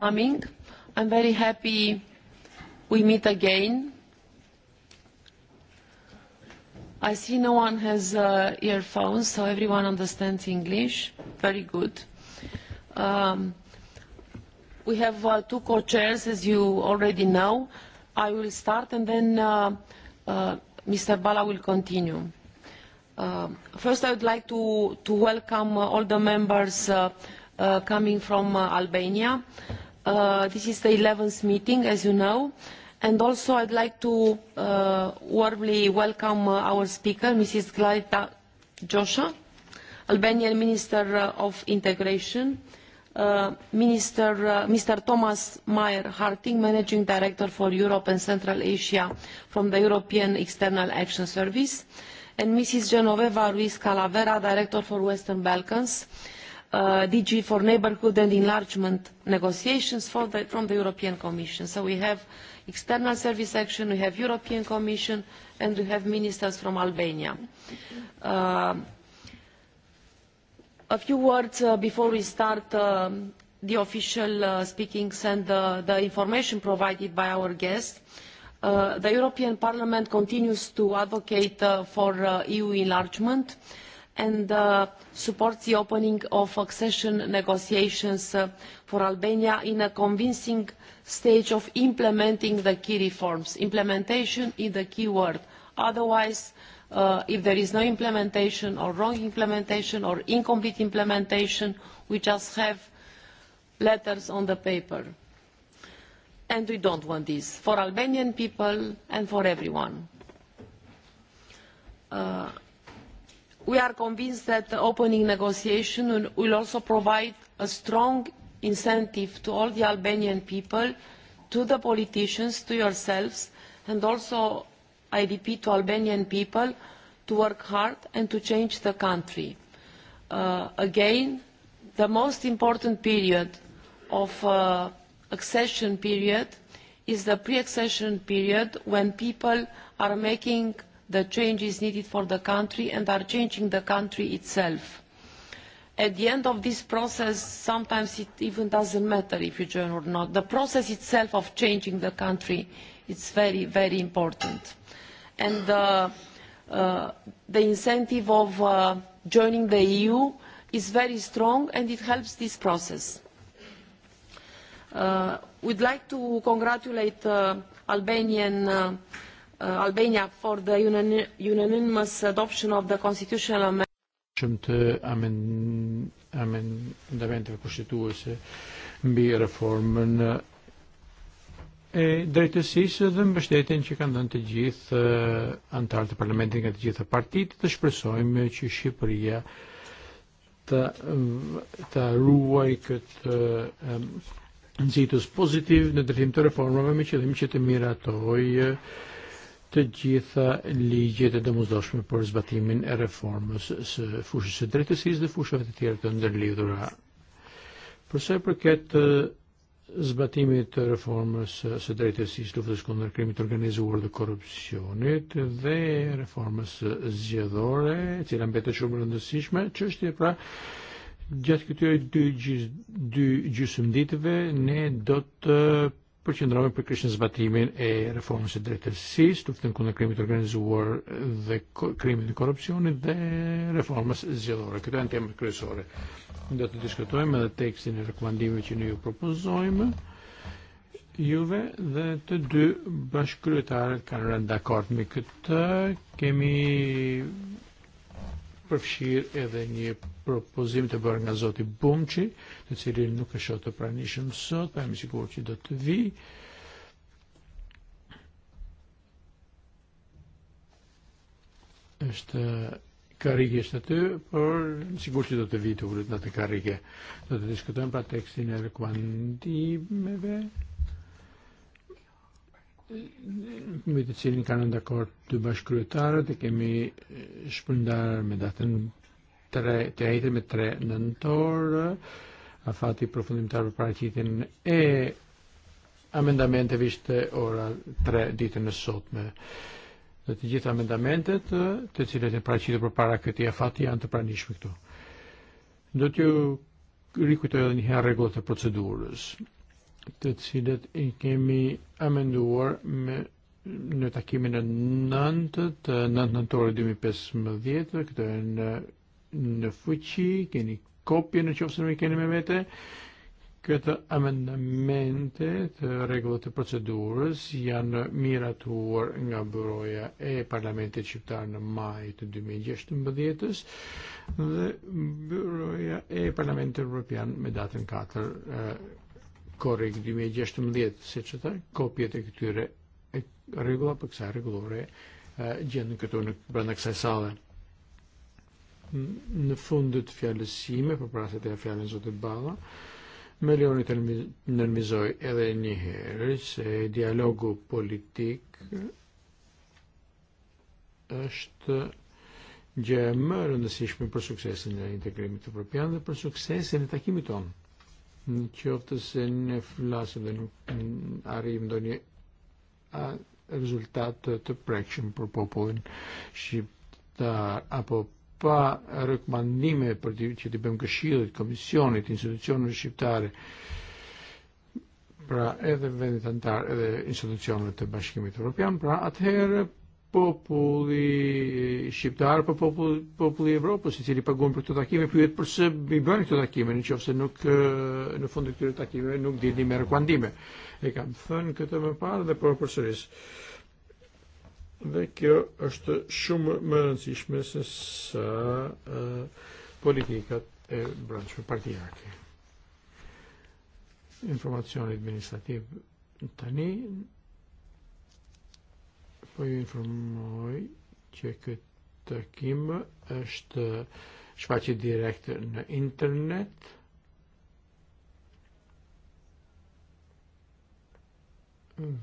coming. I'm very happy we meet again. I see no one has uh, earphones, so everyone understands English. Very good. Um, we have uh, two co-chairs, as you already know. I will start and then uh, uh, Mr. Bala will continue. Uh, first, I would like to, to welcome uh, all the members uh, uh, coming from uh, Albania. Uh, Uh, this is the 11th meeting, as you know. And also I'd like to uh, warmly welcome uh, our speaker, Mrs. Glaita Josha, Albanian Minister uh, of Integration, uh, Minister, uh, Mr. Thomas Meyer Harting, Managing Director for Europe and Central Asia from the European External Action Service, and Mrs. Genoveva Ruiz Calavera, Director for Western Balkans, uh, uh, DG for neighborhood and enlargement negotiations for the, from the European Commission. So we have external service action, we have European Commission, and we have ministers from Albania. Uh, a few words uh, before we start um, the official uh, speakings and uh, the information provided by our guests. Uh, the European Parliament continues to advocate uh, for uh, EU enlargement. Uh, and uh, supports the opening of accession negotiations uh, for Albania in a convincing stage of implementing the key reforms. Implementation is the key word. Otherwise, uh, if there is no implementation or wrong implementation or incomplete implementation, we just have letters on the paper. And we don't want this for Albanian people and for everyone. Uh, we are convinced that the opening negotiation will also provide a strong incentive to all the Albanian people, to the politicians, to yourselves, and also, I repeat, to Albanian people to work hard and to change the country. Uh, again, the most important period of uh, accession period is the pre-accession period when people are making the changes needed for the country and are changing the country itself. At the end of this process, sometimes it even doesn't matter if you join or not. The process itself of changing the country is very, very important. And uh, uh, the incentive of uh, joining the EU is very strong and it helps this process. Uh, we'd like to congratulate uh, Albanian uh, uh, Albania for the unanimous adoption of the constitutional amendment. ċimt għamen ndaventi fil-Kostituës mbi reformën e drejtësis dhe mbështetjen që kanë dhënë të gjithë uh, antarë të e parlamentit nga të gjitha partitë të shpresojmë që Shqipëria të uh, të ruaj këtë uh, um, nxitës pozitiv në drejtim të reformave me qëllim që të miratoj të gjitha ligjet e domosdoshme për zbatimin e reformës s fushës s drejtësisë dhe fushave të tjera të ndërlidhura. Për sa i përket zbatimit të reformës së drejtësisë luftës kundër krimit të organizuar dhe korrupsionit dhe reformës zgjedhore, e cila mbetet shumë e rëndësishme, çështja pra ġat kitu dy ġisum ditve ne dot përqendrohemi për kishën zbatimin e se dritt reformës së drejtësisë, luftën krimi t-organizu organizuar dhe krimi di korruzzjoni dhe s zgjedhore. Këto janë temat kresore. Do të diskutojmë edhe tekstin e rekomandimi që ne ju propozojmë. Juve dhe të dy bashkryetarët kanë rënë dakord me këtë. Kemi përfshirë edhe një propozim të bërë nga Zoti Bumqi, të cili nuk e shoh të pranishëm sot, pa jam i sigurt që do të vi. Është karrige është aty, por sigurt që do të vi të ullet në atë karrige. Do të diskutojmë pra tekstin e rekomandimeve medicini d-akord du bax bashkrutar di kemi xpundar eh, me datën tre të me tre nëntor għafati profundim përfundimtar partitin e amendamente ishte ora tre ditin e sotme. Dhe të gjitha amendamentet të cilët e paraqitur përpara këtij afati janë të pranishme këtu. Do t'ju rikujtoj edhe një herë rregullat e procedurës t-tsidet kemi amenduar me në takimin e nëntë të nëntë nëntore 2015, këtë e në, në fuqi, keni kopje në qofë se nëmi keni me vete, këtë amendamente të regullët të procedurës janë miratuar nga bëroja e Parlamentit Shqiptar në e maj të 2016 e dhe bëroja e Parlamentit Europian me datën katar e, korreg 2016 se çetar kopjet e këtyre rregulla e për kësaj rregullore e, gjendën këtu në brenda kësaj salle. Në fund të fjalës sime, përpara se të ja fjalën zotit bala me Leoni të nërmizoj edhe një herë se dialogu politik është gjë e më rëndësishme për suksesin e integrimit evropian dhe për suksesin e takimit tonë ċoftu sen fl-lasu dan għarim doni rizultat të prekshëm për popolin shqiptar apo pa rekomandime për ċi që të bëjmë komissjoni t-instituzjoni xibtare pra edhe vendet antar edhe instituzjoni të bashkimit Europian, pra atħer populli xibtar pa populli, populli Evropës, i cili pagon për të takime, pyet përse i bëni këto takime, në qofse nuk e, në fund të këtyre takime, nuk një merë kuandime. E kam thënë këtë më parë dhe për përsëris. Dhe kjo është shumë më rëndësishme se sa uh, politikat e branqëve partijake. Informacioni administrativ tani поинформуй, че kim ще швачи директор на internet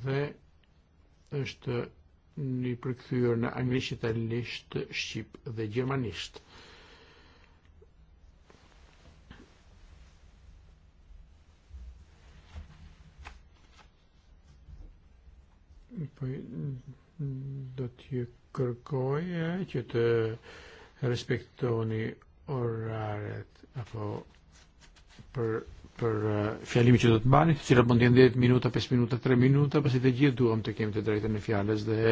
ve është ni përkthyer na anglisht, italisht, shqip dhe gjermanisht dot jikurkoja ċet rispektoni orraret għafu per per uh, fjallim që do bani, që mund të jenë 10 minuta, 5 minuta, 3 minuta, pasi të gjithë duam të kemë të drejtën e fjalës dhe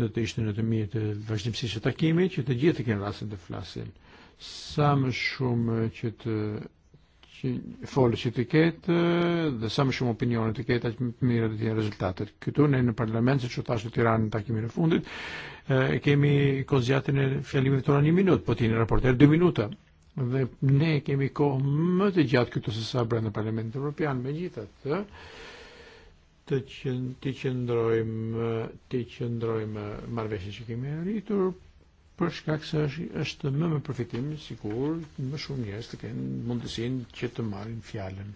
do të ishte në të mirë të vazhdimësisht të takimit që të gjithë të kenë rasin të flasin. Sam më shumë folli si tiket, eh, dhe sa më shumë opinione tiket ketë, aqë më mirë dhe tjenë rezultatet. Këtu në në parlament, se që tash të tiranë në takimin e fundit, eh, e kemi kozjatin e fjalimit tona një minut, po tini raporter dy minuta. Dhe ne kemi ko më të gjatë këtu se sa brenda parlamentit Europian, me gjithat, eh, të të qëndrojmë marveshën që kemi rritur, për shkak se është, është më përfitim sikur më shumë njerëz të kenë mundësinë që të marrin fjalën.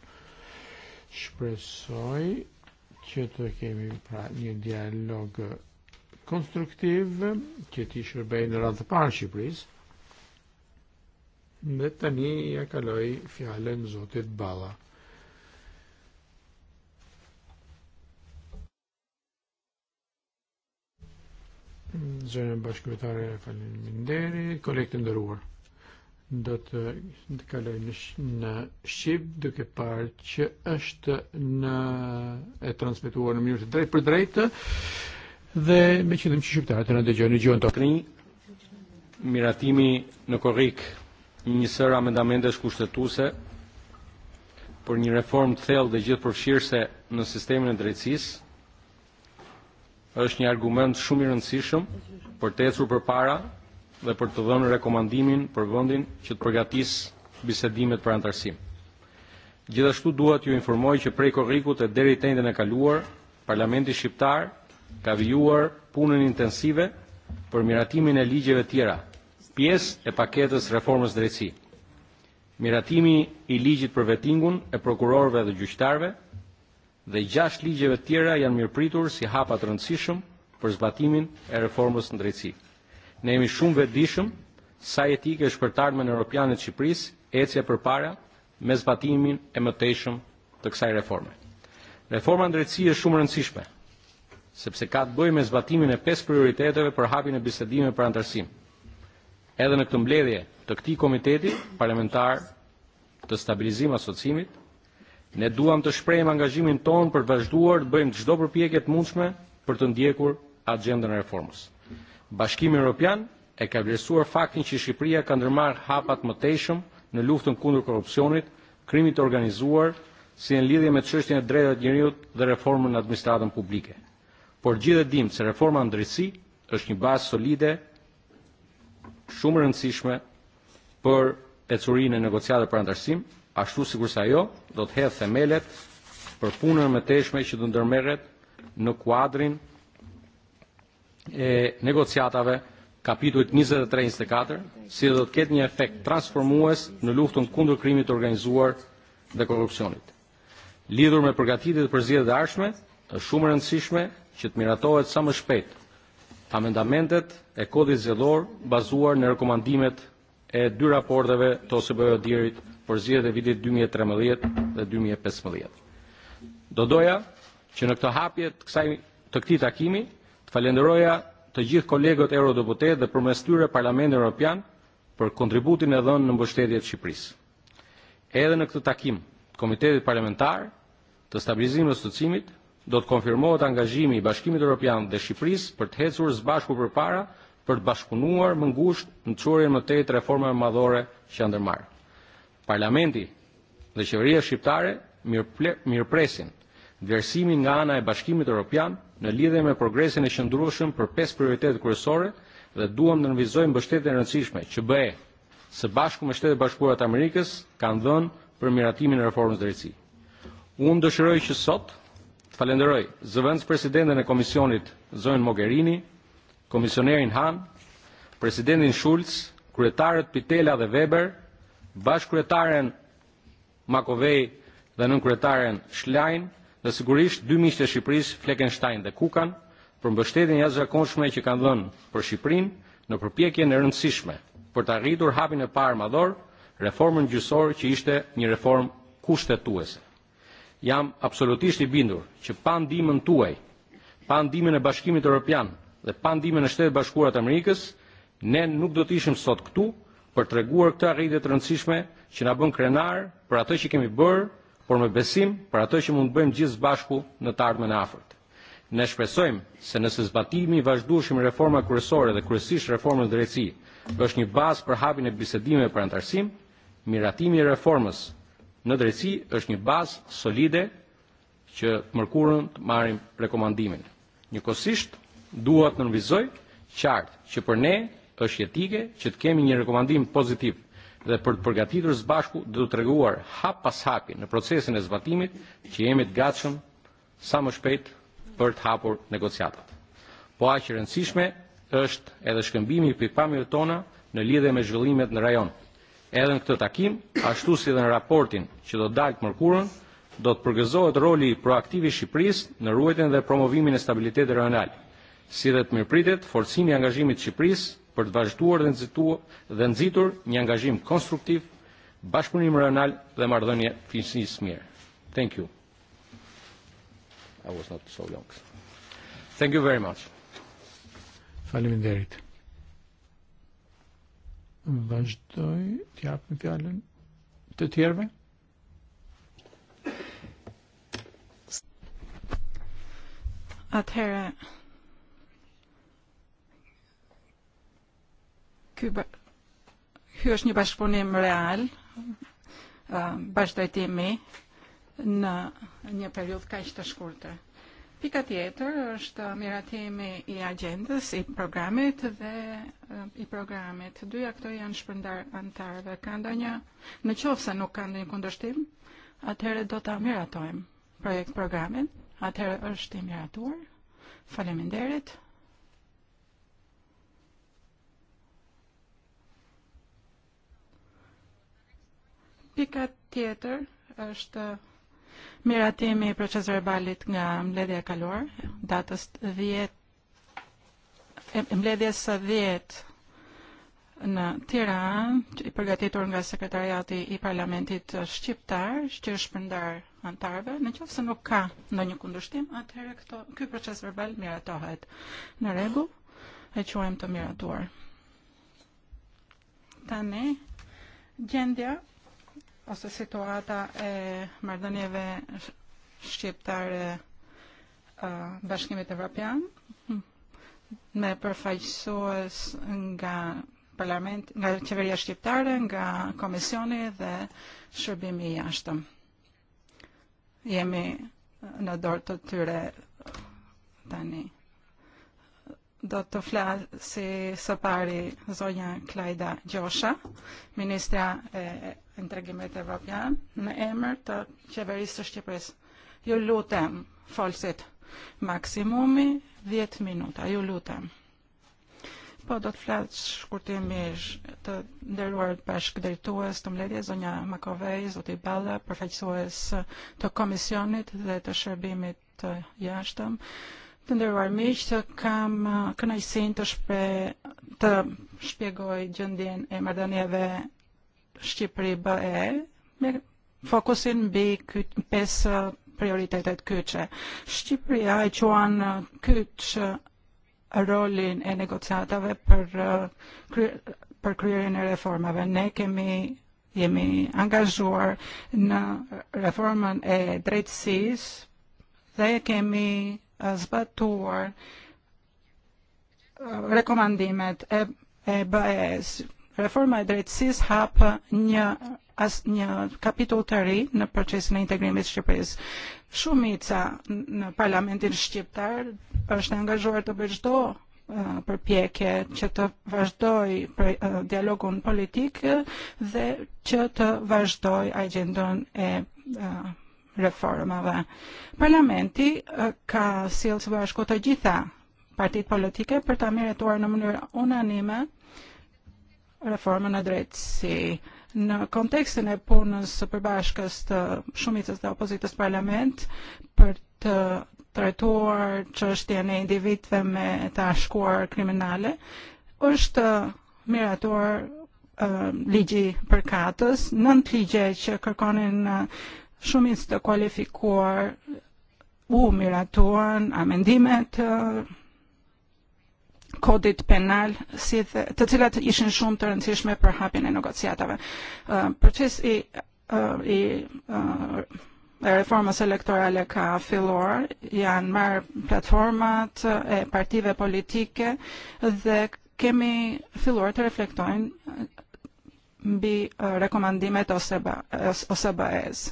Shpresoj që të kemi pra një dialog konstruktiv që ti shërbej në radhë parë Shqipërisë. Dhe tani ja kaloj fjalën Zotit bala. ġerim bashkvetare fal-minderi, kollekt ndërruar. Eh, Do të kaloj në Shqip, duke parċ, eċt është në, e transmetu në mënyrë të drejtë për drejtë, dhe me qëllim që shqiptarët e në dëgjojnë gjuhën tonë. Miratimi në korrik një sër amendamentesh kushtetuse për një reform të thellë dhe gjithë përfshirëse në sistemin e drejtësisë, është një argument shumë i rëndësishëm për të ecur përpara dhe për të dhënë rekomandimin për vendin që të përgatis bisedimet për antarësim. Gjithashtu dua t'ju informoj që prej korrikut e deri tendën e kaluar, Parlamenti Shqiptar ka vijuar punën intensive për miratimin e ligjeve tjera, pjesë e paketës reformës drejtësi. Miratimi i ligjit për vetingun e prokurorëve dhe gjyqtarëve dhe gjasht ligjeve tjera janë mirëpritur si hapa të rëndësishëm për zbatimin e reformës në drejtësi. Ne jemi shumë vetëdijshëm sa jetike e shpërtarme në Europianët Shqipërisë ecje përpara me zbatimin e mëtejshëm të kësaj reforme. Reforma në drejtësi është shumë e rëndësishme, sepse ka të bëjë me zbatimin e pesë prioriteteve për hapin e bisedime për antarësim. Edhe në këtë mbledhje të këtij komiteti parlamentar të stabilizim asociimit, Ne duam të shprejmë angazhimin ton për vazhduar të bëjmë çdo përpjekje të mundshme për të ndjekur agendën e reformës. Bashkimi Europian e ka vlerësuar faktin që Shqipëria ka ndërmarrë hapat më tejshëm në luftën kundër korrupsionit, krimit të organizuar, si në lidhje me çështjen e drejtave të njerëzit dhe reformën në administratën publike. Por gjithë e dimë se reforma në drejtësi është një bazë solide shumë e rëndësishme për ecurinë e negociatave për antarësim ashtu sikur sa jo, do të hedhë themelet për punën e më teshme që të ndërmeret në kuadrin e negociatave kapitujt 23-24, e e si do të ketë një efekt transformues në luftën kundër krimit të organizuar dhe korrupsionit. Lidhur me përgatitjet për zgjedhjet e ardhshme, është shumë e rëndësishme që të miratohet sa më shpejt amendamentet e kodit zgjedhor bazuar në rekomandimet e dy raporteve të OSBE-së djerit por zirë dhe vitit 2013 e dhe 2015. E do doja që në këtë hapje të, kësaj, të këti takimi të falenderoja të gjithë kolegët eurodeputet dhe përmes tyre Parlamentin Europian për kontributin e dhënë në mbështetjet të Shqipërisë. Edhe në këtë takim, Komitetit Parlamentar të Stabilizimit të Stëcimit do të konfirmohet angazhimi i Bashkimit Europian dhe Shqipëris për të hecur së bashku para për të bashkunuar më ngusht në çurjen më tej reforme më madhore që janë Parlamenti dhe qeveria shqiptare mirpresin vlerësimin nga ana e Bashkimit europian në lidhje me progresin e qëndrueshëm për pesë prioritete kryesore dhe duam të nënvizojmë mbështetjen e rëndësishme që BE së bashku me Shtetet e Bashkuara të Amerikës kanë dhënë për miratimin e reformës drejtësi. Unë dëshiroj që sot të falenderoj zëvendës presidenten e komisionit Zonë Mogherini, komisionerin Han, presidentin Schulz, kryetarët Pitela dhe Weber, bashkryetaren Makovej dhe nënkryetaren Shlajn dhe sigurisht dy miqtë e Shqipërisë Fleckenstein dhe Kukan për mbështetjen jashtëzakonshme që kanë dhënë për Shqipërinë në përpjekjen e rëndësishme për të arritur hapin e parë madhor, reformën gjyqësore që ishte një reformë kushtetuese. Jam absolutisht i bindur që pa ndihmën tuaj, pa ndihmën e Bashkimit Evropian dhe pa ndihmën e Shtetit Bashkuar të Amerikës, ne nuk do të ishim sot këtu për të reguar këto arritje të rëndësishme që na bën krenar për atë që kemi bërë, por me besim për atë që mund të bëjmë gjithë bashku në të ardhmen e afërt. Ne shpresojmë se nëse zbatimi i vazhdueshëm i reformave kryesore dhe kryesisht reformës drejtësi është një bazë për hapin e bisedimeve për antarësim, miratimi i reformës në drejtësi është një bazë solide që mërkurën të marrim rekomandimin. Njëkohësisht duhet të nënvizoj qartë që për ne është jetike që të kemi një rekomandim pozitiv dhe për të përgatitur zbashku dhe të treguar hap pas hapi në procesin e zbatimit që jemi të gatshëm sa më shpejt për të hapur negociatat. Po aq e rëndësishme është edhe shkëmbimi i pikpamjeve tona në lidhe me zhvillimet në rajon. Edhe në këtë takim, ashtu si dhe në raportin që do dalë të mërkurën, do të përgëzohet roli proaktiv i Shqipërisë në ruajtjen dhe promovimin e stabilitetit rajonal, si dhe të mirëpritet forcimi i angazhimit të Shqipërisë për të vazhduar dhe nxitur dhe nëzitur një angazhim konstruktiv, bashkëpunim rënal dhe mardhënje fisnisë mirë. Thank you. I was not so long. Thank you very much. Faleminderit. Vazhdoj t'jap me fjallën të tjerëve. Atëherë, ni Hürschni Bashpunim Real, da Mi, na një periud ka të shkurtër. Pika tjetër është miratimi i agendës, i programit dhe um, i programit. Dyja këto janë shpërndar antarëve. Ka një, në qovë se nuk ka një kundështim, atëherë do të miratojmë projekt programin, atëherë është i miratuar. Faleminderit. Pikat tjetër është miratimi i proces verbalit nga mbledhja e kaluar, datës 10 e, e mbledhjes së 10 në Tiranë, i përgatitur nga sekretariati i Parlamentit Shqiptar, shqir shpëndar antarve, në qoftë se nuk ka një kundushtim, atëherë këto këj proces verbal miratohet. Në regu, e quajmë të miratuar. Tani gjendja Ose situata e marrëdhënieve shqiptare e, bashkimit evropian me përfaqësues nga parlament, nga qeveria shqiptare, nga komisioni dhe shërbimi i jashtëm. Jemi në dorë të tyre tani do fla flasë si së pari zonja Klajda Gjosha, Ministra e eh, Evropian, në emër të qeverisë të Shqipërisë. Ju lutem, folsit, maksimumi 10 minuta, ju lutem. Po do të flasë shkurtimisht të ndërruar të nderuar bashkëdrejtues të mledje, zonja Makovej, zoti Balla, përfaqësues të komisionit dhe të shërbimit të jashtëm. Uh, Të nderuar miq, të kam kënaqësinë të shpe, të shpjegoj gjendjen e marrëdhënieve Shqipëri BE me fokusin mbi këto pesë prioritetet kyçe. Shqipëria e quan kyç rolin e negozjatave per, për kryerjen e reformave. Ne kemi jemi angazhuar në reformën e drejtësisë dhe kemi zbatur rekomandimet EBS. E, e, reforma e drejtësisë hap një as një kapitull të ri në procesin e integrimit të Shumica në parlamentin shqiptar është angazhuar të bëjë çdo e, përpjekje që të vazhdoj për, dialogun politik dhe që të vazhdoj agendon e reforma va. Parlamenti eh, ka sils va skota gjitha partit politike për ta tuar në mënyrë unanime reformën e drejtësi. në kontekstin e punës së përbashkës të shumicës të opozitës parlament për të trajtuar çështjen e individëve me të shkuar kriminale është miratuar uh, eh, ligji katës, nënt ligje që kërkonin uh, shumic të kualifikuar u miratuan amendimet e, kodit penal sith, të cilat ishin shumë të rëndësishme për hapin e negociatave. Uh, Proces i, uh, i uh, reformës elektorale ka filluar, janë marë platformat e partive politike dhe kemi filluar të reflektojnë bi rekomandi eh, meta rekomandimet eż.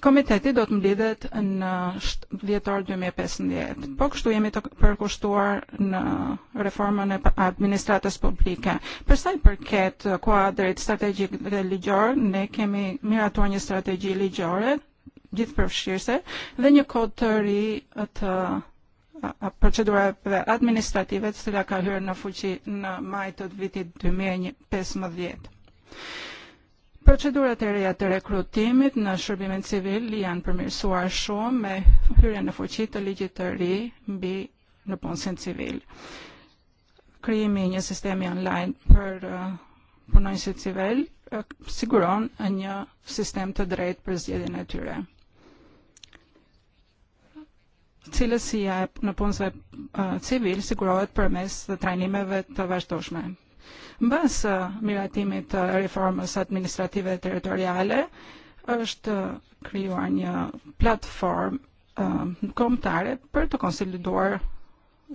Komiteti do të mblidhet në vjetor 2015. Po kështu jemi të përkushtuar në reforma e në administratës publike. Përsa i përket kuadrit strategjik dhe ligjor, ne kemi miratuar një strategji ligjore gjithë përfshirëse dhe një kod të ri të procedura administrative të cila ka hyrë në fuqi në maj të vitit 2015. Procedurat e reja të rekrutimit na shërbimin civil li janë përmirësuar shumë me hyrje në fuqi të ligjit të ri mbi në ponsen civil. Krijimi një sistemi online për uh, eh, punonjësit civil uh, eh, siguron një sistem të drejt për zjedin e tyre cilësia në punës e civil sigurohet mes të trajnimeve të vazhdojshme. Në basë e, miratimit të reformës administrative teritoriale, është krijuar një platformë e, komptare për të konsoliduar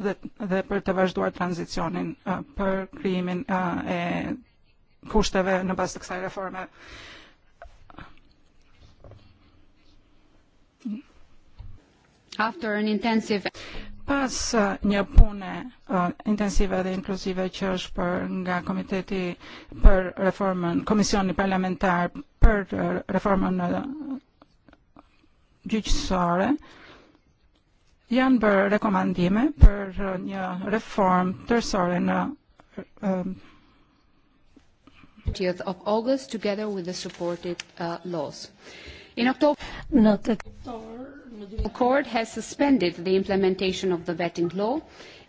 dhe, dhe për të vazhduar tranzicionin e, për krijimin e kushteve në bazë të kësaj reforme. Uh, After an intensive Pass uh, një punë uh, intensive dhe inklusive që per nga Komiteti per Reformën, Komisioni Parlamentar për uh, Reformën uh, Gjyqësore, jan bërë rekomandime për një reform tërsore na um, 30th of August together with the supported uh, laws. In October, Not October court has suspended the implementation of the vetting law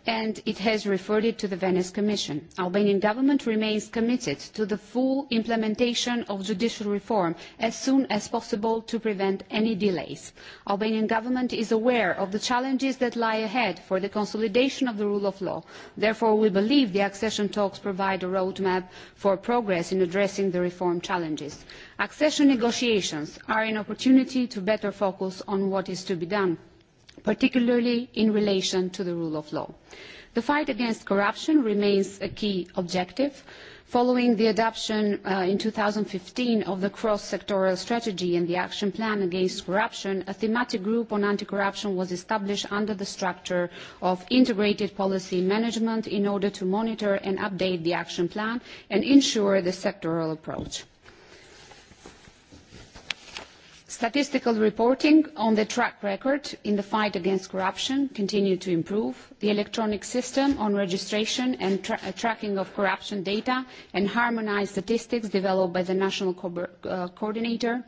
and it has referred it to the Venice Commission. The Albanian government remains committed to the full implementation of judicial reform as soon as possible to prevent any delays. The Albanian government is aware of the challenges that lie ahead for the consolidation of the rule of law. Therefore, we believe the accession talks provide a roadmap for progress in addressing the reform challenges. Accession negotiations are an opportunity to better focus on what is to be done particularly in relation to the rule of law. The fight against corruption remains a key objective. Following the adoption uh, in 2015 of the cross-sectoral strategy and the action plan against corruption, a thematic group on anti-corruption was established under the structure of integrated policy management in order to monitor and update the action plan and ensure the sectoral approach. Statistical reporting on the track record in the fight against corruption continued to improve. The electronic system on registration and tra uh, tracking of corruption data and harmonized statistics developed by the National Co uh, Coordinator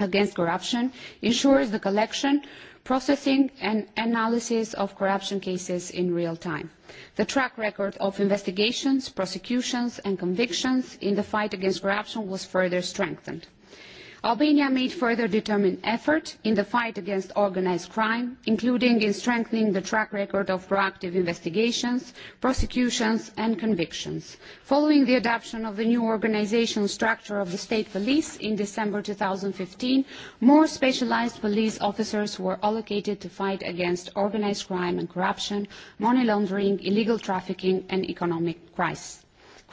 against corruption ensures the collection, processing and analysis of corruption cases in real time. The track record of investigations, prosecutions and convictions in the fight against corruption was further strengthened. Albania made further determined effort in the fight against organised crime, including in strengthening the track record of proactive investigations, prosecutions and convictions. Following the adoption of the new organization structure of the state police in December fifteen, more specialised police officers were allocated to fight against organised crime and corruption, money laundering, illegal trafficking and economic crisis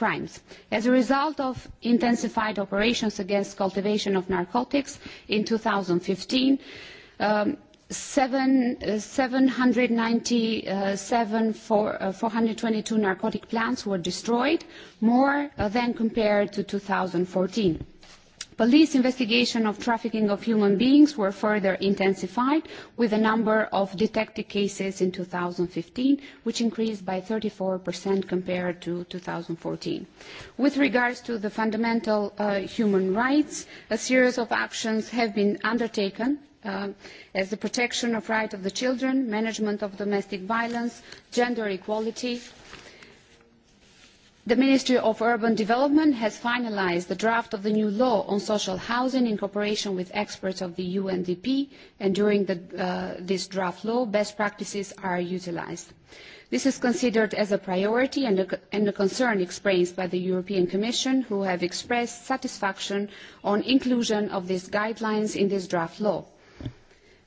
crimes. As a result of intensified operations against cultivation of narcotics in 2015, um, 7, uh, 797 for, uh, 422 narcotic plants were destroyed, more uh, than compared to 2014. Police investigation of trafficking of human beings were further intensified with a number of detected cases in 2015, which increased by 34% compared to 2014. With regards to the fundamental uh, human rights, a series of actions have been undertaken uh, as the protection of right of the children, management of domestic violence, gender equality, The Ministry of Urban Development has finalised the draft of the new law on social housing in cooperation with experts of the UNDP, and during the, uh, this draft law, best practices are utilised. This is considered as a priority and a, and a concern expressed by the European Commission, who have expressed satisfaction on inclusion of these guidelines in this draft law.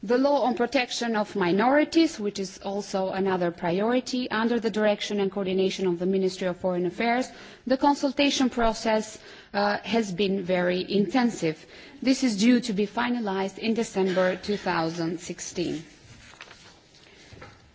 The law on protection of minorities, which is also another priority, under the direction and coordination of the Ministry of Foreign Affairs, the consultation process uh, has been very intensive. This is due to be finalized in December 2016.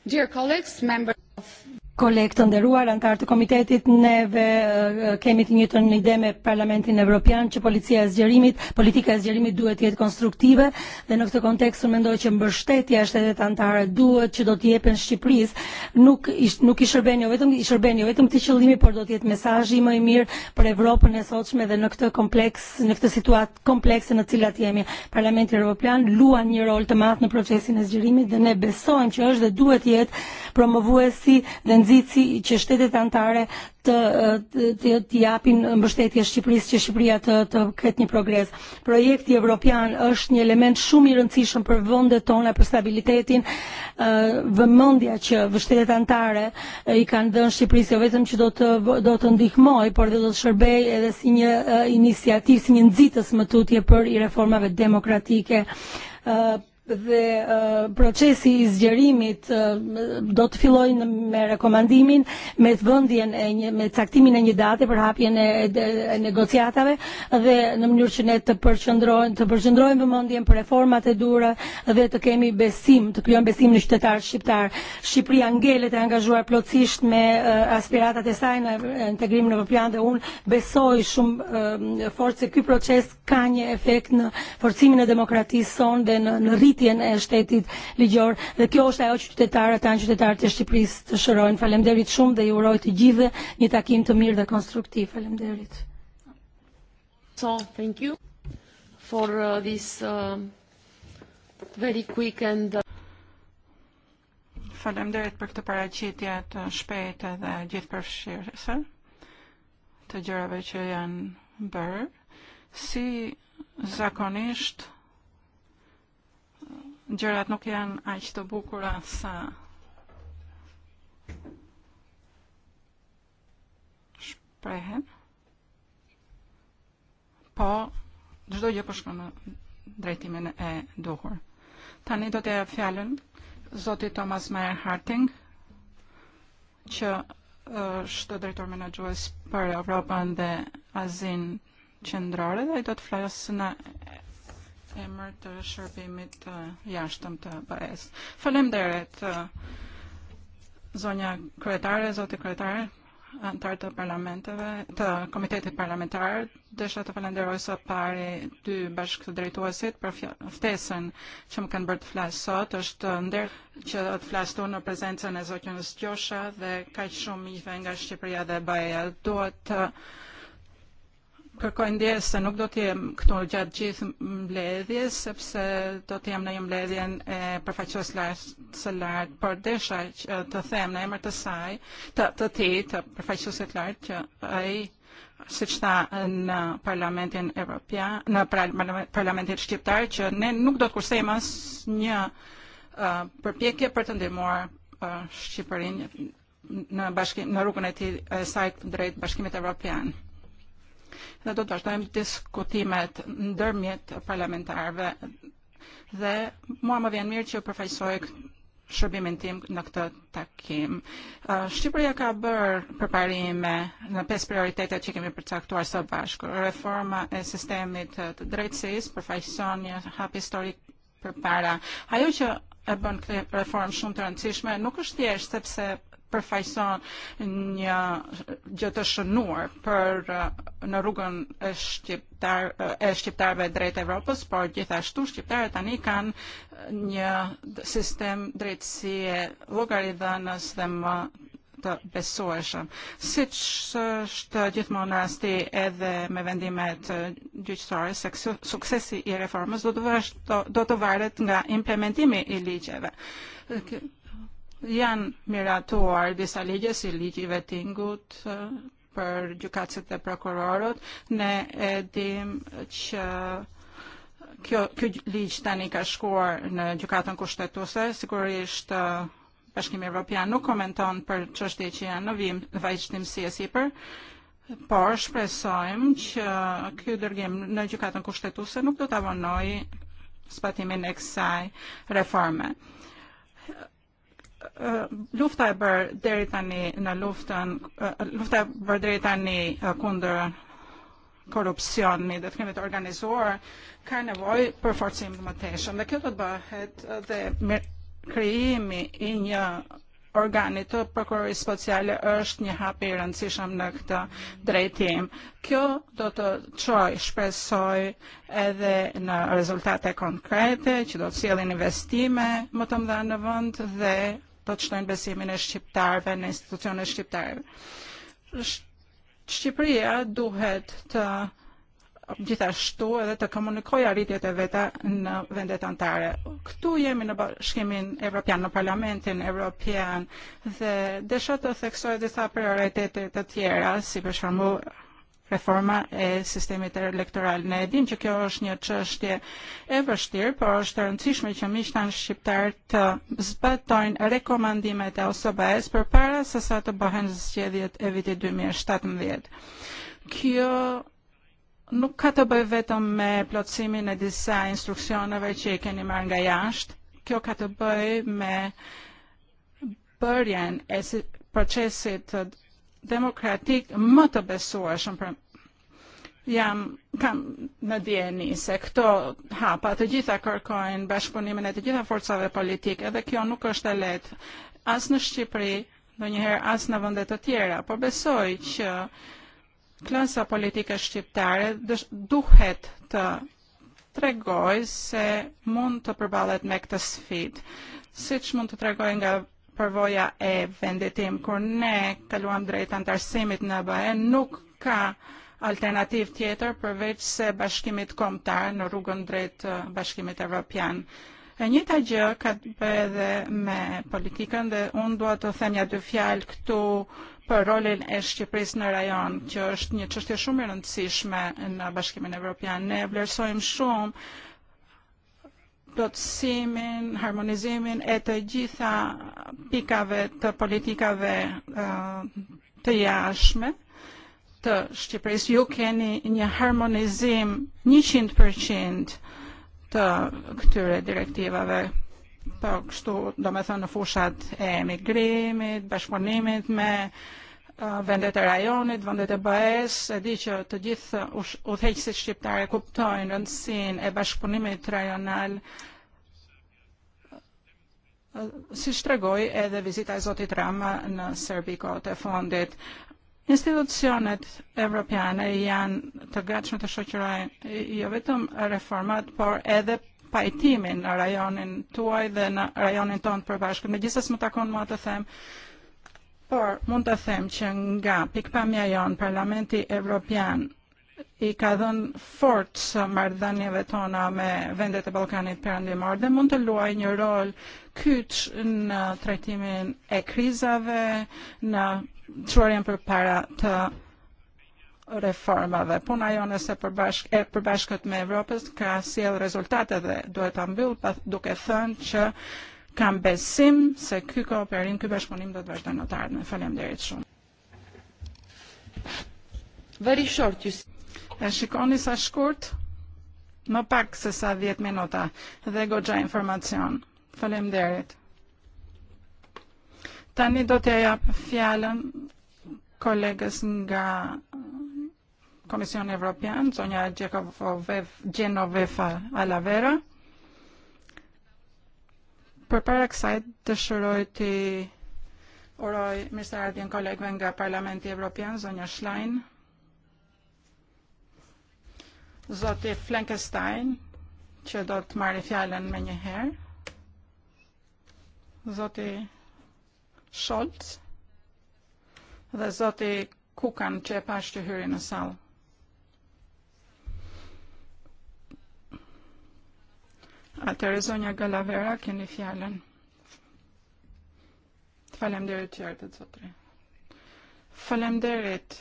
Dear colleagues, members of Kollek të nderuar, antarë të komitetit, uh, uh, neve kemi të njëtën ide me Parlamentin Evropian që policia e zgjerimit, politika e zgjerimit duhet të jetë konstruktive dhe në këtë kontekst unë mendoj që mbështetja e shtetet antare duhet që do të jepen Shqipërisë, nuk ish, nuk i shërben jo vetëm i shërben jo vetëm ti qëllimi, por do të jetë mesazhi më i mirë për Evropën e sotshme dhe në këtë kompleks, në këtë situatë komplekse në cilat jemi. Parlamenti Evropian luan një rol të madh në procesin e zgjerimit dhe ne besojmë që është dhe duhet jetë promovuesi dhe tranziti që shtetet antare të, të, të japin mbështetje Shqipërisë që Shqipëria të, të ketë një progres. Projekti evropian është një element shumë i rëndësishëm për vendet tona për stabilitetin, e, vëmendja që vështetet antare e, i kanë dhënë Shqipërisë jo vetëm që do të do të ndihmoj por do të shërbej edhe si një e, iniciativë, si një nxitës më tutje për i reformave demokratike dhe uh, procesi i zgjerimit uh, do të fillojnë me rekomandimin, me të vendjen e një, me caktimin e një date për hapjen e, e e negociatave dhe në mënyrë që ne të përqendrohen të përqendrohen vëmendjen për reformat e dura dhe të kemi besim, të krijojmë besim në qytetar shqiptar. Shqipëria ngelet e angazhuar plotësisht me uh, aspiratat e saj në integrim në evropian dhe unë besoj shumë uh, forcë se ky proces ka një efekt në forcimin e demokratisë sonë dhe në, në rrit rritjen e shtetit ligjor dhe kjo është ajo që qytetarët tanë qytetarët e Shqipërisë të shërojnë. Faleminderit shumë dhe ju uroj të gjithëve një takim të mirë dhe konstruktiv. Faleminderit. So, thank you for uh, this uh, very quick and uh... Falemderit për këtë paraqitje të shpejtë dhe gjithëpërfshirëse të gjërave që janë bërë. Si zakonisht gjërat nuk janë bukura sa shprehen. Po, çdo gjë po shkon në drejtimin e duhur. Tani do te fjallin, zoti Thomas Meyer Harting që është drejtor menaxhues për Evropën dhe Azin Qendrore dhe ai do të flasë në emër të shërbimit të jashtëm të BE-s. Faleminderit zonja kryetare, zoti kryetare, antar të parlamenteve, të komitetit parlamentar, desha të falenderoj së pari dy bashkë të drejtuesit për ftesën që më kanë bërë të flasë sot, është nder që të flasë tu në prezencën e zotjënës Gjosha dhe kaq shumë i nga Shqipëria dhe Baja. Duhet të uh, kërkoj se nuk do të jem këtu gjatë gjithë mbledhjes, sepse do të jem në mbledhjen e përfaqës së lartë, por desha që të them në emër të saj, të, të ti, të përfaqësit lartë, që ai siç tha në Parlamentin Evropian, në Parlamentin Shqiptar, që ne nuk do të kursejmë asnjë uh, përpjekje për të ndihmuar uh, Shqipërinë në bashkim në rrugën e ti e saj drejt Bashkimit Evropian dhe do të vazhdojmë diskutimet ndërmjet parlamentarëve dhe mua më vjen mirë që përfaqësoj shërbimin tim në këtë takim. Shqipëria ka bërë përparime në pesë prioritetet që kemi përcaktuar së bashku. Reforma e sistemit të drejtësisë përfaqëson një hap historik përpara. Ajo që e bën këtë reformë shumë të rëndësishme nuk është thjesht sepse përfaqëson një gjë të shënuar për uh, në rrugën e shqiptar uh, e shqiptarëve drejt Evropës, por gjithashtu shqiptarët tani kanë një sistem drejtësie llogaridhënës dhe më të besueshëm. Siç është gjithmonë rasti edhe me vendimet uh, gjyqësore, suksesi i reformas do të, varet nga implementimi i ligjeve janë miratuar disa ligje si liġi i vetingut eh, për gjykatësit e prokurorët. Ne edim ċa që kjo, kjo tani ka xkuar në gjykatën kushtetuese, sigurisht Bashkimi Evropian eh, nuk komenton për qështi që janë në vim si e siper, Por shpresojmë që ky dërgim në gjykatën kushtetuese nuk do të avonoj spatimin e kësaj reforme. Lufthaber deri tani na luftan, Lufthaber deri tani uh, kunder korruzzjoni dat kienet organizuar karnevoj për forcim të mëteshëm. Dhe kjo do të bëhet dhe krijimi inja organi të prokurori speciale është një hapi i rëndësishëm në këtë drejtim. Kjo do të qoj shpresoj edhe në rezultate konkrete që do të cilin investime më të mdha në vënd dhe të të shtojnë besimin e shqiptarve në institucione shqiptarve. ta' duhet të edhe ta' komunikoj arritjet e veta në vendet antare. Këtu jemi në bashkimin Evropian, në parlamentin Evropian, dhe desha të theksoj disa prioritetet të e tjera, si për shembull reforma e ter elektoral. Ne din që kjo është një qështje e vështirë, por është e rëndësishme që mishtan shqiptar të zbatojnë rekomandimet e OSBE-s për para se sa të bëhen zgjedhjet e vitit 2017. E kjo nuk ka të bëj vetëm me plotësimin e disa instruksioneve që i keni marrë nga jashtë, kjo ka të bëj me bërjen e si procesit të demokratik më të besueshëm për jam kam në djeni se këto hapa të gjitha kërkojnë bashkëpunimin e të gjitha forcave politik edhe kjo nuk është e let as në Shqipri do njëher as në vëndet të tjera, po besoj që klasa politike shqiptare duhet të tregoj se mund të përbalet me këtë sfit si që mund të tregoj nga parvoja e venditim, kur ne kaluam drejt antarësimit naba e nuk ka alternativ tjetër përveç se bashkimit komtar në rrugën drejt uh, bashkimit evropian. E një njëta gjë ka të edhe me politikën dhe unë duha të themja dy fjalë këtu për rolin e Shqipëris në rajon, që është një qështje shumë e rëndësishme në Bashkimin Evropian. Ne vlerësojmë shumë plotësimin, harmonizimin e të gjitha pikave të politikave uh, të jashme të Shqipërisë. Ju keni një harmonizim 100% të këtyre direktivave të kështu do me thënë në fushat e emigrimit, bashkëpunimit me vendet e rajonit, vendet e baes, be e di të gjithë u udhëheqësit shqiptare kuptojnë rëndësin e bashkëpunimit rajonal si shtregoj edhe vizita e Zotit Rama në Serbi kote fondit. Institucionet evropiane janë të gatshme të shoqërojnë jo vetëm reformat, por edhe pajtimin në rajonin tuaj dhe në rajonin tonë përbashkët. Me gjithës më takon më të themë, Por mund sem them që nga pikpamja jon Parlamenti Evropian i ka dhënë fort së mardhanjeve tona me vendet e Balkanit Ballkanit perëndimor dhe mund të luaj një rol kyç në trajtimin e krizave, në truarjen për para të reformave. puna jone se përbashk, e përbashkët me Evropës ka siel rezultate dhe duhet të mbyll duke thënë që kam besim se kiko kooperim, ky bashkëpunim da dvajta vazhdojë në të shumë. Very short, you see. E shikoni sa shkurt, më pak se sa 10 minuta dhe goxha informacion. Falem derit. Tani do t'ja jap fjalën kollegës nga Komissjoni Evropian, Zonja Gjenovefa Alavera përpara kësaj dëshiroj të uroj mirëseardhjen kolegëve Venga Parlamenti Evropian, zonja Schlein, zoti Flankestein, që do të marri fjalën me zoti Scholz dhe zoti Kukan që e pashtë hyri në salë. Għalter Zonja Galavera kien li fjallan. Tfalem derit jarta zotri. Falem derit.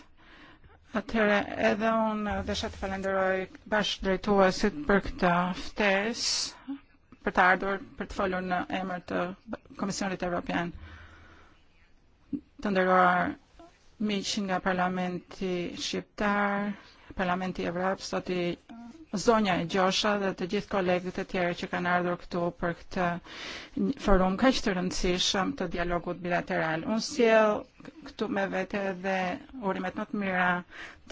Għatera edha un dhexat falem deroj bax dritu għasit birkta ftes per tardur per tfollun emmer ta' Komissjoni Ewropjan. Tandur għar miċinga parlamenti xibtar, parlamenti Evrap, stati zonja e gjosha dhe të gjithë kolegët e tjerë që kanë ardhur këtu për këtë forum kaq të rëndësishëm të dialogut bilateral. Unë siel këtu me vete dhe urimet më të mira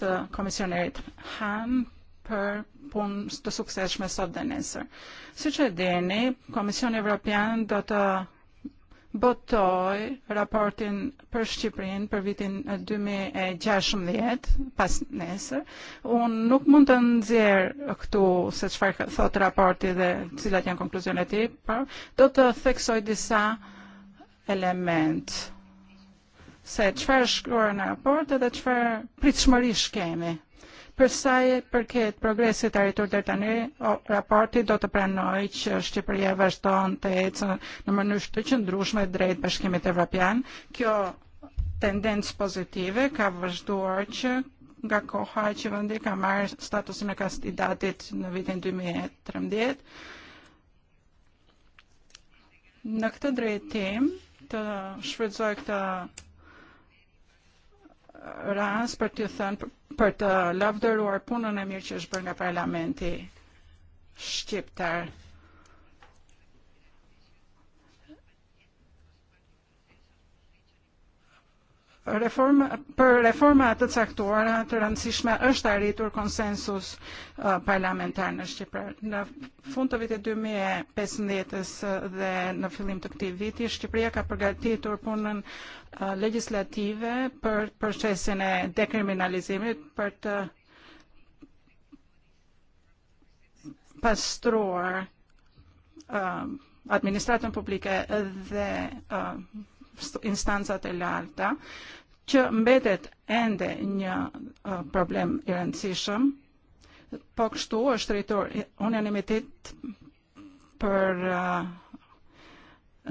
të komisionerit Han per punë të suksesshme sot dhe nesër. Siç e dini, Komisioni Evropian do të Bottoj, raportin për Shqiprin për vitin 2016 e, e pas nesër. Unë nuk mund të nxjerr këtu se çfarë thot raporti dhe cilat janë konkluzion e ti, por do të theksoj disa element se çfarë shkruar në raport edhe çfarë pritshmërisht kemi Për sa i e përket progresit të e arritur deri tani, raporti do të pranoj që Shqipëria vazhdon të ecë në mënyrë të qëndrueshme drejt Bashkimit Evropian. Kjo tendencë pozitive ka vazhduar që nga koha e që vendi ka marrë statusin e kandidatit në vitin 2013. Në këtë drejtim të shfrytëzoj këtë ras per tjuthan per ta' të u punën e mirë që parlamenti shqiptar. reforma, për reforma të caktuara të rëndësishme është arritur konsensus uh, parlamentar në Shqipëri. Në fund të vitit 2015 e uh, dhe në fillim të këti viti Shqipëria ka përgatitur punën uh, legjislative për procesin e dekriminalizimit për të pastruar uh, administratën publike dhe uh, instanza tell'alta, që mbetet ende një uh, problem i rëndësishëm, po kështu është rritur unanimitet për uh,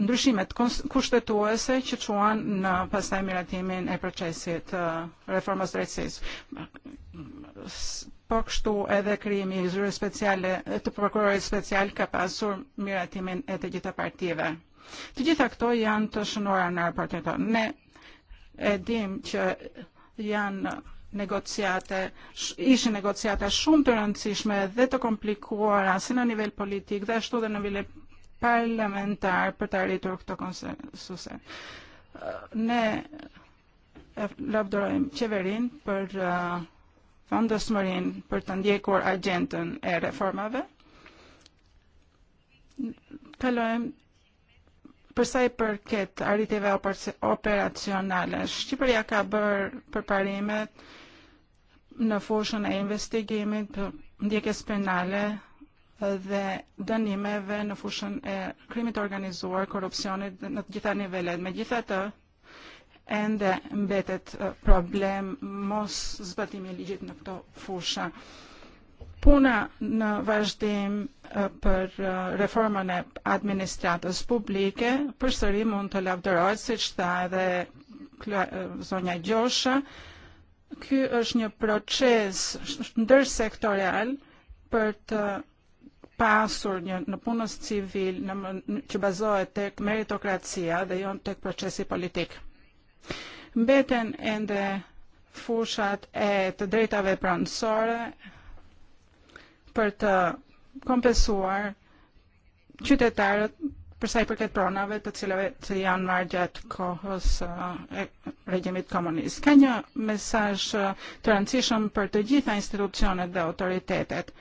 ndryshimet kushtetuese që quan në pastaj miratimin e procesit të uh, reformës drejtësisë. Po kështu edhe krimi i zyrës speciale të prokurorit special ka pasur miratimin e të gjitha partive. Të gjitha këto janë të shënuara në raportin tonë. Ne e dim që janë negozjate, ishin negozjate shumë të rëndësishme dhe të komplikuara si në nivel politik dhe ashtu dhe në nivel parlamentar për të arritur këto konsensuse. Ne e labdorojmë qeverin për uh, e, fondosmërin për të ndjekur agentën e reformave. Kalojmë per përsa i përket arritjeve operacionale, Shqipëria ka bërë përparimet na fushën e investigimit ndjekjes penale dhe dënimeve në fushën e krimit organizuar, korrupsionit në të gjitha nivellet. Me gjitha të, ende mbetet eh, problem mos zbatimi e ligjit në këto fusha. Puna në vazhdim e, për e, reformën e administratës publike, përsëri mund të lavdërohet, si që tha edhe e, zonja Gjosha, ky është një proces ndërsektorial për të pasur një, në punës civil në, më, që bazohet tek meritokracia dhe jon tek procesi politik. Mbeten ende fushat e të drejtave pranësore, për të kompensuar qytetarët përsa i përket pronave të cilëve që janë marrë gjatë kohës eh, e regjimit komunist. Ka një mesazh eh, të rëndësishëm për të gjitha institucionet dhe autoritetet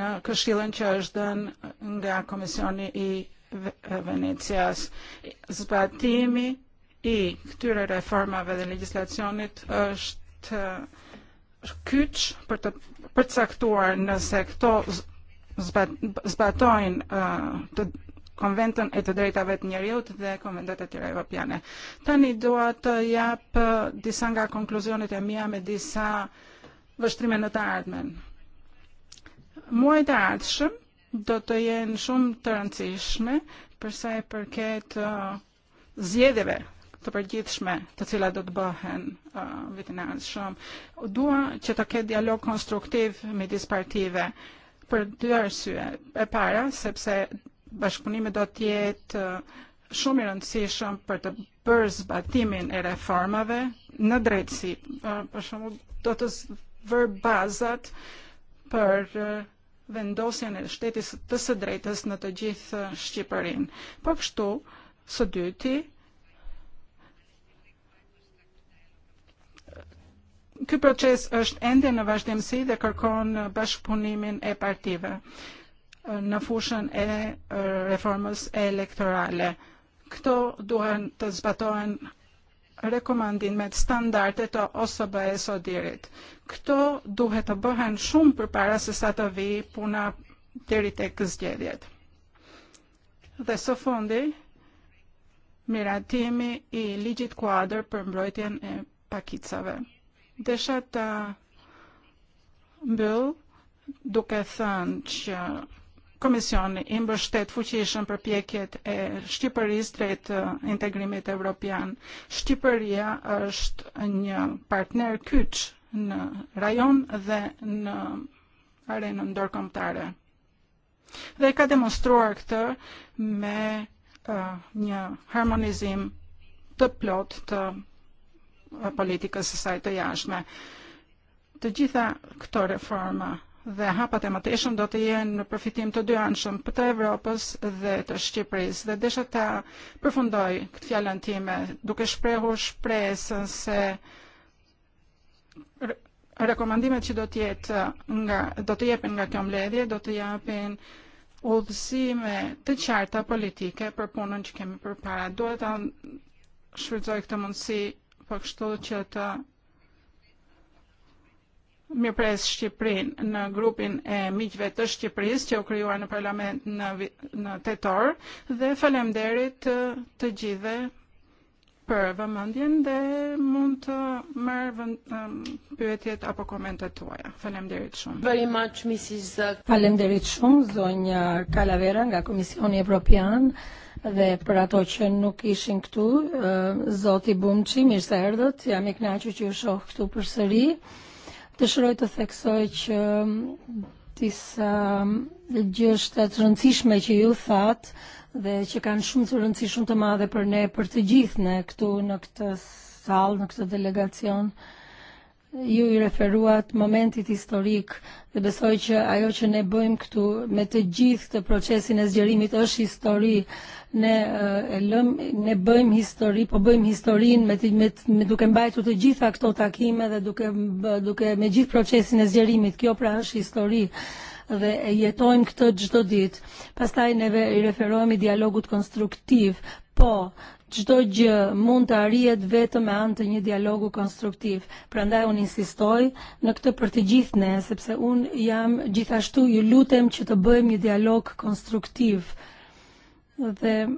në këshillën që është dhënë nga Komisioni i e Venecias. Zbatimi i këtyre reformave dhe legjislacionit është eh, kyç për të për të caktuar nëse këto zbatojnë uh, të konventën e të drejtave të njeriut dhe konventet e tjera evropiane. Tani dua të jap e, disa nga konkluzonet e mia me disa vështrime në të ardhmen. Muaj të ardhshëm do të jenë shumë të rëndësishme përsa e përket e, zjedheve të përgjithshme të ta' do të bëhen uh, vitin e ardhshëm. Dua që të ketë dialog konstruktiv midis dispartive per dy arsye. E para, sepse bashkëpunimi do të jiet uh, shumë i rëndësishëm për të bërë zbatimin e reformave në drejtësi. Uh, për shembull, do të vër bazat për uh, vendosjen e shtetit të së drejtës në të gjithë Shqipërin. Po kështu, së dyti, Ky proces është ende në vazhdimsi dhe kërkon bashkëpunimin e partive në fushën e, e reformës elektorale. Këto duhen të zbatohen rekomandin me standarde të OSBE-s e sodirit. Këto duhet të bëhen shumë për para se sa të vi puna tëri të këzgjedjet. Dhe së fundi, miratimi i ligjit kuadrë për mbrojtjen e pakicave. Дешата был dukesan që Komisioni i mbështet fuqishëm për pjekjet e Shqipërisë drejt e, integrimit evropian. Shqipëria është një partner kyç në rajon dhe në arenën ndërkombëtare. Dhe e ka demonstruar këtë me uh, një harmonizim të plot të politika s-sajta jaxna. jashtme. ktor reforma dhe hapa e tema të ishëm do të jenë në përfitim të dy anëshëm për të Evropës dhe të Shqipëris Dhe desha ta përfundoj këtë fjallën time duke shprehu shpresën se rekomandimet që do të jetë nga do të jepin nga kjo mledhje do të japin udhësime të qarta politike për punën që kemi për para Duhet të shfrytëzoj këtë mundësi pak mi pres Shqiprin në grupin e miqve të Shqipërisë që u kryuar në parlament në, në tetor dhe faleminderit e, të, të gjithve për vëmëndjen dhe mund të mërë marr um, pyetjet apo komentet tuaja. Faleminderit shumë. Very much Mrs. Faleminderit shumë zonja Kalavera nga Komisioni Evropian dhe për ato që nuk ishin këtu, e, Zoti Bumçi, mirë se erdhët, jam i kënaqur që ju shoh këtu përsëri. Dëshiroj të theksoj që disa gjështë të rëndësishme që ju thatë dhe që kanë shumë të rëndësishme të madhe për ne, për të gjithë ne këtu në këtë salë, në këtë delegacion. Ju i referuat momentit historik dhe besoj që ajo që ne bëjmë këtu me të gjithë të procesin e zgjerimit është histori ne eh, lëm ne bëjmë histori, po bëjmë historin me, me, me duke mbajtu të gjitha këto takime dhe duke duke me gjithë procesin e zjerimit, Kjo pra është histori dhe e jetojmë këtë çdo ditë. Pastaj neve i referohemi dialogut konstruktiv, po ġdo gjë mund të arrijet vetëm me anë të një dialogu konstruktiv. Prandaj unë insistoj në këtë për të gjithë ne, sepse unë jam gjithashtu ju lutem që të bëjmë një dialog konstruktiv dhe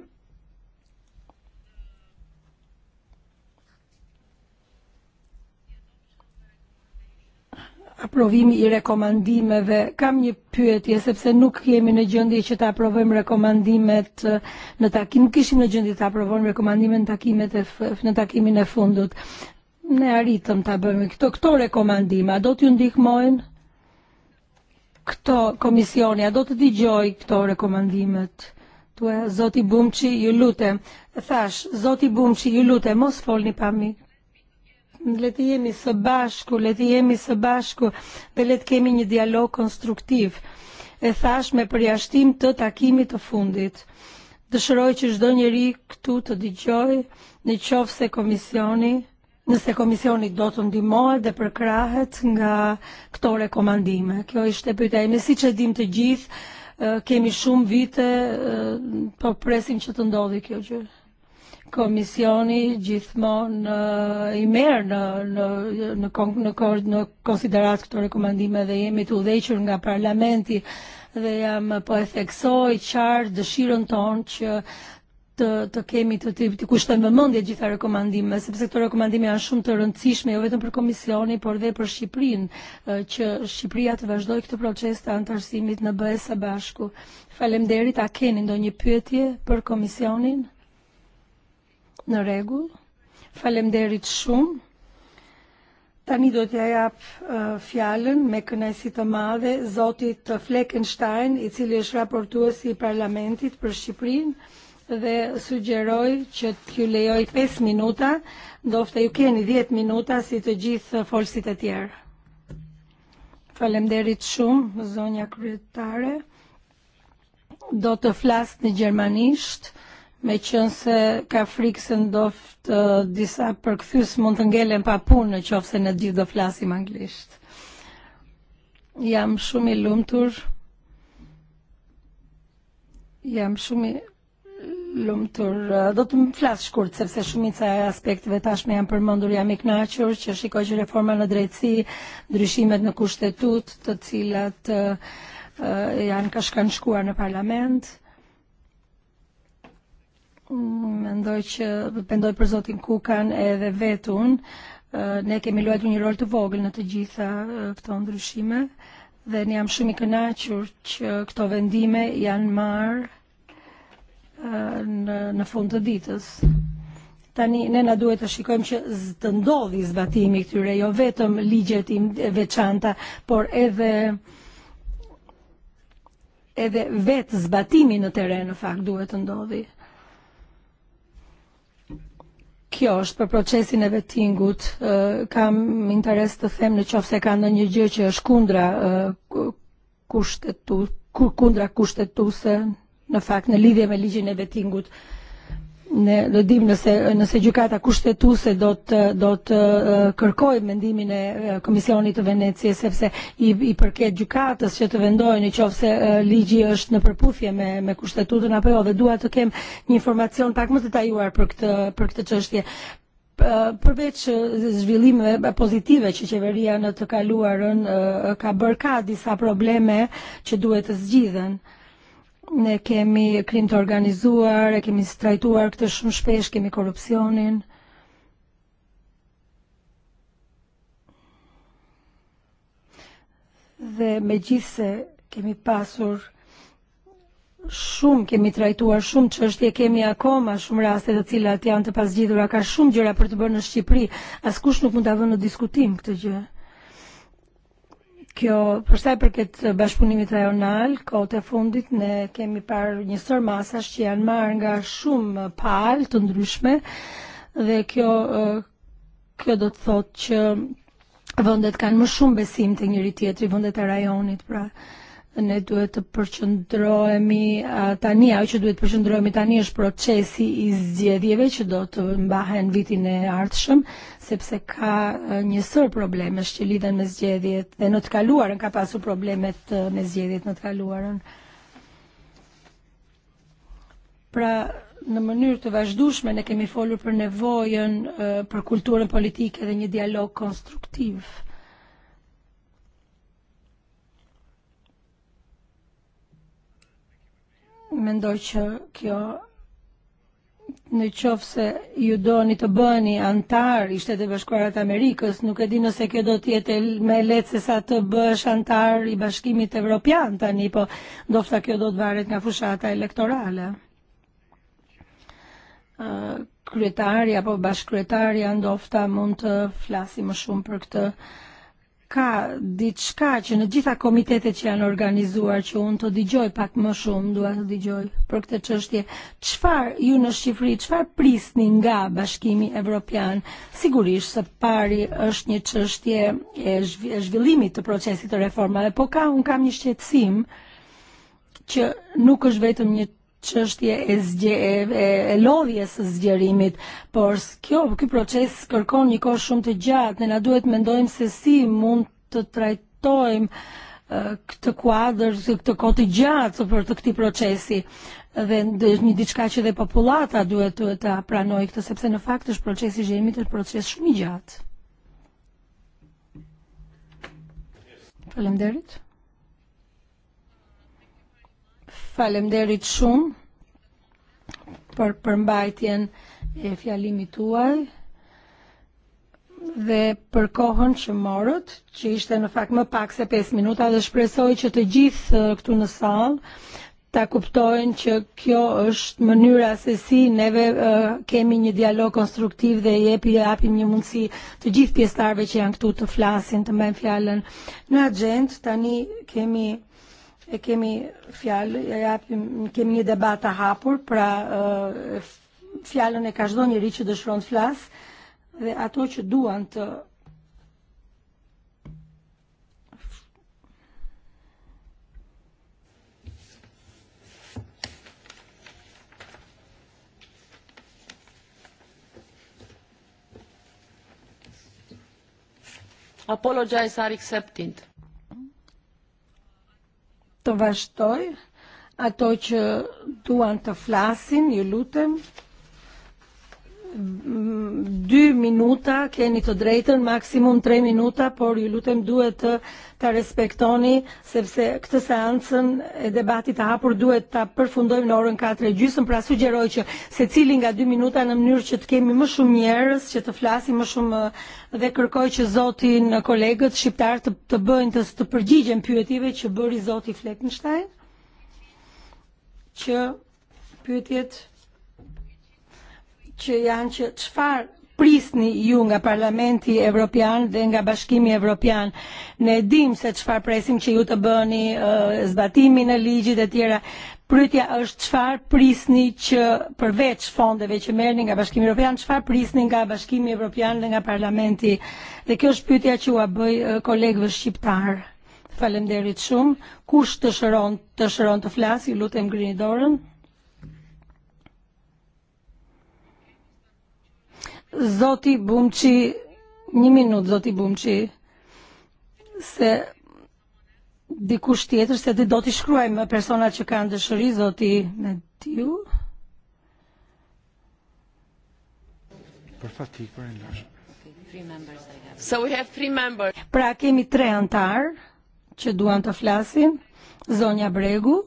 approvimi i rekomandimeve. Kam një pyetje sepse nuk jemi në gjëndi që të aprovojmë rekomandimet e, në takim, nuk ishim në gjëndi të aprovojmë rekomandimet në takimet e në takimin e fundut. Ne arritëm të bëjmë këto këto rekomandime, a do t'ju ndihmojnë? Këto komisioni, a do të dëgjoj këto rekomandimet? Dua e, zoti bumċi ju lutem. E, thash, zoti bumċi ju lutem, mos folni pami. Le të jemi së bashku, le jemi së bashku dhe le kemi një dialog konstruktiv. E thash me përjashtim të takimit të fundit. Dëshëroj që çdo njeri këtu të dëgjoj në qoftë se komisioni Nëse komisioni do të ndihmohet dhe përkrahet nga këto rekomandime. Kjo ishte pyetja ime, siç e dim të gjithë, Eh, kemi shumë vite eh, po presim që të ndodhi kjo gjë. Komisioni gjithmonë eh, i merr në në në në, në konsiderat këto rekomandime dhe jemi të udhëhequr nga parlamenti dhe jam po e theksoj qartë dëshirën tonë që uh, ta' kemi ta' të, të, të kushtojmë vëmendje gjitha rekomandime, sepse këto rekomandime janë shumë të rëndësishme jo vetëm për komisioni, por dhe për Shqiprin, e, që Shqipria të vazhdoj këtë proces të antarësimit në BE bashku. Falem Faleminderit, a keni ndo një pyetje për Komisionin? Në regu? rregull. Faleminderit shumë. Tani do t'ja jap uh, fjalën me kënaqësi të madhe zotit Fleckenstein, i cili është raportuesi i Parlamentit për Shqipërinë dhe sugjeroj që t'ju lejoj 5 minuta, ndofta ju keni 10 minuta si të gjithë folësit e tjerë. Falemderit shumë, zonja kryetare. Do të flasë në gjermanisht, me qënë se ka frikë se ndoftë e, disa përkëthys mund të ngelen pa punë në qofë se në gjithë do flasim anglisht. Jam shumë i lumtur. Jam shumë i l lumtur eh, do të më flasë shkurt, sepse shumica e aspekteve tashme janë përmëndur jam i knaqër që shikoj që reforma në drejtësi, ndryshimet në kushtetut të cilat eh, eh, janë ka shkanë shkuar në parlament. Mm, mendoj që pendoj për Zotin Kukan edhe vetun, ne kemi luajtur një rol të vogël në të gjitha këto ndryshime dhe jam shumë i kënaqur që këto vendime janë marrë në fund të ditës. Tani nena duhet të shikojmë që të ndodhi zbatimi këtyre, jo vetëm ligjet veçanta, por edhe edhe vetë zbatimi në teren në fakt duhet të ndodhi. Kjo është për procesin e vetingut, kam interes të them në qofë se ka në një gjë që është kundra kushtetu, kundra kushtetuse në fakt në lidhje me ligjin e vettingut ne do dim nëse nëse gjykata kushtetuese do të do të eh, kërkoj mendimin e eh, Komisionit të Venecisë sepse i, i përket gjykatës që të vendojë nëse eh, ligji është në përputhje me me kushtetutën apo jo dhe dua të kem një informacion pak më detajuar për këtë për këtë çështje përveç zhvillimeve pozitive që qeveria në të kaluarën ka bërë ka disa probleme që duhet të zgjidhen. Uh, kemi krim të organizuar, e kemi strajtuar këtë shumë shpesh, kemi korupcionin. Dhe me gjithse kemi pasur shumë, kemi trajtuar shumë që qështje, kemi akoma shumë raste të cilat janë të pasgjidhura, ka shumë gjëra për të bërë në Shqipëri, askush nuk mund të avë në diskutim këtë gjë. Kjo, për sa i përket bashkëpunimit rajonal, kohët e fundit ne kemi par një sër masash që janë marrë nga shumë pal të ndryshme dhe kjo e, kjo do të thotë që vendet kanë më shumë besim te njëri tjetri, vendet e rajonit pra. Uh, ne duhet të përqendrohemi tani, ajo që duhet përqendrohemi tani është procesi i vitin e sepse ka e, një sër problemesh që lidhen me zgjedhjet dhe në të ka pasur problemet e, me zgjedhjet në Pra, në mënyrë të vazhdushme, ne kemi folur për nevojën e, për kulturën politike dhe një dialog konstruktiv. minn që kjo nċof se judoni të bëni antar i shtetë bashkuarat e Amerikës, nuk e di se kjo do tjetë me letë se sa të bësh antar i bashkimit evropian tani, po dofta kjo do të varet nga fushata elektorale. Uh, Kryetari apo bashkryetari ndofta mund të flasi më shumë për këtë uh, ka diċka që ġita gjitha komitetet që janë organizuar që to diġoj pak më shumë, dua të digjoj për këtë çështje. Çfarë ju në Shqipëri, çfarë prisni nga Bashkimi Evropian? sigurix se pari është një çështje e, e të procesit të reformave, po ka un kam një shqetësim që nuk është vetëm një çështje e, zgje, e, e, e lodhjes së zgjerimit, por kjo ky proces kërkon një kohë shumë të gjatë. Ne na duhet mendojmë se si mund të trajtojmë e, këtë kuadër, këtë kohë të gjatë për të këtij procesi dhe një diçka që dhe popullata duhet të, ta pranoj këtë sepse në fakt është procesi i zgjerimit është proces shumë i gjatë. Faleminderit. falem Falemderit shumë për përmbajtjen e fjalimit tuaj dhe për kohën që morët, që ishte në fakt më pak se 5 minuta dhe shpresoj që të gjithë këtu në salë ta kuptojnë që kjo është mënyra se si neve uh, kemi një dialog konstruktiv dhe jepi japim një mundësi të gjithë pjestarve që janë këtu të flasin, të mbajnë fjallën në agent. Tani kemi e kemi fjalë, japim, kemi një debat të hapur, pra e, fjallën e ka çdo njeri që dëshiron të flas dhe ato që duan të Apologize are accepted. To vazhdoj a që duan to flasin, ju lutem, 2 minuta keni të drejtën, maksimum 3 minuta, por ju lutem duhet të, të respektoni, sepse këtë seancën e debatit të hapur duhet të përfundojmë në orën 4 e gjysëm, pra sugjeroj që se cilin nga 2 minuta në mënyrë që të kemi më shumë njerës, që të flasi më shumë dhe kërkoj që zotin kolegët shqiptar të, të bëjnë të, të përgjigjen pyetive që bëri zoti Fleckenstein, që pyetjet që janë që qëfar prisni ju nga Parlamenti Evropian dhe nga Bashkimi Evropian. Ne dim se qëfar presim që ju të bëni eh, zbatimi në e ligjit e tjera. Prytja është qëfar prisni që përveç fondeve që merrni nga Bashkimi Evropian, qëfar prisni nga Bashkimi Evropian dhe nga Parlamenti. Dhe kjo është pytja që u a bëj eh, kolegëve shqiptarë. Falemderit shumë. Kush të shëron të, shëron të flasë, ju lutem grini dorën. Zoti Bumċi, një minut Zoti Bumçi, se dikush tjetër se di do t'i shkruaj me persona që kanë dëshëri Zoti me tiu. So we have three members. Pra kemi tre antar që duan të flasin. Zonja Bregu.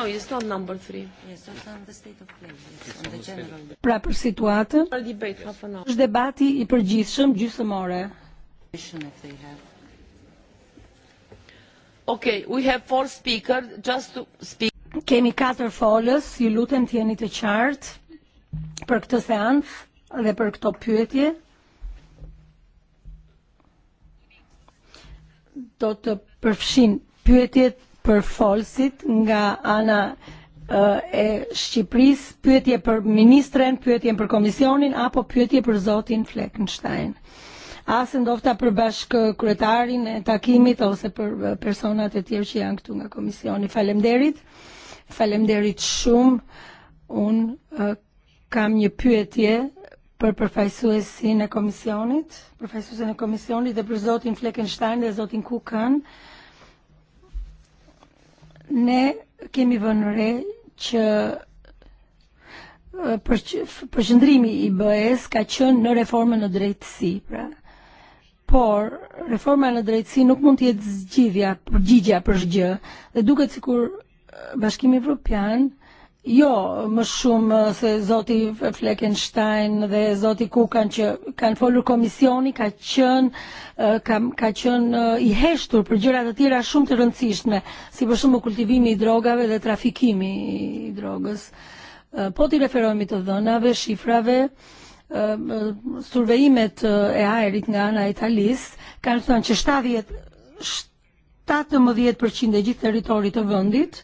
now it's not number three. Yes, it's on the state of play. Yes, on the general. debate. Proper situatë. Për debate, half an hour. Është debati i përgjithshëm gjysmore. Okay, we have four speakers, just to speak. Kemi katër folës, ju lutem të jeni të qartë për këtë seancë dhe për këto pyetje. Do të përfshin pyetjet përfolsit nga ana eh, e Shqipëris, pyetje për ministren, pyetje për komisionin, apo pyetje për zotin Fleckenstein. Asë ndofta për bashkë kryetarin e takimit ose për eh, personat e tjerë që janë këtu nga komisioni. Falemderit, falemderit shumë, unë uh, eh, kam një pyetje për përfajsuesin e komisionit, përfajsuesin e komisionit dhe për zotin Fleckenstein dhe zotin Kukan, uh, ne kemi vënë re që uh, përqëndrimi i BE-s ka qenë në reformën në drejtësi, pra. Por reforma në drejtësi nuk mund të jetë zgjidhja, përgjigjja për çdo dhe duket sikur uh, Bashkimi Evropian jo më shumë eh, se zoti Fleckenstein dhe zoti Kukan që kanë folur komisioni ka qen eh, ka, ka qen eh, i heshtur për gjërat të tjera shumë të rëndësishme, si për shumë kultivimi i drogave dhe trafikimi i drogës. Po ti referohemi të dhënave, shifrave, survejimet e aerit nga ana Italis, kanë thënë që 70 17% e gjithë teritorit të vëndit,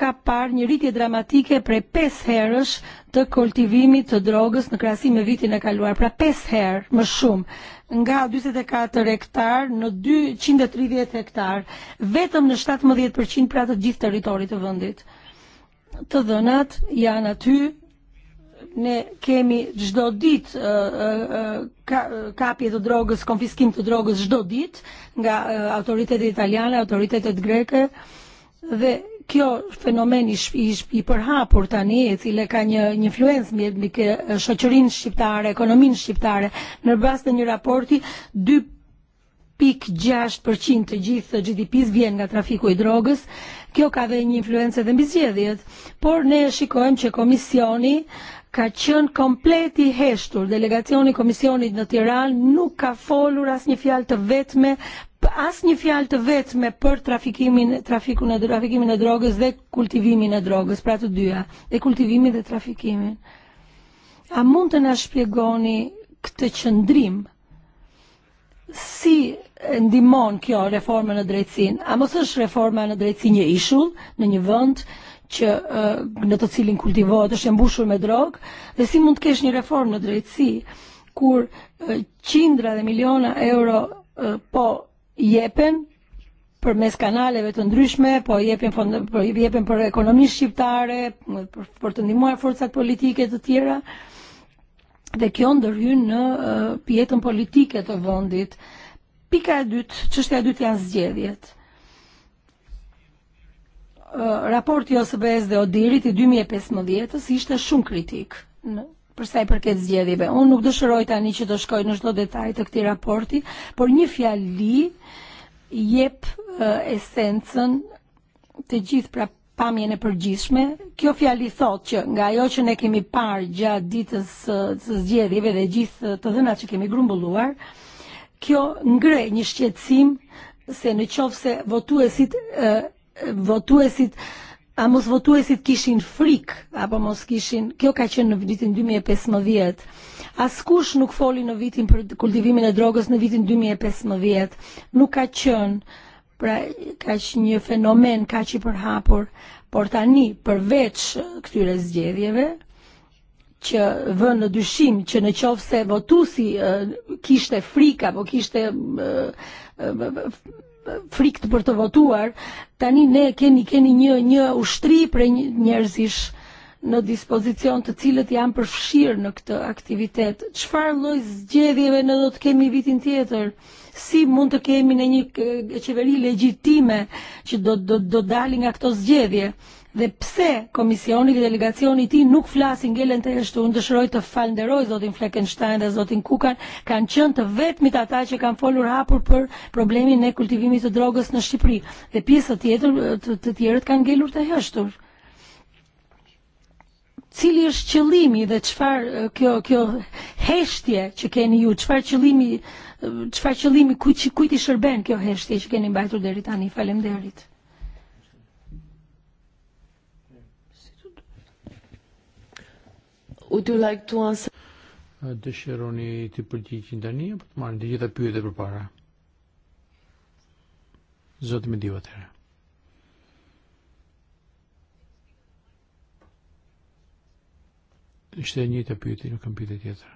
ka parë një rritje dramatike pre 5 herësh të koltivimit të drogës në krasim e vitin e kaluar, pra 5 herë më shumë nga 24 e hektar në 230 hektar, vetëm në 17% pra të gjithë teritorit të vëndit. Të dhënat janë aty ne kemi gjdo dit uh, uh, ka, kapje të drogës, konfiskim të drogës gjdo dit nga uh, autoritetet italiane, autoritetet greke dhe kjo fenomen i, i përhapur tani, e cile ka një, një influencë mbi e, shoqërinë shqiptare, ekonomin shqiptare, në bas të një raporti 2.6% të gjithë të GDP-s vjen nga trafiku i drogës, kjo ka dhe një influencë edhe mbi zgjedhjet, por ne shikojmë që komisioni ka qenë komplet i heshtur. Delegacioni i Komisionit në Tiranë nuk ka folur asnjë fjalë të vetme asnjë fjalë të me për trafikimin, trafiku në trafikimin e drogës dhe kultivimin në e drogës, pra të dyja, dhe kultivimin dhe trafikimin. A mund të nga shpjegoni këtë qëndrim? Si ndimon kjo reforma në drejtsin? A mos është reforma në drejtsin një ishull, në një vënd, që në të cilin kultivohet është e mbushur me drogë, dhe si mund të kesh një reformë në drejtsi, kur qindra dhe miliona euro po jepen për mes kanaleve të ndryshme, po jepen fond, po jepin për ekonomi shqiptare, për, për të ndimuar forcat politike të tjera, dhe kjo ndërhyn në uh, pjetën politike të vëndit. Pika e dytë, qështja e dytë janë zgjedhjet. Uh, raporti OSBS dhe Odirit i 2015-ës e ishte shumë kritik në, për sa i përket zgjedhjeve. Unë nuk dëshiroj tani që do shkoj në çdo detaj të këtij raporti, por një fjali jep uh, esencën të gjithë pra pamjen e përgjithshme. Kjo fjali thotë që nga ajo që ne kemi parë gjatë ditës uh, e, së zgjedhjeve dhe gjithë të dhënat që kemi grumbulluar, kjo ngre një shqetësim se në qoftë se votuesit uh, votuesit uh, a mos votuesit kishin frik, apo mos kishin, kjo ka qenë në vitin 2015, e askush nuk foli në vitin për kultivimin e drogës në vitin 2015, e nuk ka qenë, pra ka që një fenomen ka që përhapur, por tani përveç këtyre zgjedhjeve, që vën në dyshim që në qovë se votusi kishte frika, po kishte frik të për të votuar, tani ne keni keni një një ushtri për njerëzish në dispozicion të cilët janë përfshirë në këtë aktivitet. Çfarë lloj zgjedhjeve në do të kemi vitin tjetër? Si mund të kemi në një e, qeveri legjitime që do do do dali nga këto zgjedhje? dhe pse komisioni dhe delegacioni ti nuk flasin gjelen të në dëshroj të falënderoj zotin Fleckenstein dhe zotin Kukan, kanë qënë të vetë vetmit ata që kanë folur hapur për problemin e kultivimit të drogës në Shqipëri. Dhe pjesë të tjetër të, të tjerët kanë ngelur të heshtur. Cili është qëllimi dhe qëfar e, kjo kjo heshtje që keni ju, qëfar qëllimi e, çfarë qëllimi kujt kujt i shërben kjo heshtje që keni mbajtur deri tani? falem Faleminderit. Would you like to answer? Għaddexxeroni ti politiċi danija, bat mar diġi ta' pju de prepara. Zot mi diwa tera. Ixtenji ta' pju tinu kampjuta tjetra.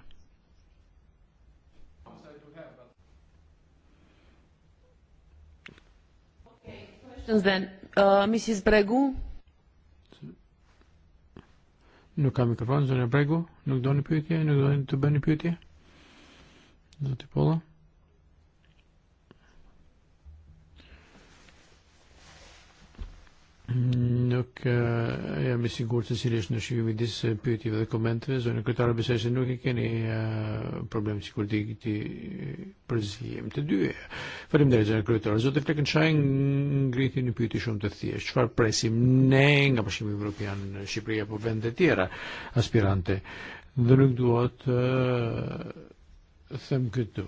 Then, uh, Mrs. Bregu, Nuk ka mikrofon, zonja bregu, nuk doni pyetje, nuk doni të bëni pyetje. Zoti pola. Nuk eh, jam sigur të cilësh në shqivimi disë eh, pyetjeve dhe komenteve, zonë këtarë beseshe nuk i keni eh, problem sikur të këti përzijem të dyje. Falim dhe zonë kryetarë, zote Fleckenstein ngriti një pyetje shumë të thjeshtë, çfarë presim ne nga bashkimi Evropian në Shqipëri apo vende tjera aspirante. Dhe nuk duhet them këtu,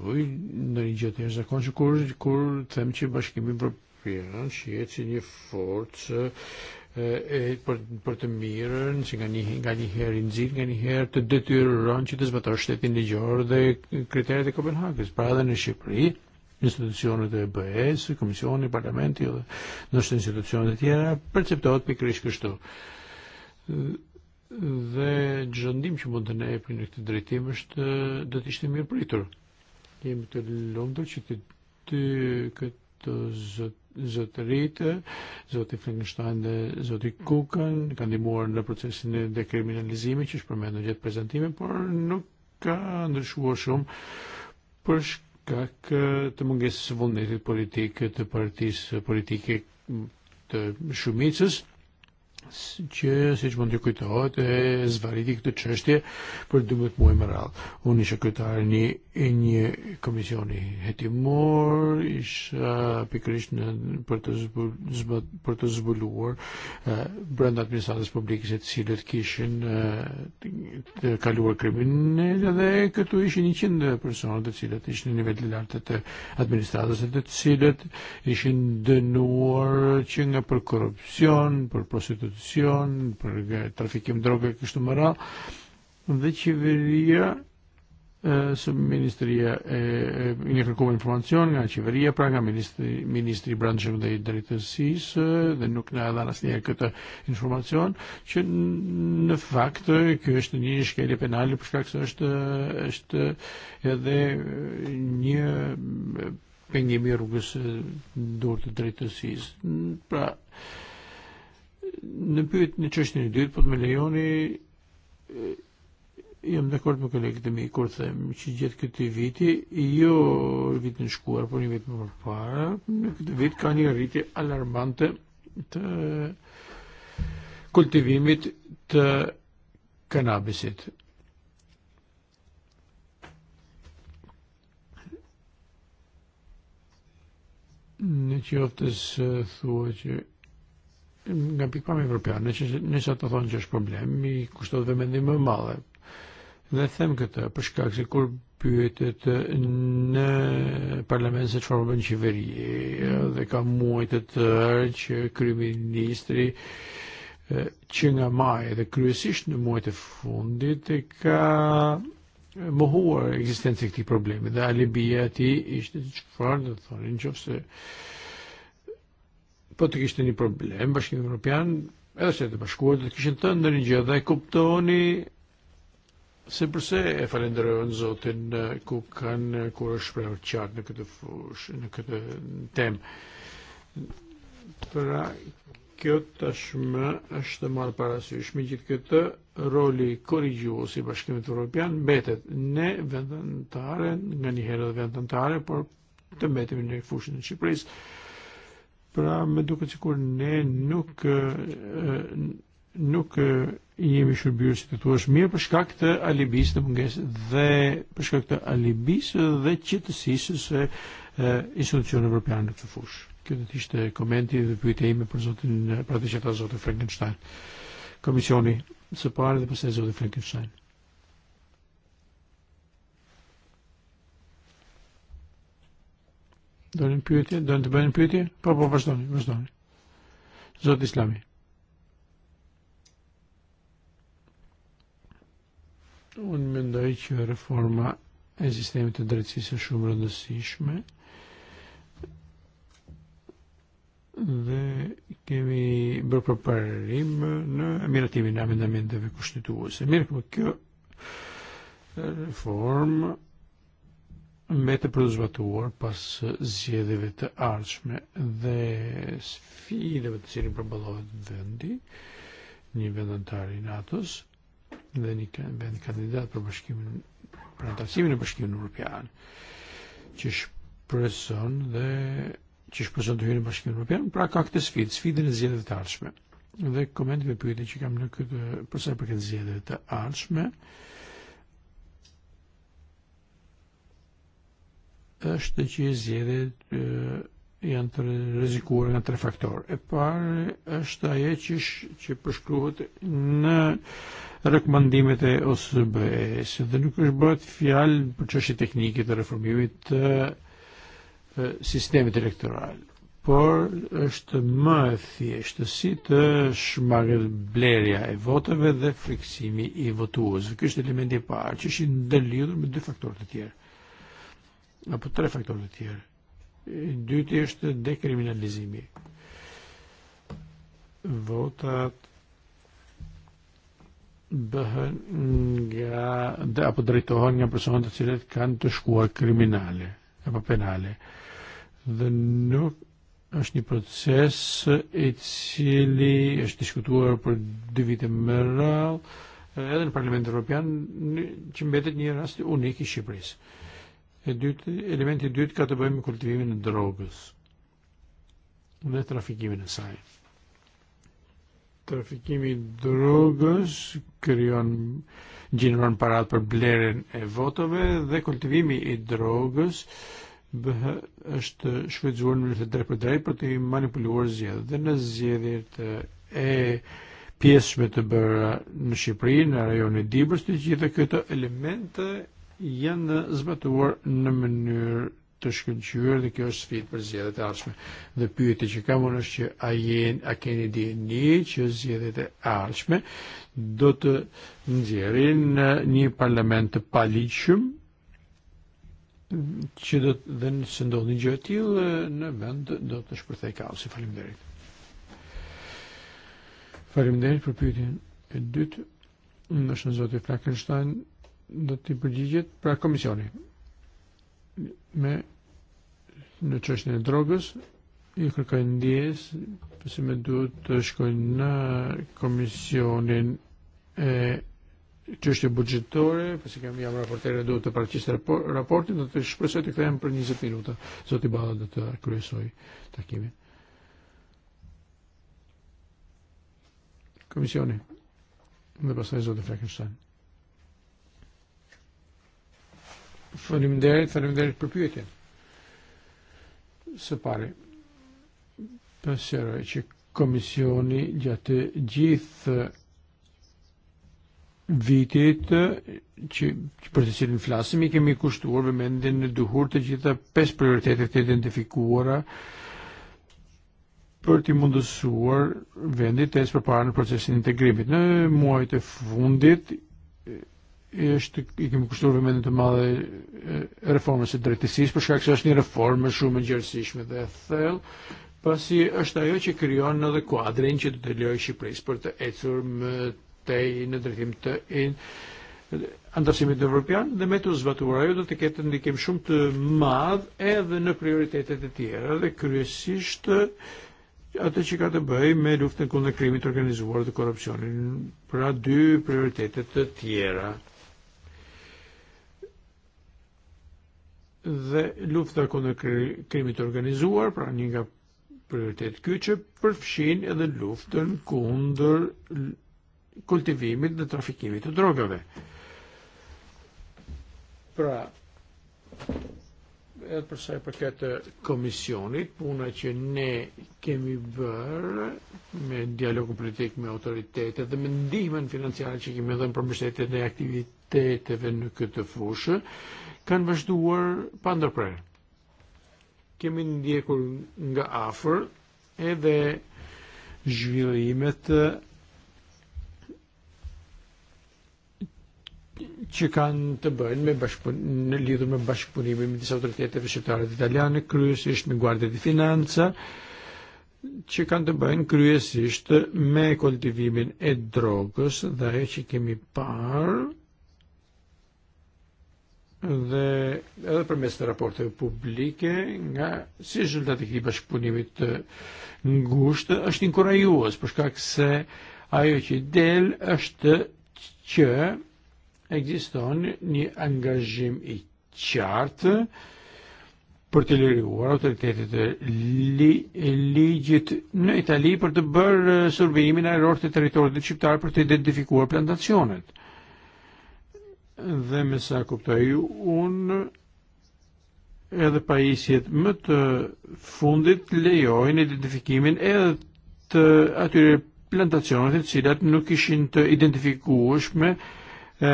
në një gjëtë jashtë zakonshë, kur, kur them që bashkimi Evropian financiert in je forze eh, eh, për të mirën që nga një, nga një herë nxirr nga një herë të de që të zbatojë shtetin ligjor dhe istituzzjoni ta' BS, komissjoni parlamenti nostra istituzzjoni e tjera, perceptot pi krix kështu. Dhe ġëndim që mund të ne për në këtë drejtim është dhe të ishte mirë pritur. Jemi të lëndër që të, të këtë zëtë Zot Rite, zoti Frankenstein, zoti Kukan, kan di mor në procesin e dekriminalizimit që shpërmendu gjithë prezentimin, por nuk ka ndryshuar shumë për shkak të mungesës së vullnetit politik të partisë politike të shumicës, që siç mund të kujtohet e zvariti këtë çështje për 12 muaj më radh. Unë isha kryetar një e një komisioni hetimor, isha pikërisht në për të zbul, për e, brenda administratës publike se të cilët kishin të kaluar dhe këtu ix ishin 100 persona të t-silet, ix në nivel të lartë të administratës të cilët ishin dënuar që nga për korupcion, për prostitut korruzzjon, për trafikim droga kështu më radhë, verija e, sub Ministrija e, e, jien kërkuar informazzjoni nga ċiverija pra nga ministri, ministri branċem dej drejtësis dhe nuk na dhana snija këtë informazzjon, që në fakt kjo është një shkelje penale për shkak se është edhe një pengimi rrugës dur të drejtësisë. Pra nibbiet pyet në çështjen e dytë, po më lejoni jam dakord me mi kur mċiġiet kitti viti, jo vitin e shkuar, por një vit më parë, në vit kani rriti allarmante ta kultivimit ta kanabisit. Në qoftës e, thua që nga kwa mi që nisa ta' thonë që është problem, i kushtot vëmendim më madhe. Dhe them këtë për shkak kur pyetet në parlament se çfarë bën qeveria dhe ka muaj të tërë e, që kryeministri e, që nga maj dhe kryesisht në muajt e fundit e ka mohuar eksistenci e këti problemi dhe alibia ti ishte çfarë do të thonë nëse Po të kishtë një problem, bashkimi Evropian, edhe se të bashkuar, të kishin të ndër një gjë, dhe kuptoni se përse e falenderojnë Zotin e, kukkan kura e, kur është shprehur qartë në këtë fush, në Pra, kjo tashmë ashtë mal parasysh, me gjithë këtë roli korrigjues i Bashkimit Evropian betet ne vendantare, nga njëherë dhe vendantare, por të mbetim në fushën në e Qipërisë pra meduk ne nuk nuk jemi shërbyrë si të thua mirë për shkak të alibis të mungesë dhe për shkak të alibis dhe qetësisë së e, institucioneve evropiane në këtë fushë. Kjo do të ishte komenti dhe pyetja ime për zotin pra të qeta zotin Frankenstein. Komisioni së pari dhe pastaj zotin Frankenstein. Don impjuti, don të bëjnë impjuti, po po vazhdoni, vazhdoni. Zot Islami. Unë mendoj që reforma e sistemit të drejtësisë është shumë rëndësishme dhe kemi bërë përparim në miratimin e amendamendeve kushtetuese. Mirë, kjo reforma me të produzvatuar pas zjedhjeve të arshme dhe sfide të cilin përballohet vendi, një vendantar i nato dhe një vend kandidat për bashkimin për antarësimin e bashkimin europian që shpreson dhe që shpreson të hyrë në bashkimin europian pra ka këtë sfide, sfidën e zjedhjeve të arshme dhe komendit me pyetje që kam në këtë përsa për këtë zjedhjeve të arshme, ë është që zgjedhjet e, janë të rrezikuara nga tre faktorë. E parë është ajo që që përshkruhet në rekomandimet e OSBE-s, dhe nuk është bëhet fjalë për çështje teknike të reformimit të e, sistemit elektoral, por është më e thjeshtë si të shmangët blerja e votave dhe friksimi i votuesve. Ky elementi i e parë që është ndërlidhur me dy faktorë të tjerë apo tre faktorë të tjerë. Dyti është dekriminalizimi. Votat bëhen nga dhe apo drejtohen nga personat të cilet kanë të shkuar kriminale apo penale. Dhe nuk është një proces i cili është diskutuar për dy vite më radhë edhe në Parlamentin Evropian që mbetet një rast unik i Shqipërisë elementi d ka të bëjmë kultivimin e drogës dhe trafikimin e saj. Trafikimi i drogës krijon ġeneron parat për bleren e votove dhe kultivimi i drogës është shfrytzuar në të drejt për drejt për të manipuluar zgjedhjet. Dhe në zgjedhjet e pjesme të bërë në Shqipëri, në rajon e Dibrës, të gjitha këto elemente janë zbatuar në mënyrë të shkëlqyer dhe kjo li sfidë s zgjedhjet per ardhshme. Dhe pyetja Dipjuti ċi unë është għajjen għakeni jeni a keni dieni që zgjedhjet e ardhshme do të nxjerrin e, një parlament paliċum. ċi dot do të dhe nëse ndodhi gjë e tillë e, në vend do të shpërthej kaosi. Faleminderit. Faleminderit për dut e dytë. Nështë në Frankenstein, do tipu ġiġiet pra komissjoni. Me në qështën e drogës, i kërkojnë ndjes, pëse me duhet të shkojnë në komisionin e qështje budgetore, pëse kam jam raportere duhet të parqisë raportin, do të shpresoj të kthehem për 20 minuta, zoti Balla do të kryesoj takimin. Komisioni, dhe pasaj zoti Frankenstein. Faleminderit, faleminderit propju Separi. Pensjera që komissjoni ġat ġith vitit ċi që për të cilin flasim i kemi kushtuar vëmendjen në duhur të gjitha pes prioritetet të identifikuara për t'i mundësuar vendit të esë përpara në procesin integrimit. Në muajt e fundit është i e kemi kushtuar vëmendje të madhe eh, eh, reformës së drejtësisë për shkak se ecur tej in Ewropjan li metu zvatura jew li kiet dikim xum të madh edhe në prioritetet e tjera dhe kryesisht atë që ka të bëj me luftën kundër krimit organizuar dhe korupcionin, pra dy prioritetet të tjera. dhe lufta kundër krimit organizuar, pra një nga prioritet kyçe përfshin edhe luftën kundër kultivimit dhe trafikimit të drogave. Pra, edhe përsa e i përket komisionit, puna që ne kemi bërë me dialogu politik me autoritetet dhe me ndihmën financiare që kemi edhe në përmështetet e aktiviteteve në këtë fushë, kan kanë vazhduar pa Kem Kemi diekul nga afer, edhe zhvillimet që kanë të bëjnë me bashkëpun, në lidhur me bashkëpunimin me disa autoriteteve shqiptare italiane, kryesisht me Guardia di Finanza, që kanë të bëjnë kryesisht me koltivimin e drogës dhe që kemi parë dhe edhe përmes të raporteve publike nga si zhvillat e këtij bashkëpunimit të ngushtë është inkurajues për shkak se ajo që del është që ekziston një angazhim i qartë për të liruar autoritetet e, e ligjit në Itali për të bërë survejimin aeror e të teritorit dhe shqiptar për të identifikuar plantacionet dhe me sa kuptoj un edhe pajisjet më të fundit lejojnë identifikimin edhe të atyre plantacionet të cilat nuk ishin të identifikueshme e,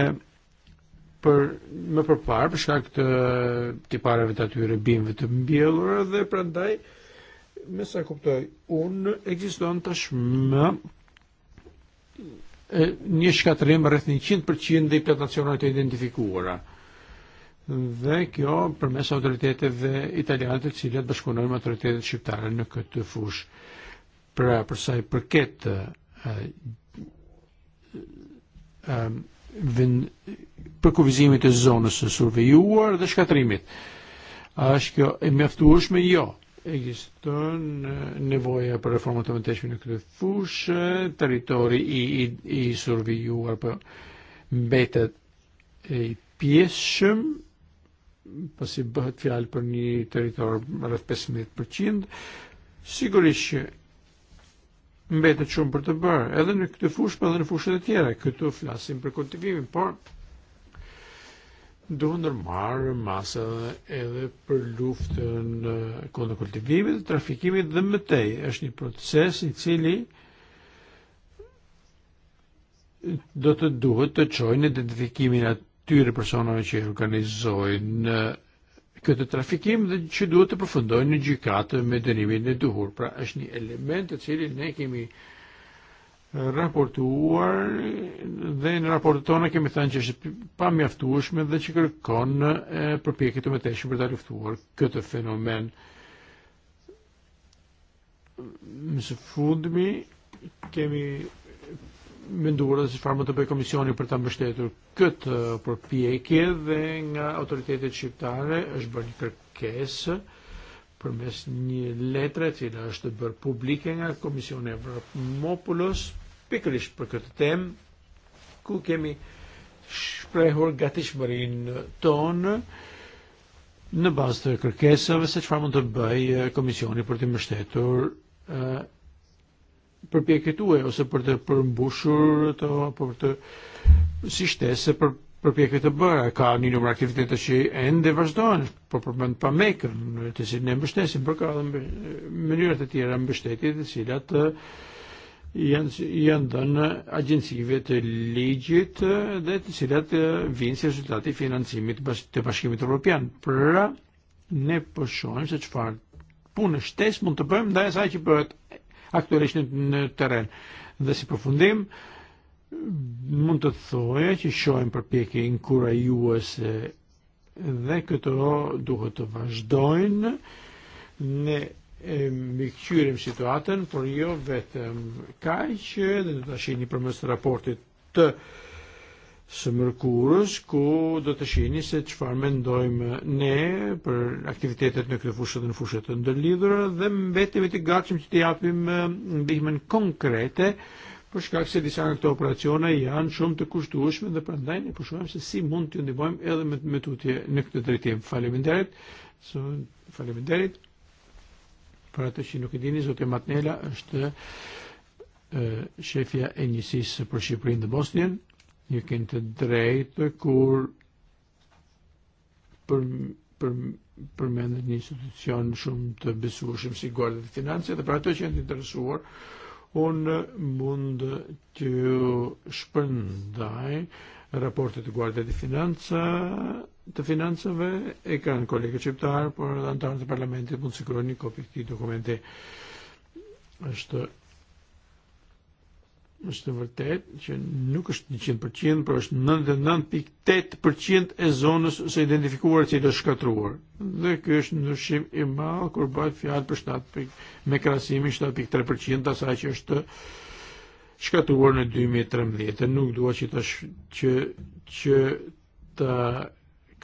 për më përpar për shkak të tipareve të atyre bimëve të mbjellura dhe prandaj me sa kuptoj un ekziston tashmë Eh, një shkatrim rreth 100% dhe i plot nacional të identifikura. Dhe kjo përmes autoriteteve italiane të cilat bashkunojnë me autoritetet shqiptare në këtë fushë. Pra, për sa i përket eh, për kuvizimit e zonës së survejuar dhe shkatrimit. A kjo e mjaftueshme? Jo. Existon nevoja per reforma ta' mentex në këtë fushë, territori i, i, i survijuar për mbetet i pjeshëm, pasi bëhet fjalë për një territor rreth 15%, sigurisht që mbetet shumë për të bërë, edhe në këtë fushë, pa edhe në fushën edhe tjera, këtu flasim për kultivimin, por duħan r-mar, masa edhe për luftën e, kundër kultivimit dhe trafikimit dhe mëtej. është një proces i cili do të duhet të qojnë identifikimin atyre e personave që organizojnë e, këtë trafikim dhe që duhet të përfundojnë në gjykatë me dënimin e duhur. Pra është një element të cili ne kemi uh, rapportu dhe në raportet tona kemi thënë që është pa mjaftueshme dhe që kërkon përpjekje të mëtejshme për ta luftuar këtë fenomen. Së fundmi kemi menduar se çfarë më të bëjë komisioni për ta mbështetur këtë eh, përpjekje dhe nga autoritetet shqiptare është bërë një për mes një letre tila është bërë publike nga Komisioni Evropë Mopulos piklish për tem, ku kemi shprehur gatishmërinë tonë në bazë të kërkesave se çfarë mund të bëj komisioni për të mbështetur për pjekëtue ose për të përmbushur të për të si shtese për për pjekët të bëra, ka një numër aktivitete që ende vazhdojnë, për përmend pa mekën, të si ne mbështesim, për ka dhe mënyrët e tjera mbështetje të cilat uh, jendon aġenzijvet liġit da t-sidat e, vins rezultati finanzimit te bashkimit Europian. Pra, ne përshojmë se qëfar punë shtes mund të bëjmë dhe e saj që bëhet aktualisht në teren. Dhe si përfundim, mund të thoje që shojmë përpjekje inkurajuese dhe këto duhet të vazhdojnë ne mikċurim situaten por jo vetëm kajċ, dhe do të shini për mes raportit të së mërkurës, ku do të shini se qëfar mendojmë ne për aktivitetet në këtë fushët në fushët të ndërlidhura dhe mbetemi të gatshëm që të japim e, ndihmën konkrete për shkak se disa nga këto operacione janë shumë të kushtueshme dhe prandaj ne pushuam se si mund t'ju ndihmojmë edhe me, me tutje në këtë drejtim. Faleminderit. So, faleminderit para xinu kidini nuk zote Matnela është xefja e njësisë për Shqipërinë dhe Bosnjën, ju keni të drejtë kur për, për, përmendet një institucion shumë të besueshëm si Guardia e Finanzave dhe për ato që janë të interesuar unë mund të shpërndaj raportet gwardja di finanza ta' finanza ve e kan kollega ċiptar por l antarët ta' parlamenti mund sikroni kopi ti dokumenti. Është është vërtet që nuk është 100%, për është 99.8% e zonës së identifikuar që i do shkatruar. Dhe kjo është ndryshim i madh kur bëhet fjalë për 7. me krahasimin 7.3% asaj që është Xka të uarë në 2013, nuk dua që të, sh, ta' që të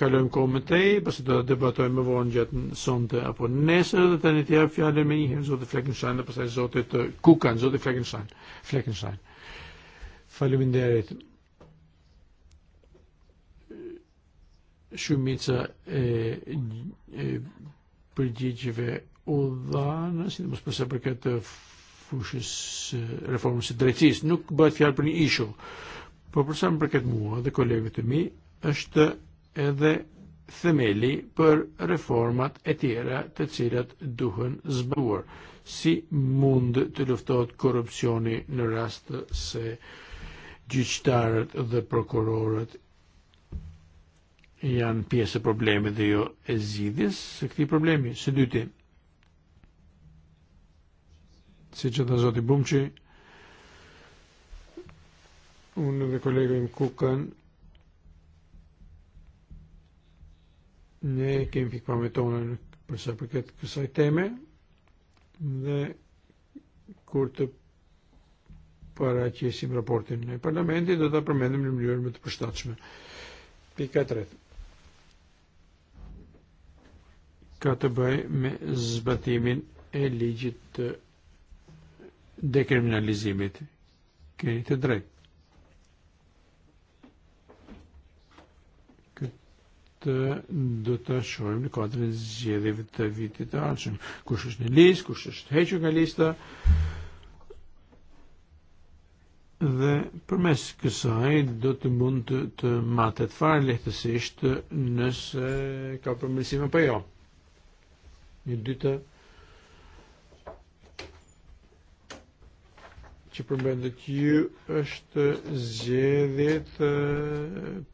kalojmë komentej, pasi do të debatojmë më vonë gjatë sonte apo nesër dhe tani t'jap fjalën me njëherë zoti Fleckenstein dhe pastaj zotit Kukan, zoti Fleckenstein. Fleckenstein. Faleminderit. Shumica e, eh, e eh, përgjigjeve u dhanë, si të mos përse eh, për fuxis eh, reformës drejtsis, nuk bëhet fjalë prin një ishu. Po për sa më mua dhe kollegu e mi, është edhe themeli për reformat e tjera të cilat duhen zbawar, si mund të luftot korupcioni në rast se gjyqtarët dhe prokurorët janë pjesë e probleme dhe jo e zgjidhjes se këti problemi. se dyti, Siċeta Zoti Bumċi, un kollega im ne kien fik pametona për sa përket kësaj teme dhe kur të paraqesim raportin e parlamentit do ta përmendim në mënyrë më të përshtatshme. Pika 3. E Ka të bëjë me zbatimin e ligjit të dekriminalizimit kienet id-drejt. do të shohim në kodrin e zgjedhjeve të vitit të ardhshëm. Kush është n listë, kush është hequr nga lista. Dhe përmes kësaj do të mund të, të matet fare lehtësisht nëse ka përmirësim apo jo. Një dytë që përmendet ju është zgjedhjet e,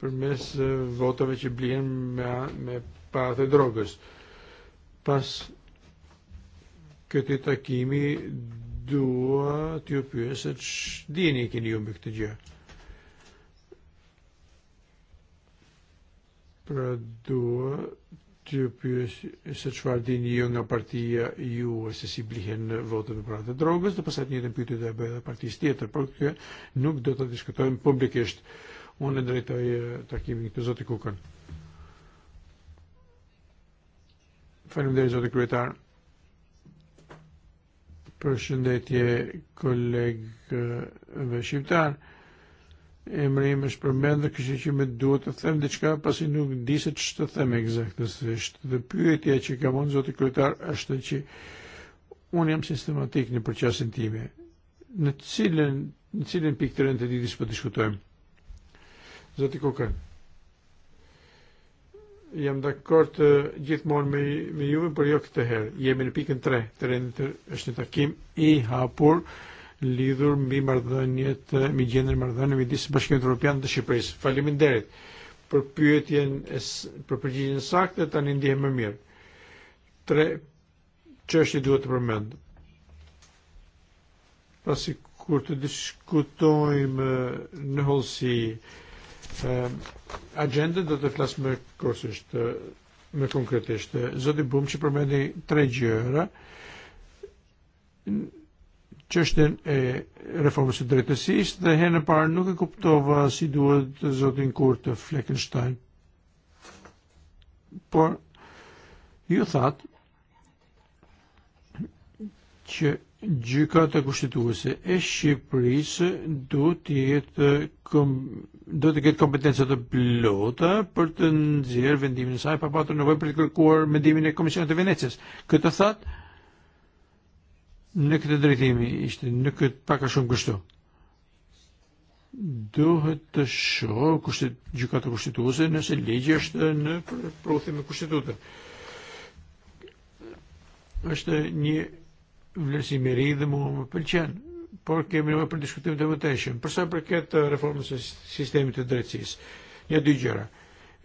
përmes votave që blihen me, me e drogës. Pas këti takimi dua t'ju pyes se ç'dini keni ju me këtë gjë. Pra dua të pyes se çfarë din ju nga partia ju se si blihen votën pranë të drogës, dhe pastaj të njëjtën pyetje do e bëj edhe partisë tjetër, por kjo nuk do ta diskutojmë publikisht. Unë drejtoj takimin këtu zoti Kukën. Faleminderit zoti kryetar. Përshëndetje kolegëve shqiptar emri më shpërmendë kështë që me duhet të them diçka pasi nuk di se ç'të them eksaktësisht. Dhe pyetja që kam unë zoti kryetar është që unë jam sistematik në procesin tim. Në cilën në cilën pikë të rëndë të ditës po diskutojmë. Zoti Kukan. Jam dakord gjithmonë me me juve, por jo këtë herë. Jemi në pikën 3, të rëndë është një takim i hapur. Uh, lidhur mbi marrëdhëniet eh, mbi gjendjen marrëdhënie midis Bashkimit Evropian dhe Shqipërisë. Faleminderit për pyetjen e për përgjigjen e saktë tani ndihem më mirë. Tre çështje duhet të përmend. Pasi kur të diskutojmë në holsi eh, agenda do të flasë më kërësisht, eh, më konkretisht. Zoti që përmendi tre gjëra ċeċten e reformës dritt s dhe herën e parë nuk e kuptova si duhet zotin Kurt Fleckenstein. Por ju that që gjykata e kushtetuese e Shqipërisë duhet të jetë do të ketë kompetenca të plota për të nxjerrë vendimin e saj pa patur nevojë për të kërkuar mendimin e Komisionit të Venecias. Këtë thatë Nekk drejtimi, ishte nuk e paka shumë kështu. Duhet të shoh kushtet gjykata kushtetuese nëse ligji është në prodhim me kushtetutën. Është një vlerësim i ri dhe mua më pëlqen, por kemi nevojë për diskutim të e mëtejshëm. Për sa përket reformës e së sistemit të drejtësisë, një dy gjëra.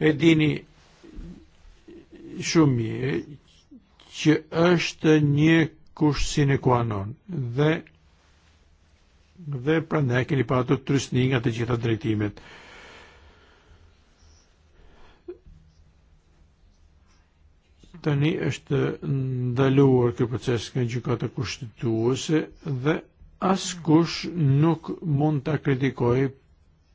E dini shumë mirë që është një kush sine qua non dhe dhe prandaj keni patur trysni nga të gjitha drejtimet. Tani është ndaluar ky proces nga gjukata kushtetuese dhe as kush nuk mund të kritikoj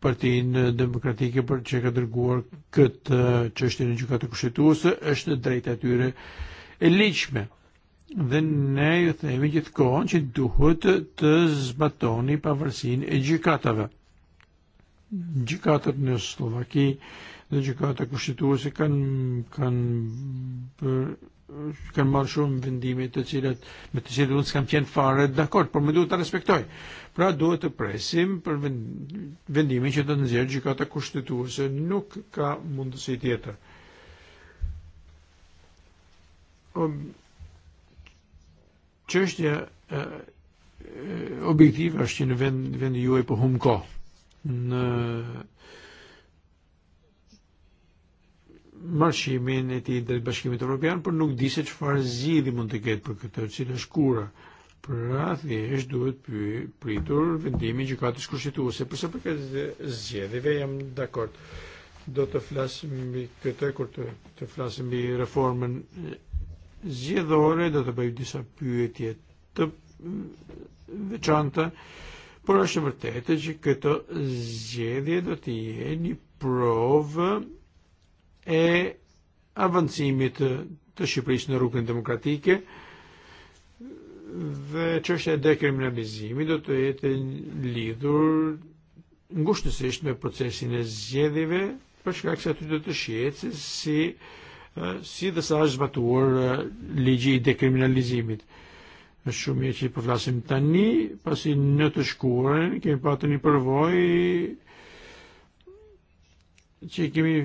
partin demokratike për që ka dërguar këtë qështje në gjukata kushtetuese është drejt tyre e liqme. Dhe ne jemi ċi duħut t-zbattoni pa versin iġikatava. gjykatave. n në Slovaki dhe kustituzi kan kanë kan marrë shumë vendime të cilat me të cilat unë s'kam qenë fare dakord, por më duhet ta respektoj. Pra duhet të presim për vendimin që do të nxjerrë gjykata kushtetuese, nuk ka mundësi tjetër. Um, Çështja e, e, objektiv është që në vend vendi juaj po hum kohë. Në marximin e tij drejt Bashkimit Evropian, por nuk di se çfarë zgjidhje mund të ketë për këtër cilë shkura. Për radhje është duhet pritur vendimi i gjykatës se përse për këtë zgjedhjeve jam dakord. Do të flasim mbi këtë kur të, të flasim mbi reformën zjedore da tabaj disa pyetje të mm, veçanta, por është e vërtetë që këto zjedje do të jenë një provë e avancimit të Shqipërisë në rrugën demokratike dhe çështja e dekriminalizimit do të jetë lidhur ngushtësisht me procesin e zgjedhjeve për shkak se aty do të shihet se si Eh, si da Sida saħġbatuħor eh, liġi dekriminalizimit. Xumieċi paflasim tanni, pasi n-netu xkuren, kien patni per pervoj ċi kimi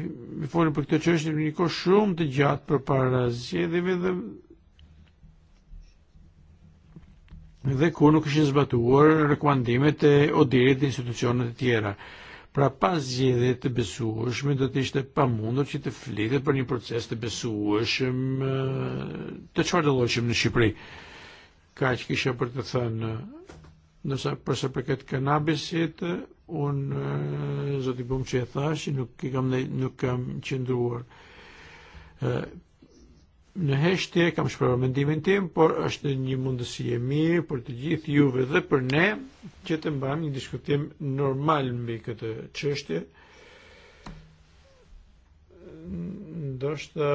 mi fuori per këtë qështë një ko shumë të gjatë për para zgjedhjeve dhe dhe ku nuk zbatuar rekwandimet e odirit institucionet e tjera pra pa zgjedhje të besueshme do të ishte pamundur që të flitet për një proces të besueshëm e, të çfarëdalloqëm në Shqipëri. Kaq kisha për të thënë Nasa përsa përket kanabisit, unë e, zoti bum që e thash, nuk kam, nuk kam qëndruar e, Në heshtje kam shprehur minn tim, por është një mundësi e mirë për të gjithë juve dhe për ne që bam, mbajmë një diskutim normal mbi këtë çështje. Ndoshta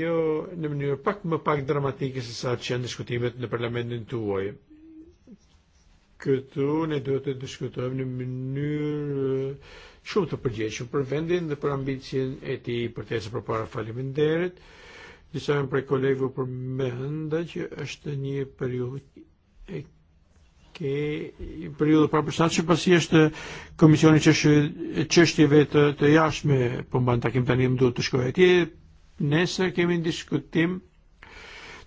jo në mënyrë pak më pak dramatike se sa që janë diskutimet në parlamentin tuaj. Këtu ne duhet të diskutojmë në mënyrë shumë të përgjeshëm për vendin dhe për ambicien e ti për të ecur përpara faliminderit. Për disajn prej kolegëve për me hënda që është një periudhë e ke periudhë para përshtatshme pasi është komisioni çështjeve qështë, të, të jashtme po mban takim tani më duhet të shkoj atje nesër kemi në diskutim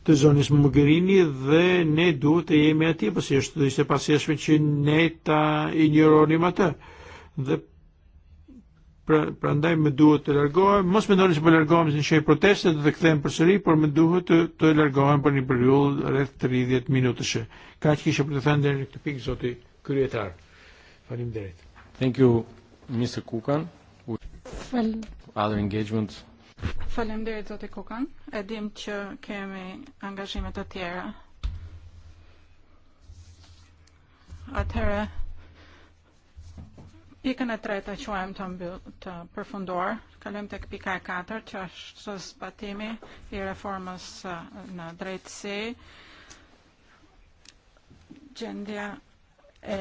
të zonës Mogherini dhe ne du të jemi atje pasi është ishte pasjashme që ne ta injoronim atë dhe prandaj më duhet të largohem, mos mendoni se po largohem se xej proteste do të kthehem përsëri, por më duhet të, të largohem për një periudhë rreth 30 minutësh. Kaq kisha për të thënë deri në këtë pikë zoti kryetar. Faleminderit. Thank you Mr. Kukan. Fal other engagement. Faleminderit zoti Kukan. E dim që kemi angazhime të tjera. Atëherë Pika në treta që em të, mbyll, të përfundor, kalem të pika e katër që është zbatimi i reformës në drejtësi, gjendja e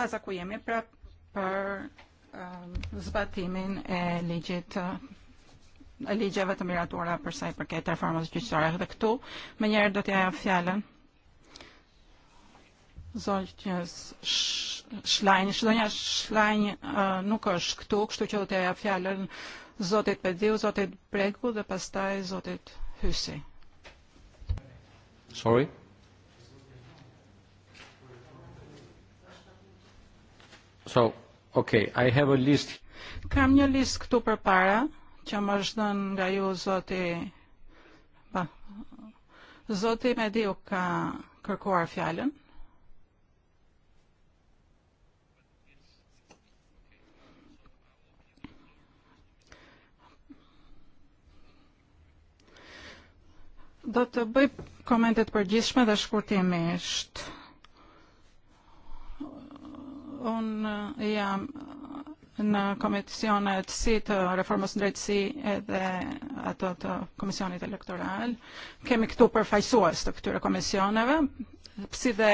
faza ku jemi pra për zbatimin e ligjit ligjeve të miratura përsa i përket reformës gjyqtare. Dhe këtu, me njerë do t'ja fjallën Zolte schlein xdonja xlajn schlein eh, është këtu, kështu që të ja fjallën Zotit Pediu, Zotit Bregu Sorry? So, okay, I have a list. Kam një list këtu për para, që më është nga ju Zoti... Ba, Zoti Mediu ka kërkuar fjallën. Do të bëj komentet përgjithshme dhe shkurtimisht. Unë eh, jam në komisionet si të reformës në drejtësi edhe ato të komisionit elektoral. Kemi këtu përfajsuas të këtyre komisioneve, si dhe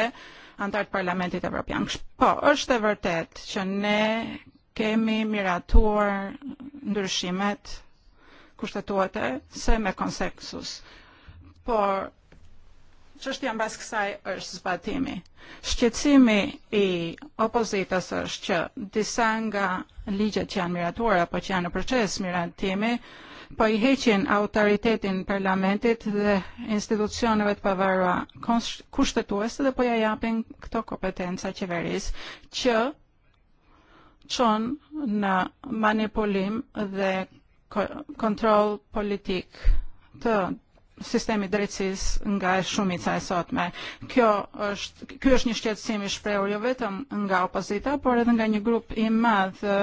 antartë parlamentit evropian. Po, është e vërtet që ne kemi miratuar ndryshimet kushtetuate se me konsensus por Çështja mbas kësaj është zbatimi. Shqetësimi i opozitës është që disa nga ligjet që janë miratuar apo që janë në miratimi po i heqin autoritetin parlamentit dhe institucioneve të pavarura kushtetuese dhe po ja japin këto kompetenca qeverisë që çon në manipulim dhe kontrol politik të sistemi drejtësisë nga e shumica e sotme. Kjo është ky është një shqetësim i shprehur jo vetëm nga opozita, por edhe nga një grup i madh e,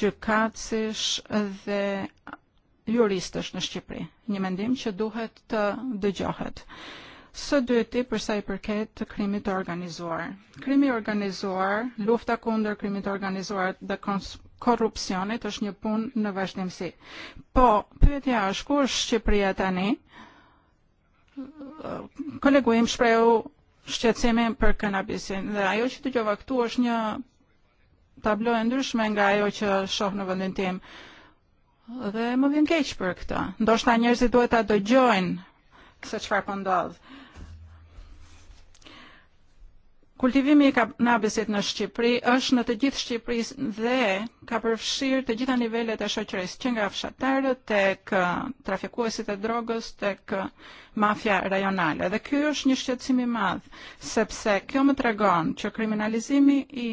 gjykatësish dhe juristësh në Shqipëri. Një mendim që duhet të dëgjohet. Së dyti përsa i përket të krimit të organizuar. Krimi organizuar, lufta kundër krimit të organizuar dhe korrupsionit është një punë në vazhdimsi. Po, pyetja është ku është Shqipëria tani? kolegu im shpreu shqetësimin për kanabisin dhe ajo që dëgjova këtu është një tablo e ndryshme nga ajo që shoh në vendin tim. Dhe më vjen keq për këtë. Ndoshta njerëzit duhet ta dëgjojnë se çfarë po ndodh. Kultivimi ka nabisit në Shqipëri është në të gjithë Shqipërisë dhe ka përfshirë të gjitha nivellet e shoqërisë, që nga fshatarët tek e, trafikuesit e drogës tek e, mafja rajonale. Dhe ky është një shqetësim i madh, sepse kjo më tregon që kriminalizimi i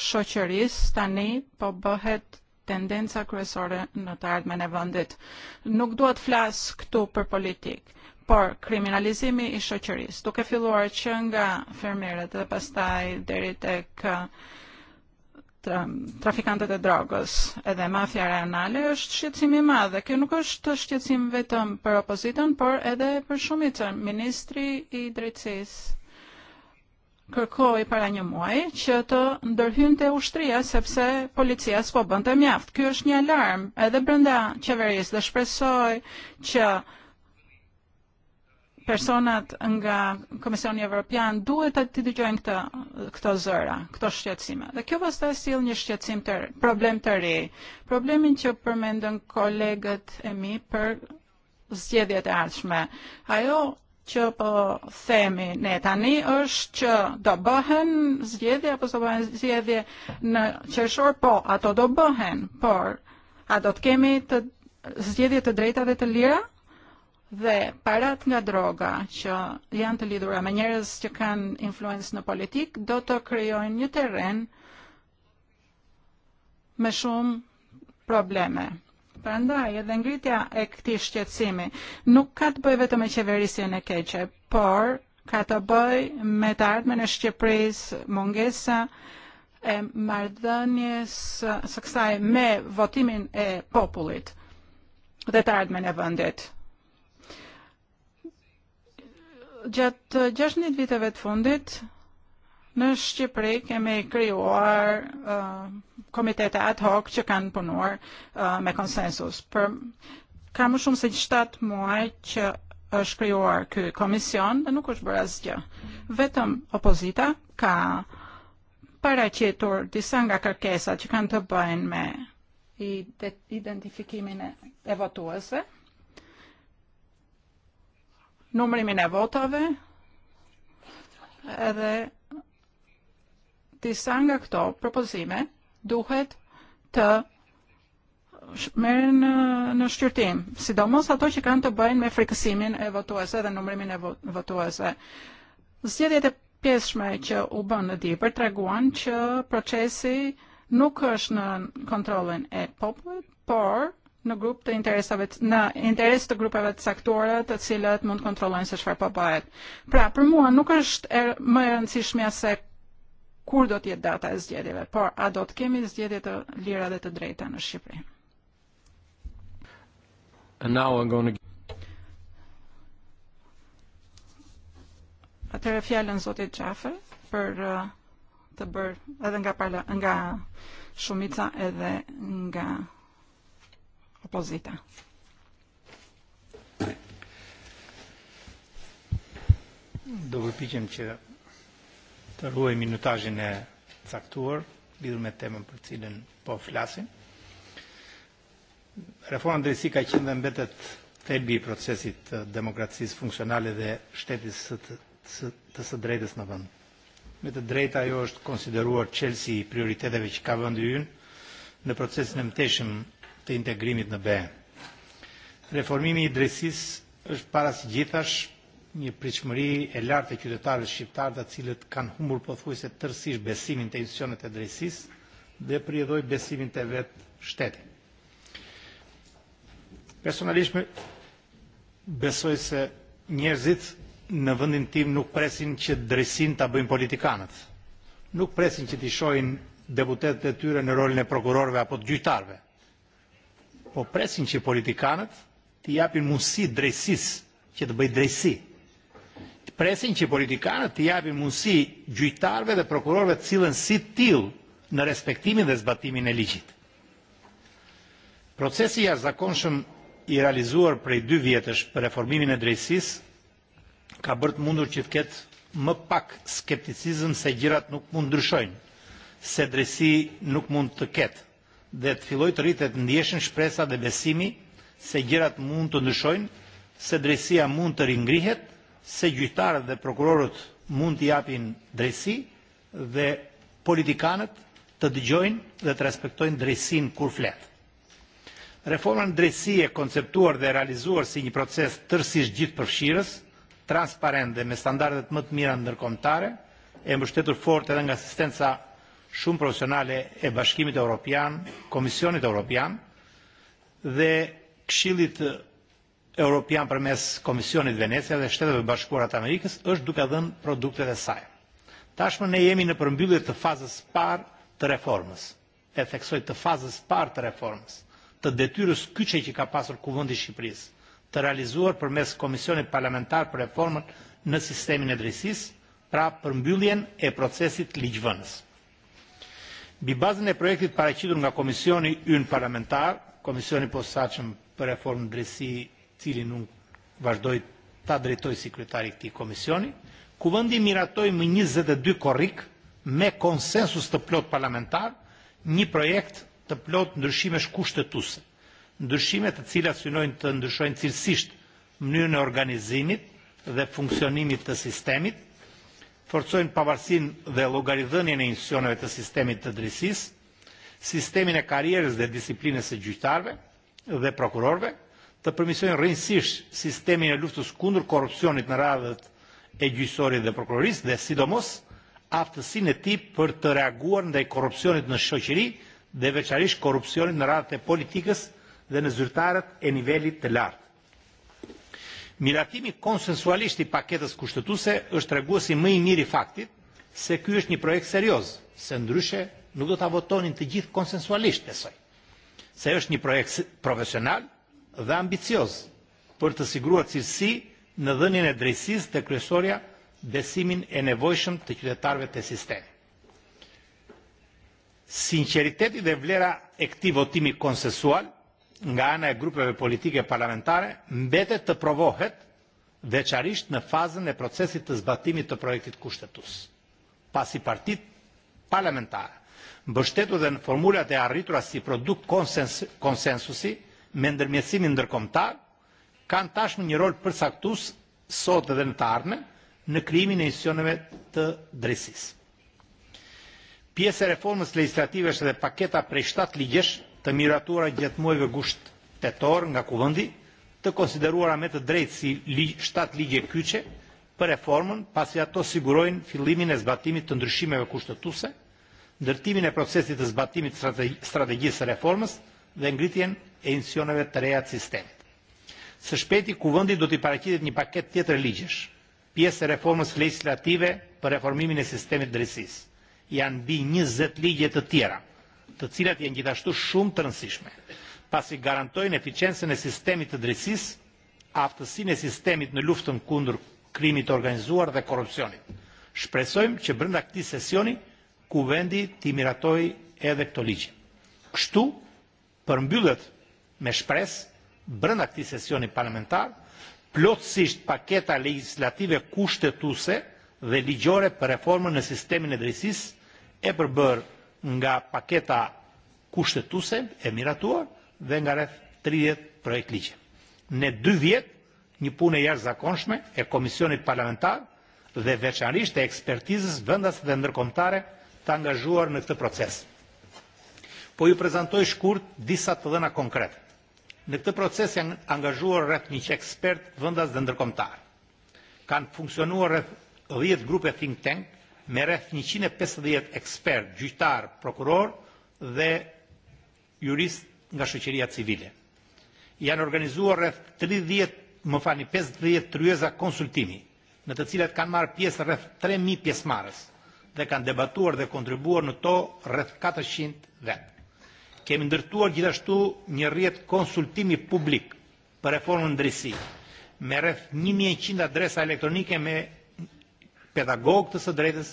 shoqërisë tani po bëhet tendenza kryesore në të ardhmen e vendit. Nuk duhet të flas këtu për politikë por kriminalizimi i xoċeris. duke filluar që nga fermerët dhe pastaj deri tek uh, tra, trafikantët e drogës edhe mafja reanale është shqetësim madhe, madh kjo nuk është shqetësim vetëm për opozitën, por edhe për shumitën, Ministri i Drejtësisë kërkoj para një muaj që të ndërhyn të ushtria sepse policia s'po bënd të mjaft. Kjo është një alarm edhe brenda qeveris dhe shpresoj që persona nga Komisioni Evropian duhet ta' dëgjojnë këtë këto zëra, këto shqetësime. Dhe kjo pastaj e sill një shqetësim të problem të re. problemin që përmendën kolegët e mi për zgjedhjet e ardhshme. Ajo që po themi ne tani është që do bëhen zgjedhje apo do bëhen zgjedhje në qershor, po ato do bëhen, por a do të kemi të zgjedhje të drejta dhe të lira? Dhe parat nga droga që janë të lidhura me njerëz që kanë influencë në politik, do të krijojnë një terren me shumë probleme. Prandaj, edhe ngritja e këtij shqetësimi nuk ka të bëjë vetëm me qeverisjen e keqe, por ka të bëjë me të ardhmen e Shqipërisë, mungesa e marrëdhënies së e kësaj me votimin e popullit dhe të ardhmen e vendit. Gjatë 16 viteve të fundit, në Shqipëri kemi krijuar uh, komitete ad hoc që kanë punuar uh, me konsensus. Për ka më shumë se 7 muaj që është krijuar ky komision dhe nuk është bërë asgjë. Vetëm opozita ka paraqetur disa nga kërkesat që kanë të bëjnë me identifikimin e, e votuesve numri e votave edhe disa nga këto propozime duhet të merren në shqyrtim, sidomos ato që kanë të bëjnë me frikësimin e votuese dhe numrimin e votuese. Zgjedhjet e pjeshme që u bënë në Dipër treguan që procesi nuk është në kontrollin e popullit, por në grup të interesave në interes të grupeve të saktuara të cilat mund kontrollojnë se çfarë po bëhet. Pra, për mua nuk është er, më e rëndësishmja se kur do të jetë data e zgjedhjeve, por a do të kemi zgjedhje të lira dhe të drejta në Shqipëri. And now I'm going to Atëherë fjalën zotit Xhafe për uh, të bërë edhe nga parla, nga shumica edhe nga apposita. Dove piqem që të ruaj minutaži ne caktuar, lidhur me temën për cilin po flasim. Reforma drejtësi ka qenë dhe mbetet thelbi i procesit të uh, demokracisë funksionale dhe shtetis së të, së, të së drejtës në vend. Me të drejta ajo është konsideruar qelsi i prioriteteve që ka vëndu ynë në procesin e mteshëm të integrimit në BE. Reformimi i drejtësisë është para së gjithash një pritshmëri e lartë e qytetarëve shqiptar të cilët kanë humbur pothuajse tërësisht besimin te institucionet e drejtësisë dhe përjedhoi besimin te vetë shteti. Personalisht besoj se njerëzit në vendin tim nuk presin që drejtsin ta bëjnë politikanët. Nuk presin që të shohin deputetët e tyre në rolin e prokurorëve apo të gjyqtarëve po presin që politikanët të japin mundësi drejtsis që të bëjt drejtsi. Të presin që politikanët të japin mundësi gjyqtarve dhe prokurorve të cilën si tilë në respektimin dhe zbatimin e ligjit. Procesi jashtë zakonshëm i realizuar prej dy vjetësh për reformimin e drejtësisë ka bërt mundur që të ketë më pak skepticizm se gjërat nuk mund ndryshojnë, se drejtësi nuk mund të ketë dhe të filloj të rritet ndjeshën shpresa dhe besimi se gjërat mund të ndryshojnë, se drejtësia mund të ringrihet, se gjyqtarët dhe prokurorët mund të japin drejtësi dhe politikanët të dëgjojnë dhe të respektojnë drejtësinë kur flet. Reforma në drejtësi e konceptuar dhe realizuar si një proces tërësisht gjithëpërfshirës, transparent dhe me standardet më të mira ndërkombëtare, e mbështetur fort edhe nga asistenca shumë profesionale e Bashkimit europian, Komisionit europian dhe Këshillit Evropian përmes Komisionit Venecia dhe Shteteve Bashkuara të Amerikës është duke dhënë produktet e saj. Tashmë ne jemi në përmbyllje të fazës parë të reformës, e theksoj të fazës parë të reformës, të detyrës kyçe që ka pasur Kuvendi i Shqipërisë, të realizuar përmes Komisionit Parlamentar për Reformën në sistemin e drejtësisë, pra përmbylljen e procesit ligjvënës bazën e projektit paraqitur nga Komisioni yn parlamentar, Komisioni posaçëm për reformën drejtësi, cili nuk vazhdoi ta drejtoi sekretari i këtij komisioni, ku vendi miratoi me 22 e korrik me konsensus të plot parlamentar një projekt të plot ndryshimesh kushtetuese, ndryshime të cilat synojnë të ndryshojnë cilësisht mënyrën e organizimit dhe funksionimit të sistemit, forcojnë pavarësin dhe logarithënjën e institucioneve të sistemit të drejtsis, sistemin e karierës dhe disiplinës e gjyqtarve dhe prokurorve, të përmisojnë rrinsisht sistemin e luftës kundur korupcionit në radhët e gjyqësorit dhe prokurorisë dhe sidomos aftësinë e tij për të reaguar ndaj korrupsionit në shoqëri dhe veçanërisht korrupsionit në radhët e politikës dhe në zyrtarët e nivelit të lartë. Miratimi konsensualisht i paketës kushtetuse është reguasi më i miri faktit se kjo është një projekt serios, se ndryshe nuk do të votonin të gjithë konsensualisht besoj. Se është një projekt profesional dhe ambicios për të siguruar cilësi në dhënien e drejsis dhe kryesoria besimin e nevojshëm të qytetarve të sistemi. Sinceriteti dhe vlera e këti votimi konsensual nga ana e grupeve politike parlamentare mbetet të provohet veçarisht në fazën e procesit të zbatimit të projektit kushtetues, pasi partit parlamentare mbështetur dhe në formulat e arritura si produkt konsens, konsensusi me ndërmjetësimin ndërkombëtar kanë tashmë një rol përcaktues sot edhe në të ardhmen në krijimin e institucioneve të drejtësisë. Pjesë e reformës legjislative është edhe paketa prej 7 ligjesh të miratura gjatë muajve gusht tetor nga kuvendi, të konsideruara me të drejtë si lig, 7 ligje kyqe për reformën, pasi ato sigurojnë fillimin e zbatimit të ndryshimeve kushtetuse, ndërtimin e procesit të zbatimit strategjisë së reformës dhe ngritjen e insioneve të reja të sistemit. Së shpeti, kuvëndi do t'i parakitit një paket tjetër ligjesh, pjesë e reformës legislative për reformimin e sistemit drejtësisë. Janë bi 20 ligje të tjera të cilat janë gjithashtu shumë të rëndësishme, pasi garantojnë eficiencën e sistemit të drejtësisë, aftësinë e sistemit në luftën kundër krimit të organizuar dhe korrupsionit. Shpresojmë që brenda këtij sesioni ku vendi të miratoj edhe këto ligje. Kështu përmbyllet me shpresë brenda këtij sesioni parlamentar plotësisht paketa legislative kushtetuese dhe ligjore për reformën në e sistemin e drejtësisë e përbërë nga paketa kushtetuse e miratuar dhe nga rreth 30 projekt ligje. Në dy vjet një punë e jashtëzakonshme e Komisionit Parlamentar dhe veçanërisht e ekspertizës vendas dhe ndërkombëtare të angazhuar në këtë proces. Po ju prezantoj shkurt disa të dhëna konkrete. Në këtë proces janë angazhuar rreth 100 ekspert vendas dhe ndërkombëtar. Kan funksionuar rreth 10 grupe think tank me rreth 150 ekspert, gjyqtar, prokuror dhe jurist nga shoqëria civile. Janë organizuar rreth 30, më fani 50 tryeza konsultimi, në të cilat kanë marë pjesë rreth 3000 pjesëmarrës dhe kanë debatuar dhe kontribuar në to rreth 400 vetë. Kemi ndërtuar gjithashtu një rrjet konsultimi publik për reformën drejtësi me rreth 1100 adresa elektronike me pedagog të së drejtës,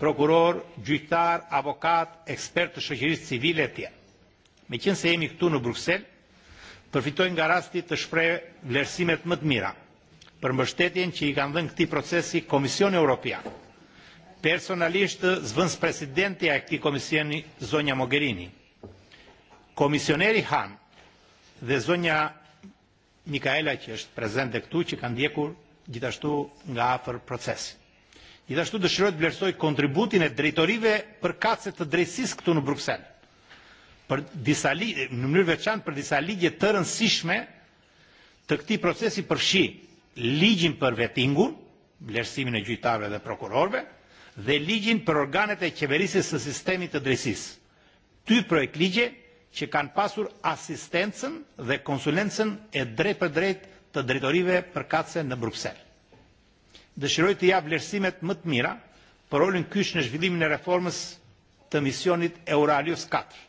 prokuror, gjyqtar, avokat, ekspert të shoqërisë civile e tjerë. se jemi këtu në Bruxelles, përfitojnë nga rasti të shpreh vlerësimet më të mira për mbështetjen që i kanë dhënë këti procesi Komision Europian. Personalisht zvëns presidenti a këti komisioni Zonja Mogherini, komisioneri Han dhe Zonja Mikaela që është prezente këtu që kanë djekur gjithashtu nga afër procesi. Gjithashtu dëshiroj të vlerësoj kontributin e drejtorive për kace të drejtësisë këtu në Bruksel. Për disa ligje, në mënyrë veçantë për disa ligje të rëndësishme të këtij procesi përfshi ligjin për vettingun, vlerësimin e gjyqtarëve dhe prokurorëve dhe ligjin për organet e qeverisjes së sistemit të drejtësisë. Dy projekt ligje që kanë pasur asistencën dhe konsulencën e drejtpërdrejt të drejtorive përkatëse në Bruksel dëshiroj të jap vlerësimet më të mira për rolin kyç në zhvillimin e reformës të misionit Euralius 4,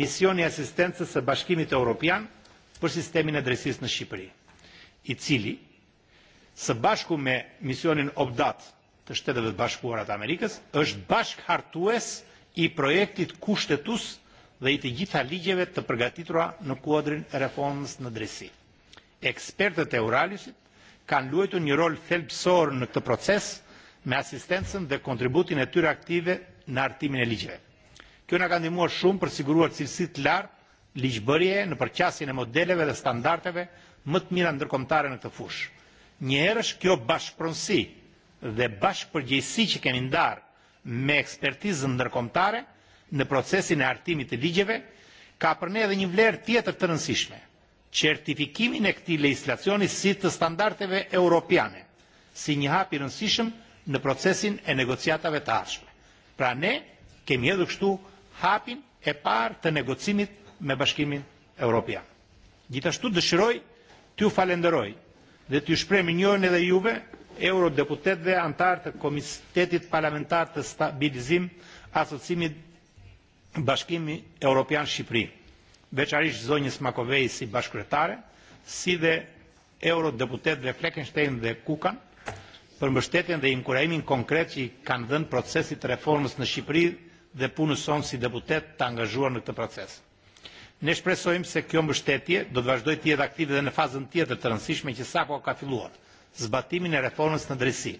misioni i asistencës së Bashkimit Evropian për sistemin e drejtësisë në Shqipëri, i cili së bashku me misionin Obdat të Shteteve të Bashkuara të Amerikës është bashk hartues i projektit kushtetues dhe i të gjitha ligjeve të përgatitura në kuadrin e reformës në drejtësi. Ekspertët e Euralusit kanë luajtur një rol thelbësor në këtë proces me asistencën dhe kontributin e tyre aktive në hartimin e ligjeve. Kjo na ka ndihmuar shumë për siguruar cilësi të lartë ligjbërje në përqasjen e modeleve dhe standardeve më të mira ndërkombëtare në këtë fushë. Njëherësh kjo bashkëpronësi dhe bashkëpërgjegjësi që kemi ndarë me ekspertizën ndërkombëtare në procesin e hartimit të ligjeve ka për ne edhe një vlerë tjetër të rëndësishme certifikimin e këtij legjislacioni sit të standardeve Ewropjane, si një hap n-processin e negociatave ve taħxme. Pra ne kem jedu kështu ħapin e par të negocimit me Bashkimin Evropian. Gjithashtu dëshiroj t'ju falenderoj dhe t'ju shpreh minjorën edhe juve dhe antar të Komitetit Parlamentar të Stabilizim Asocimit Bashkimi Europian Shqipëri veçarisht zonjës Makovej si bashkretare, si dhe eurodeputetëve Fleckenstein dhe Kukan për mbështetjen dhe inkurajimin konkret që i kanë dhënë procesit të reformës në Shqipëri dhe punës sonë si deputet të angazhuar në këtë proces. Ne shpresojmë se kjo mbështetje do të vazhdoj të jetë aktive dhe në fazën tjetër të rëndësishme që sapo ka filluar, zbatimin e reformës në drejtësi.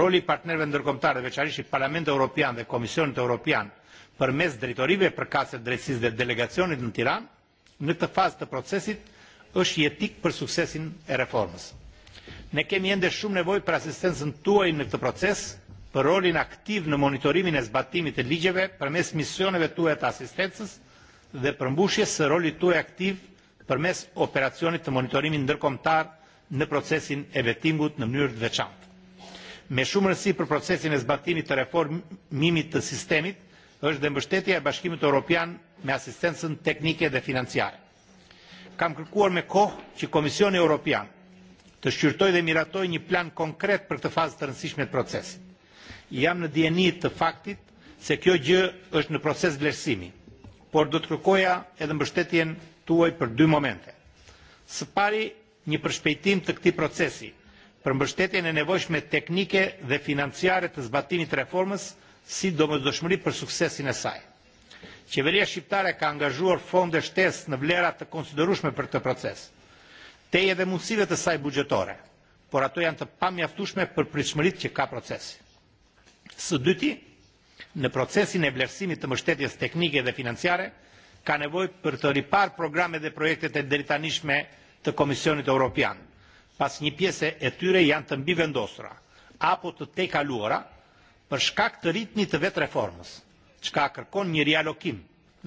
Roli i partnerëve ndërkombëtar, veçanërisht i Parlamentit Evropian dhe Komisionit Evropian përmes e drejtorive për kasër drejtësisë dhe delegacionit në Tiran, në të fazë të procesit është jetik për suksesin e reformës. Ne kemi ende shumë nevoj për asistencën tuaj në këtë proces, për rolin aktiv në monitorimin e zbatimit e ligjeve për mes misioneve tuaj të asistencës dhe për mbushje së roli tuaj aktiv për mes operacionit të monitorimin ndërkomtar në procesin e vetingut në mënyrë të veçantë. Me shumë rësi për procesin e zbatimit të reformimit të sistemit, është dhe mbështetja e Bashkimit Evropian me asistencën teknike dhe financiare. Kam kërkuar me kohë që Komisioni Evropian të shqyrtoj dhe miratoj një plan konkret për këtë fazë të rëndësishme të procesit. Jam në dieni të faktit se kjo gjë është në proces vlerësimi, por do të kërkoja edhe mbështetjen tuaj për dy momente. Së pari, një përshpejtim të këtij procesi për mbështetjen e nevojshme teknike dhe financiare të zbatimit të reformës si domosdoshmëri për suksesin e saj. Qeveria shqiptare ka angazhuar fonde shtesë në vlera të konsiderueshme për këtë proces. Teje edhe mundësive të saj buxhetore, por ato janë të pamjaftueshme për pritshmëritë që ka procesi. Së dyti, në procesin e vlerësimit të mbështetjes teknike dhe financiare ka nevojë për të ripar programe dhe projektet e deritanishme të Komisionit Evropian, pas një pjese e tyre janë të mbivendosura apo të tejkaluara për shkak të ritmit të vetë reformës, qka kërkon një realokim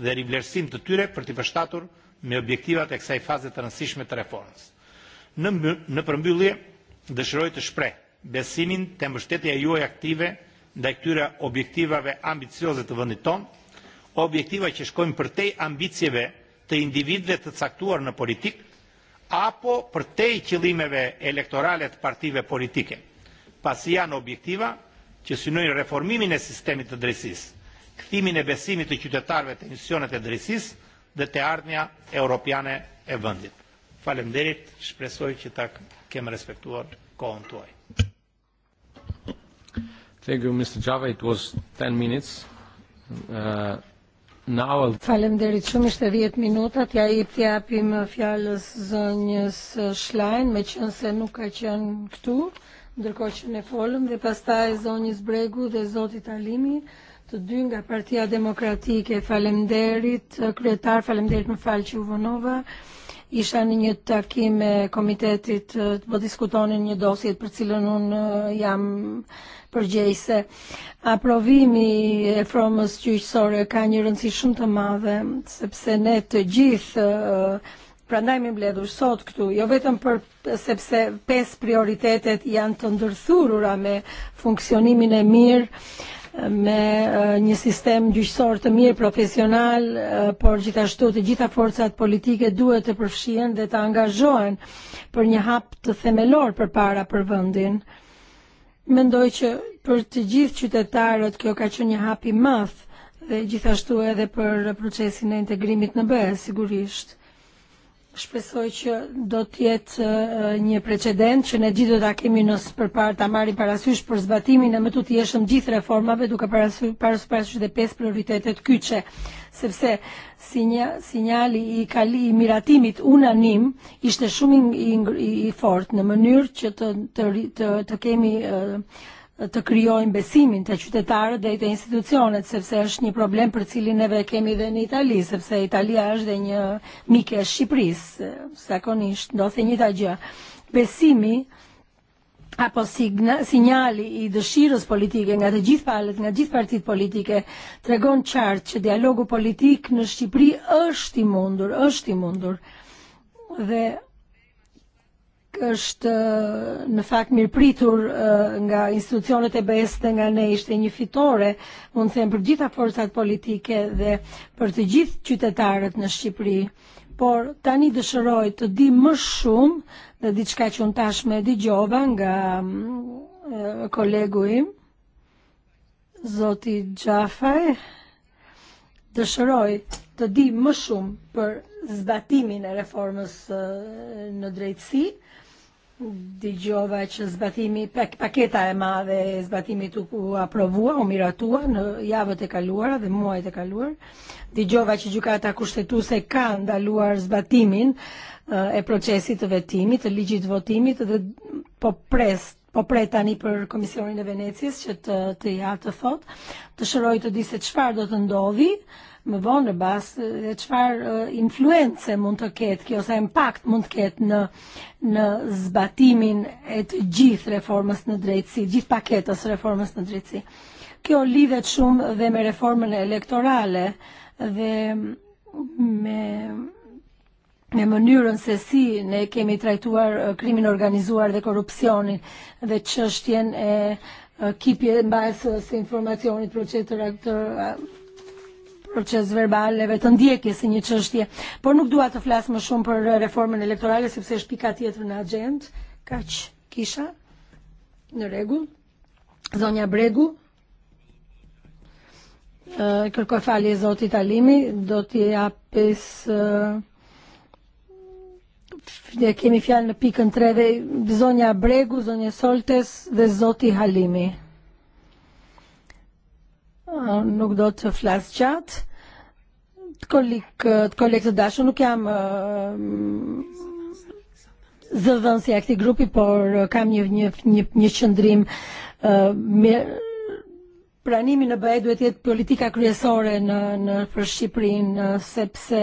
dhe rivlerësim të tyre për të përshtatur me objektivat e kësaj faze të rëndësishme të reformës. Në, përmbyllje, dëshiroj të shpre besimin të mbështetja juaj aktive ndaj këtyre objektivave ambicioze të vëndit tonë, objektiva që shkojnë tej ambicjeve të individve të caktuar në politikë apo për tej qëlimeve elektorale të partive politike, pasi janë objektiva që synojnë reformimin e sistemit të drejtësisë, kthimin e besimit të qytetarëve te institucionet e drejtësisë dhe te ardhmja europiane e vendit. Faleminderit, shpresoj që ta kem respektuar kohën tuaj. Thank you, Mr. Java. It was 10 minutes. Uh, now I'll... Falemderit shumë ishte 10 minutat, ja i tjapim fjallës zënjës Shlajn, me qënë se nuk ka qënë këtu ndërkohë që ne folëm dhe pastaj zonjës zbregu dhe zoti talimi, të dy nga Partia Demokratike, falemderit, kryetar, falemderit më falë që u vënova, isha në një takim e komitetit të po diskutonin një dosjet për cilën unë eh, jam përgjejse. Aprovimi e fromës gjyqësore ka një rëndësi shumë të madhe, sepse ne të gjithë uh, Prandaj mi mbledhur sot këtu, jo vetëm për sepse pes prioritetet janë të ndërthurura me funksionimin e mirë, me eh, një sistem gjyqësor të mirë profesional, eh, por gjithashtu të gjitha forcat politike duhet të përfshihen dhe të angazhohen për një hap të themelor përpara për vendin. Mendoj që për të gjithë qytetarët kjo ka qenë një hap i madh dhe gjithashtu edhe për procesin e integrimit në BE, sigurisht. Shpresoj që do të jetë e, një precedent që ne gjithë do ta kemi në përpara ta marrim parasysh për zbatimin e më të thjeshëm gjithë reformave duke parasysh parasysh edhe pesë prioritete kyçe, sepse sinjali i kali i miratimit unanim ishte shumë i, i, i fort në mënyrë që të të, të, të kemi uh, të kryojnë besimin të qytetarët dhe i e të institucionet, sepse është një problem për cilin neve kemi dhe në Itali, sepse Italia është dhe një mike e Shqipëris, sakonisht, e, do të një të gjë. Besimi apo signa, sinjali i dëshirës politike nga të gjithë palët, nga gjithë partit politike, të regon qartë që dialogu politik në Shqipëri është i mundur, është i mundur. Dhe është në fakt mirë pritur eh, nga institucionet e be dhe nga ne ishte një fitore, mund të them për gjitha forcat politike dhe për të gjithë qytetarët në Shqipëri. Por tani dëshiroj të di më shumë dhe diçka që un tashmë e dëgjova nga eh, kolegu im, Zoti Gjafaj, dëshiroj të di më shumë për zbatimin e reformës eh, në drejtësi dëgjova që zbatimi pak, paketa e zbatimi e zbatimit u aprovua, u miratua në javët e kaluara dhe muajt e kaluar. Dëgjova që gjykata kushtetuese ka ndaluar zbatimin e procesit të vetimit, të ligjit votimit dhe po pres po pret tani për Komisionin e Venecis që të, të ja të thot, të shëroj të di se çfarë do të ndodhi, uh, më bas e çfarë e, influence mund të ketë kjo sa impakt mund të në në zbatimin e të gjithë reformës në drejtësi, gjithë paketës reformës në drejtësi. Kjo lidhet shumë dhe me reformën elektorale dhe me me mënyrën se si ne kemi trajtuar e, krimin organizuar dhe korupcionin dhe qështjen e, e kipje mbajtës së informacionit për çetëra proċess verbaleve të ndjekjes si një çështje, por nuk dua të flas më shumë për reformën elektorale sepse është pika tjetër në agjendë. Kaq kisha në rregull. Zonja Bregu e, kërkoj fali e zotit talimi, do t'i Dhe kemi fjalë në pikën 3 dhe zonja Bregu, zonja Soltes dhe zoti Halimi nuk do të flas gjatë. Të kolik, të kolik të dashur, nuk jam eh, zëvën si akti grupi, por eh, kam një një një, një qëndrim eh, pranimi në BE duhet jetë politika kryesore në në për Shqiprin, sepse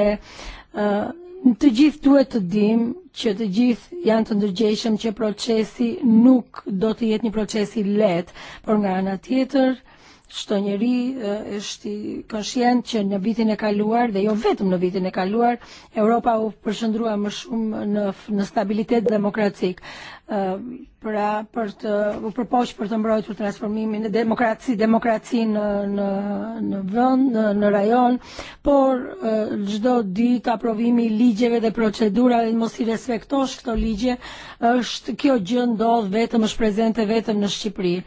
në të gjithë duhet të dim që të gjithë janë të ndërgjeshëm që procesi nuk do të jetë një procesi let, por nga anë tjetër që njeri është eh, konshient që në vitin e kaluar dhe jo vetëm në vitin e kaluar Europa u përshëndrua më shumë në, në stabilitet demokratik eh, pra për të u përpoq për të mbrojtur transformimin e demokraci demokraci në në në vend në, në rajon por eh, çdo ditë aprovimi i ligjeve dhe procedurave mos i respektosh këto ligje është kjo gjë ndodh vetëm është prezente vetëm në Shqipëri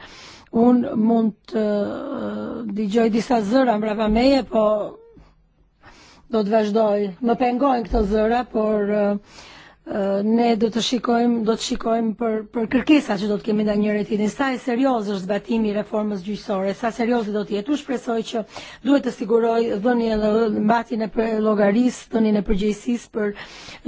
un mund të eh, digjoj disa zëra mbrapa meje, po do të vazhdoj. Më pengojnë këto zëra, por uh, Uh, ne do të shikojmë, do të shikojmë për për kërkesat që do të kemi nga njëri tjetrit. Sa e serioz është zbatimi i reformës gjyqësore, sa serioze do të jetë. U shpresoj që duhet të siguroj dhënien edhe mbatjen e llogarisë, dhënien e përgjegjësisë për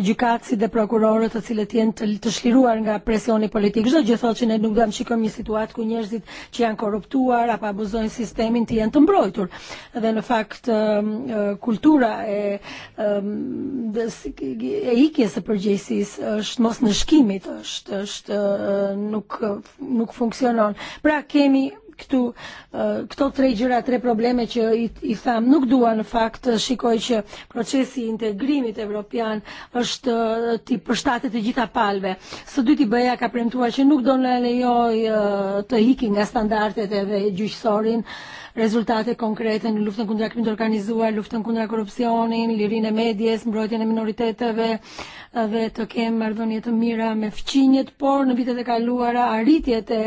gjykatësit dhe prokurorët, të cilët janë të, të shliruar nga presioni politik. Çdo gjë thotë që ne nuk do të shikojmë një situatë ku njerëzit që janë korruptuar apo abuzojnë sistemin të jenë të mbrojtur. Dhe në fakt um, uh, kultura e e, e ikjes së përgjegjësisë diskusijas është mos në shkimit, është, është eh, nuk, nuk funksionon. Pra kemi këtu eh, këto tre gjëra, tre probleme që i, i tham, nuk dua në fakt eh, shikoj që procesi i integrimit evropian është ti përshtatet të gjitha palëve. Së dyti BE-ja ka premtuar që nuk do në lejoj të hiki nga standardet edhe gjyqësorin rezultate konkrete në luftën kundra krimit organizuar, luftën kundra korruzzjoni, lirinë e medias, mbrojtjen e minoriteteve dhe të kemë marrëdhënie mira me fqinjet, por në vitet e kaluara arritjet e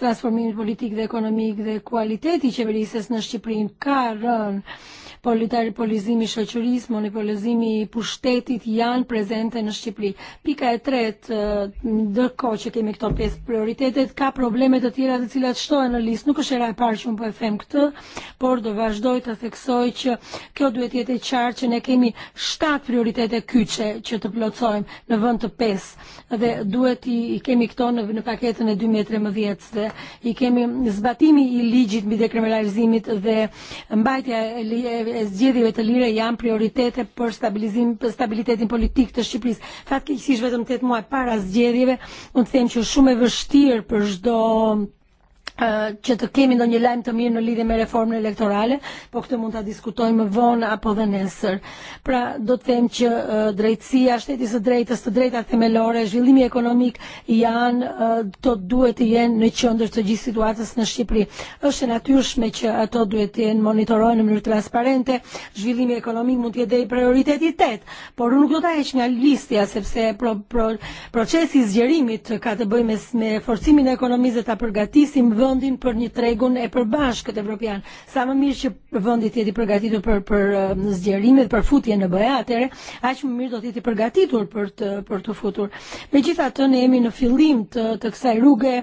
transformimit politik dhe ekonomik dhe kualiteti i në Shqipëri ka rënë polizimi shoqërisë, monopolizimi i pushtetit janë prezente në Shqipëri. Pika e tretë, eh, ndërkohë që kemi këto pesë prioritetet, ka probleme të tjera të cilat shtohen në listë. Nuk është era e parë që unë po e them këtë, por do vazhdoj të theksoj që kjo duhet jetë e qartë që ne kemi 7 prioritete kyçe që të plotsojmë në vend të 5 dhe duhet i, i kemi këto në, në paketën e 2013 dhe i kemi zbatimi i ligjit mbi dekriminalizimit dhe mbajtja e, e, e zgjedhjeve të lira janë prioritete për stabilizim për stabilitetin politik të Shqipërisë. Fatkeqësisht vetëm 8 muaj para zgjedhjeve, unë them që shumë e vështirë për çdo që të kemi ndonjë lajm të mirë në lidhje me reformën elektorale, po këtë mund të diskutojmë më vonë apo dhe nesër. Pra, do të them që uh, drejtësia, shtetisë drejtës, të drejta themelore, zhvillimi ekonomik janë uh, të duhet të jenë në qëndër të gjithë situatës në Shqipëri. Êshtë e natyrshme që ato duhet të jenë monitorojnë në mënyrë transparente. Zhvillimi ekonomik mund të jetë i prioritetit 8, por nuk do ta heq nga listja sepse pro, pro, procesi i zgjerimit ka të bëjë me, me forcimin e ekonomisë ta përgatisim vendin për një tregun e përbashkët evropian. Sa më mirë që vendi të jetë i përgatitur për për um, zgjerimet, për futje në BE, atëherë aq më mirë do të jetë i përgatitur për të për të futur. Megjithatë ne jemi në fillim të të kësaj rruge,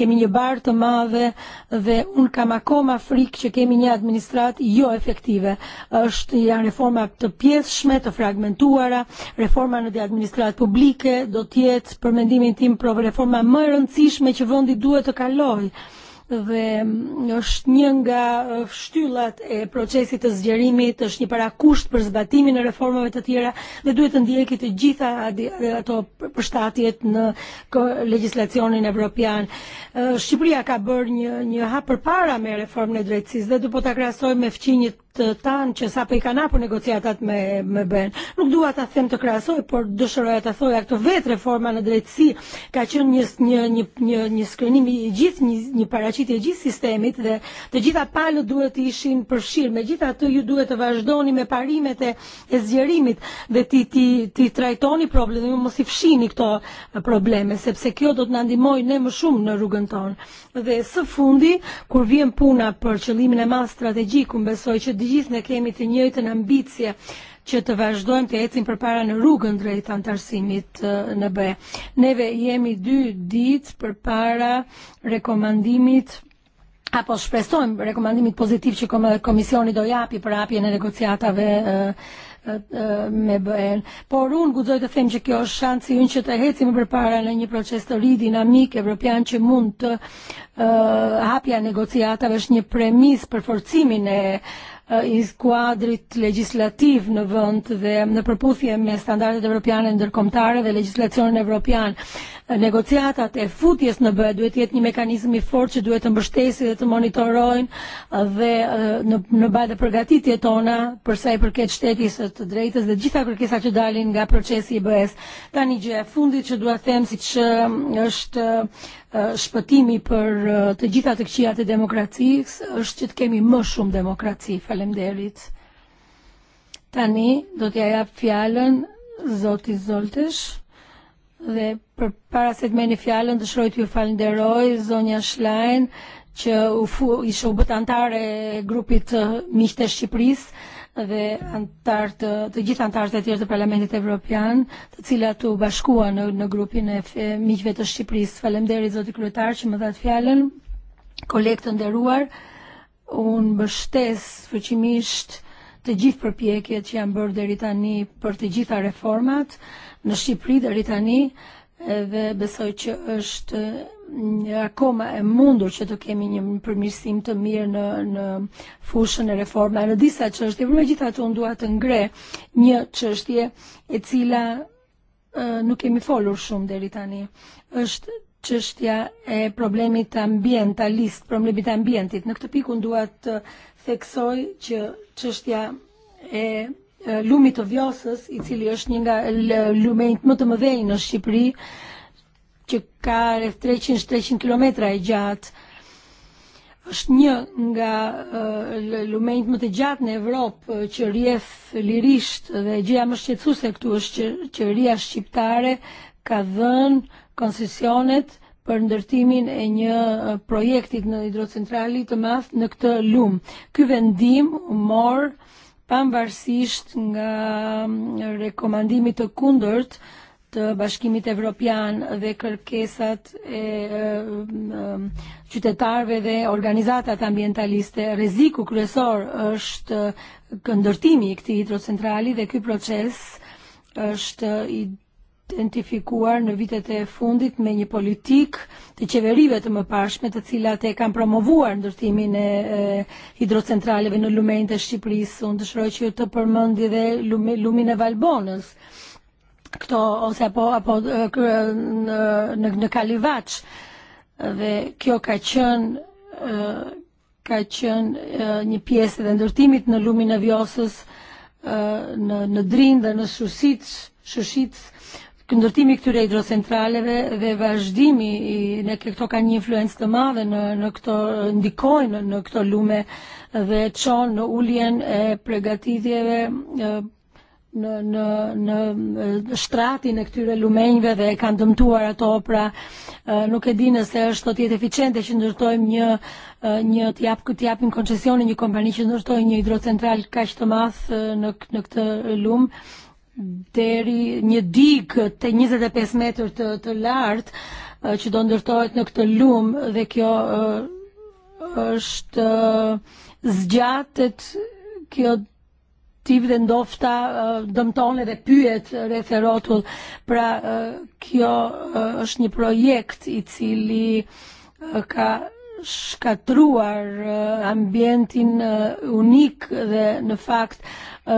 kemi një bar të madhe dhe un kam akoma frikë që kemi një administrat jo efektive. Është janë reforma të pjesëshme, të fragmentuara, reforma në administrat publike do të jetë për mendimin tim pro reforma më e rëndësishme që vendi duhet të kalojë dhe e, është një nga e, shtyllat e procesit të zgjerimit, është një parakusht për zbatimin e reformave të tjera dhe duhet të ndjeki të gjitha e, ato përshtatjet në legislacionin evropian. Shqipëria ka bërë një, një hap përpara me reformën e drejtësisë dhe do po ta krahasoj me fqinjet tan ċe sa kanapu negozjatat me, me Ben. Nuk dua ta them të krasoj, e por dëshiroja ta thoja këtë vet reforma në drejtësi ka qenë një një një një, një skrenim i gjithë një, një paraqitje e gjithë sistemit dhe të gjitha palët duhet të ishin me gjitha të ju duhet të vazhdoni me parimet e, e zgjerimit dhe ti ti ti trajtoni problemin, mos i fshini këto probleme sepse kjo do të nëndimoj ne më shumë në rrugën tonë. Dhe së fundi kur vjen puna për qëllimin e mas strategjik, unë besoj që të gjithë ne kemi të njëjtën ambicje që të vazhdojmë të ecim përpara në rrugën drejt antarësimit e, në BE. Neve jemi dy ditë përpara rekomandimit apo shpresojmë rekomandimit pozitiv që komisioni do japi për hapjen e negociatave e, e, me BN. Por unë gudzoj të them që kjo është shansi unë që të hecim përpara në një proces të ri dinamik evropian që mund të uh, hapja negociatave është një premis për forcimin e uh, из eh, kuadrit leġislativ në vënd dhe në përputhje me standardet evropiane ndërkomtare dhe legislacionin evropian. Eh, negociatat e futjes në bëhet duhet jetë një mekanizmi i fort që duhet të mbështesi dhe të monitorojnë eh, dhe në, në bajë dhe përgatitje tona përsa i përket shtetis të drejtës dhe gjitha kërkesa që dalin nga procesi i bëhes. Ta një gjë e fundit që duhet them si që është Eh, shpëtimi për eh, të gjitha të këqijat e demokracisë është që të kemi më shumë demokraci. falem derit. Tani do t'ja japë fjallën, Zoti Zoltesh dhe për para se të merrni fjalën dëshiroj t'ju falenderoj Zonja Shlajnë, që u fu, ishe u bëtantare antare grupit eh, miqtë e Shqipërisë dhe antar të të gjithë antarët e tjerë të Parlamentit Evropian, të cilat u bashkuan në, në grupin e miqve të Shqipërisë. Faleminderit zoti kryetar që më dha fjalën. Koleg të nderuar, un mbështes fuqimisht të gjithë përpjekjet që janë bërë deri tani për të gjitha reformat në Shqipëri deri tani dhe besoj që është akoma e mundur që të kemi një përmirësim të mirë në, në fushën e reforma në disa qështje, por me gjitha të ndua të ngre një qështje e cila e, nuk kemi folur shumë deri tani. Është qështja e problemi ta' ambientalist, problemit të e ambientit. Në këtë të pikun të theksoj që qështja e, e lumit të vjosës, i cili është një nga lumejt më të mëdhej në Shqipëri, qyqar 300-300 kilometra e gjatë. është një nga eh, lumenjt më të gjatë në Evropë që eh, rjef lirisht dhe gjëja më shqetësuese këtu është që qeveria shqiptare ka dhënë koncesionet për ndërtimin e një eh, projektit në hidrocentrali të math në këtë lum. Ky vendim u mor pavarësisht nga mm, rekomandimi të kundërt të bashkimit evropian dhe kërkesat e, e, e qytetarve dhe organizatat ambientaliste, reziku kryesor është këndërtimi i këti hidrocentrali dhe këj proces është i identifikuar në vitet e fundit me një politik të qeverive të më pashme të cilat e kam promovuar ndërtimin e, e hidrocentraleve në lumejnë të Shqipërisë. Unë dëshiroj që të përmëndi dhe lumin e Valbonës kto ose apo, apo në, e, e, në Kalivaç dhe kjo ka qen e, ka qen një pjesë dhe ndërtimit në lumin e vjosës në, në drin dhe në shushit shushit këndërtimi këtyre hidrocentraleve dhe vazhdimi i ne këto kanë një influencë të madhe në, në këto ndikojnë në këto lume dhe çon në uljen e pregatitjeve në në në eh, shtratin e këtyre lumenjve dhe kanë dëmtuar ato pra eh, nuk e di nëse është të jetë eficiente që ndërtojmë një eh, një të jap këtë japim koncesionin një kompani që ndërtoi një hidrocentral kaq të madh në në këtë lum deri një dik të 25 e metër të të lartë që do ndërtohet në këtë lum dhe kjo është zgjatet kjo ti vendofta e, dëmton edhe pyet referotull Pra e, kjo e, është një projekt i cili ka xkatruar ambjentin unik dhe në fakt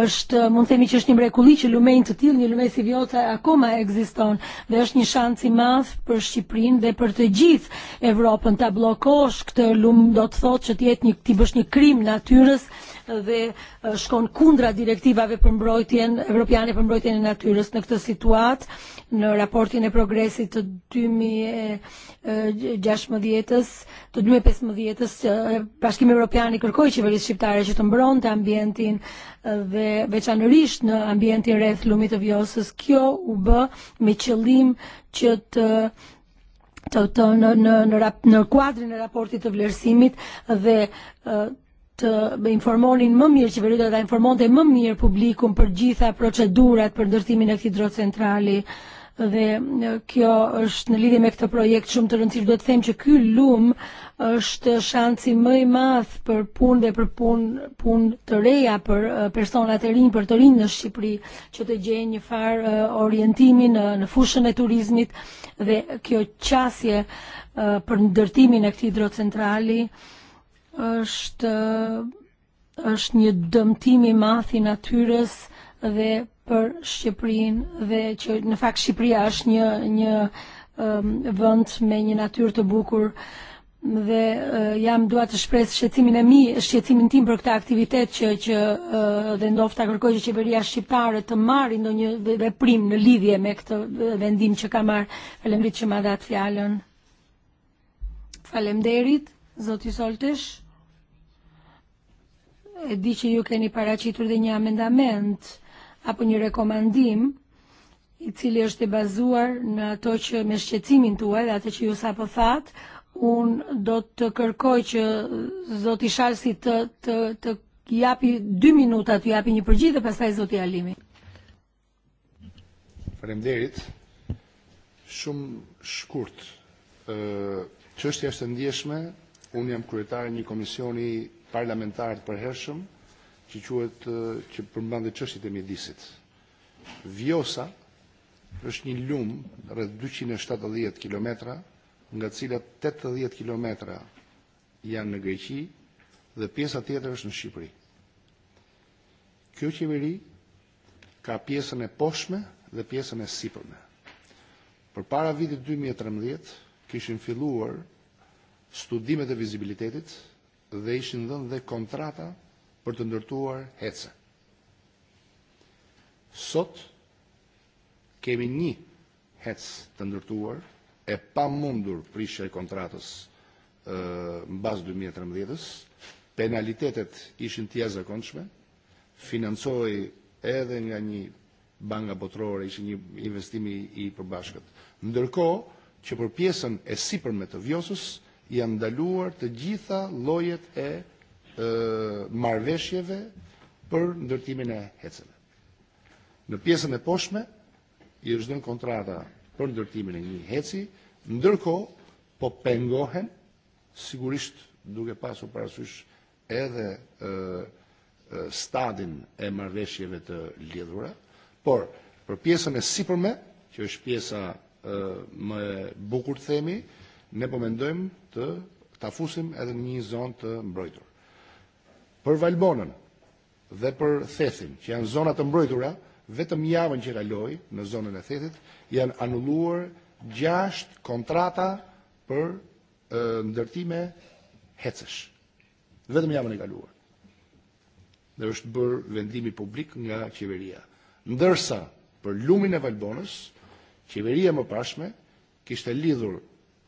është mund themi që është një mrekulli që lumejnë të tillë, një lumej si vjota akoma ekziston dhe është një shans i madh për Shqipërinë dhe për të gjithë Evropën ta bllokosh këtë lum do të thotë që të jetë një ti bësh një krim natyrës dhe eh, shkon kundra direktivave për mbrojtjen evropiane për mbrojtjen e natyrës në këtë situatë në raportin e progresit të 2016-s eh, të 2015-s eh, Bashkimi Evropian i kërkoi qeverisë shqiptare që të mbronte ambientin dhe veçanërisht në ambientin rreth lumit të Vjosës. Kjo u bë me qëllim që të Në, në, në, në kuadrin e raportit të vlerësimit dhe të eh, informonin më mirë qeveria do ta informonte më mirë publikum për gjitha procedurat për ndërtimin e këtij dro centrali dhe eh, kjo është në lidhje me këtë projekt shumë të rëndësishëm do të them që ky lum është shansi më i madh për punë dhe për punë punë të reja për eh, personat e rinj për të rinj në Shqipëri që të gjejnë një farë orientimi në në fushën e turizmit dhe kjo qasje për ndërtimin e këtij hidrocentrali centrali është është një dëmtim i madh i natyrës dhe për Shqipërinë dhe që në fakt Shqipëria është një një um, vend me një natyrë të bukur dhe uh, jam dua të shpres shqecimin e mi, shqecimin tim për këta aktivitet që, që uh, dhe ndofta kërkoj që qeveria shqiptare të marri ndo një veprim në lidhje me këtë vendim që ka marrë. Falemrit që ma dhatë fjallën. Falemderit. Zoti Soltex, diċi ju keni paracitur dhe një amendament apo një rekomandim i cili është i bazuar në ato që me shqecimin të uaj dhe atë që ju sa po that, unë do të kërkoj që zoti Shalsi të, të, të japi dy minuta të japi një përgjithë dhe pasaj e zoti Alimi. Faleminderit. Shumë shkurt. ë çështja është e ndjeshme Unë jam kryetar e një komisioni parlamentar të përhershëm që quet e, që përmbande qështit e midisit. Vjosa është një lumë rreth 270 km nga cilat 80 km janë në Greqi dhe pjesa tjetër është në Shqipëri. Kjo qeveri ka pjesën e poshme dhe pjesën e sipërme. Për para vitit 2013 e kishin filluar studimet e vizibilitetit dhe ishin dhënë dhe kontrata për të ndërtuar hece. Sot kemi një hec të ndërtuar e pa mundur prishe e kontratës në bazë 2013-ës, e penalitetet ishin tjeza jashtëzakonshme, financoj edhe nga një banga botrore, ishin një investimi i përbashkët. Ndërko që për pjesën e sipërme të Vjosës janë ndaluar të gjitha llojet e, e për ndërtimin e heceve. Në pjesën e poshme i është dhënë kontrata për ndërtimin e një heci, ndërkohë po pengohen sigurisht duke pasur parasysh edhe e, e, stadin e marrëveshjeve të lidhura, por për pjesën e sipërme, që është pjesa e, më e bukur themi, ne po mendojmë të ta fusim edhe një zonë të mbrojtur. Për Valbonën dhe për Thethin, që janë zonat të mbrojtura, vetëm javën që kaloi në zonën e Thethit janë anulluar gjasht kontrata për e, ndërtime hecesh. Vetëm javën e kaluar. Dhe është bërë vendimi publik nga qeveria. Ndërsa për lumin e Valbonës, qeveria më pashme kishte lidhur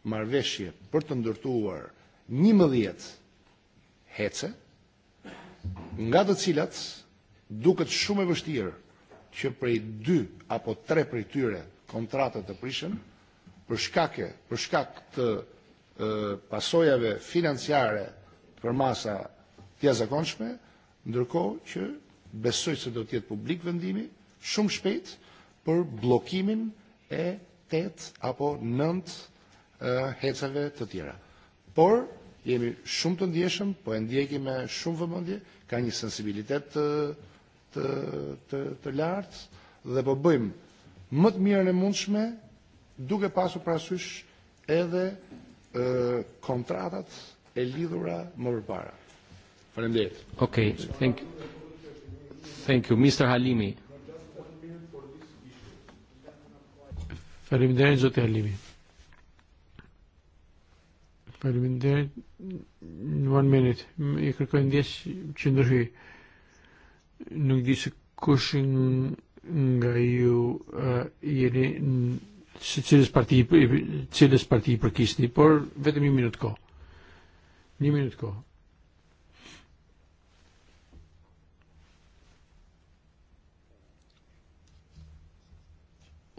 marveshje për të ndërtuar 11 hece, nga të cilat duket shumë e vështirë që prej dy apo tre prej tyre kontratët të prishën, për shkake, për shkak të e, pasojave financiare për masa tja zakonshme, ndërko që besoj se do tjetë publik vendimi shumë shpejt për blokimin e 8 apo 9 Eh, hecave të tjera. Por, jemi shumë të ndjeshëm, po e ndjeki me shumë vëmëndje, ka një sensibilitet të, të, të, të lartë dhe po bëjmë më të mirën e mundshme duke pasu prasysh edhe e, kontratat e lidhura më përpara. Faleminderit. Okay, thank you. Thank you, Mr. Halimi. Faleminderit Zoti Halimi. But when there, one minute, jek rikon dies ċindruħi, nuk dies kuxin ngaju eh, jeni cilis partij, cilis partij për kisni, por vetëm një minut ko. Një minut ko.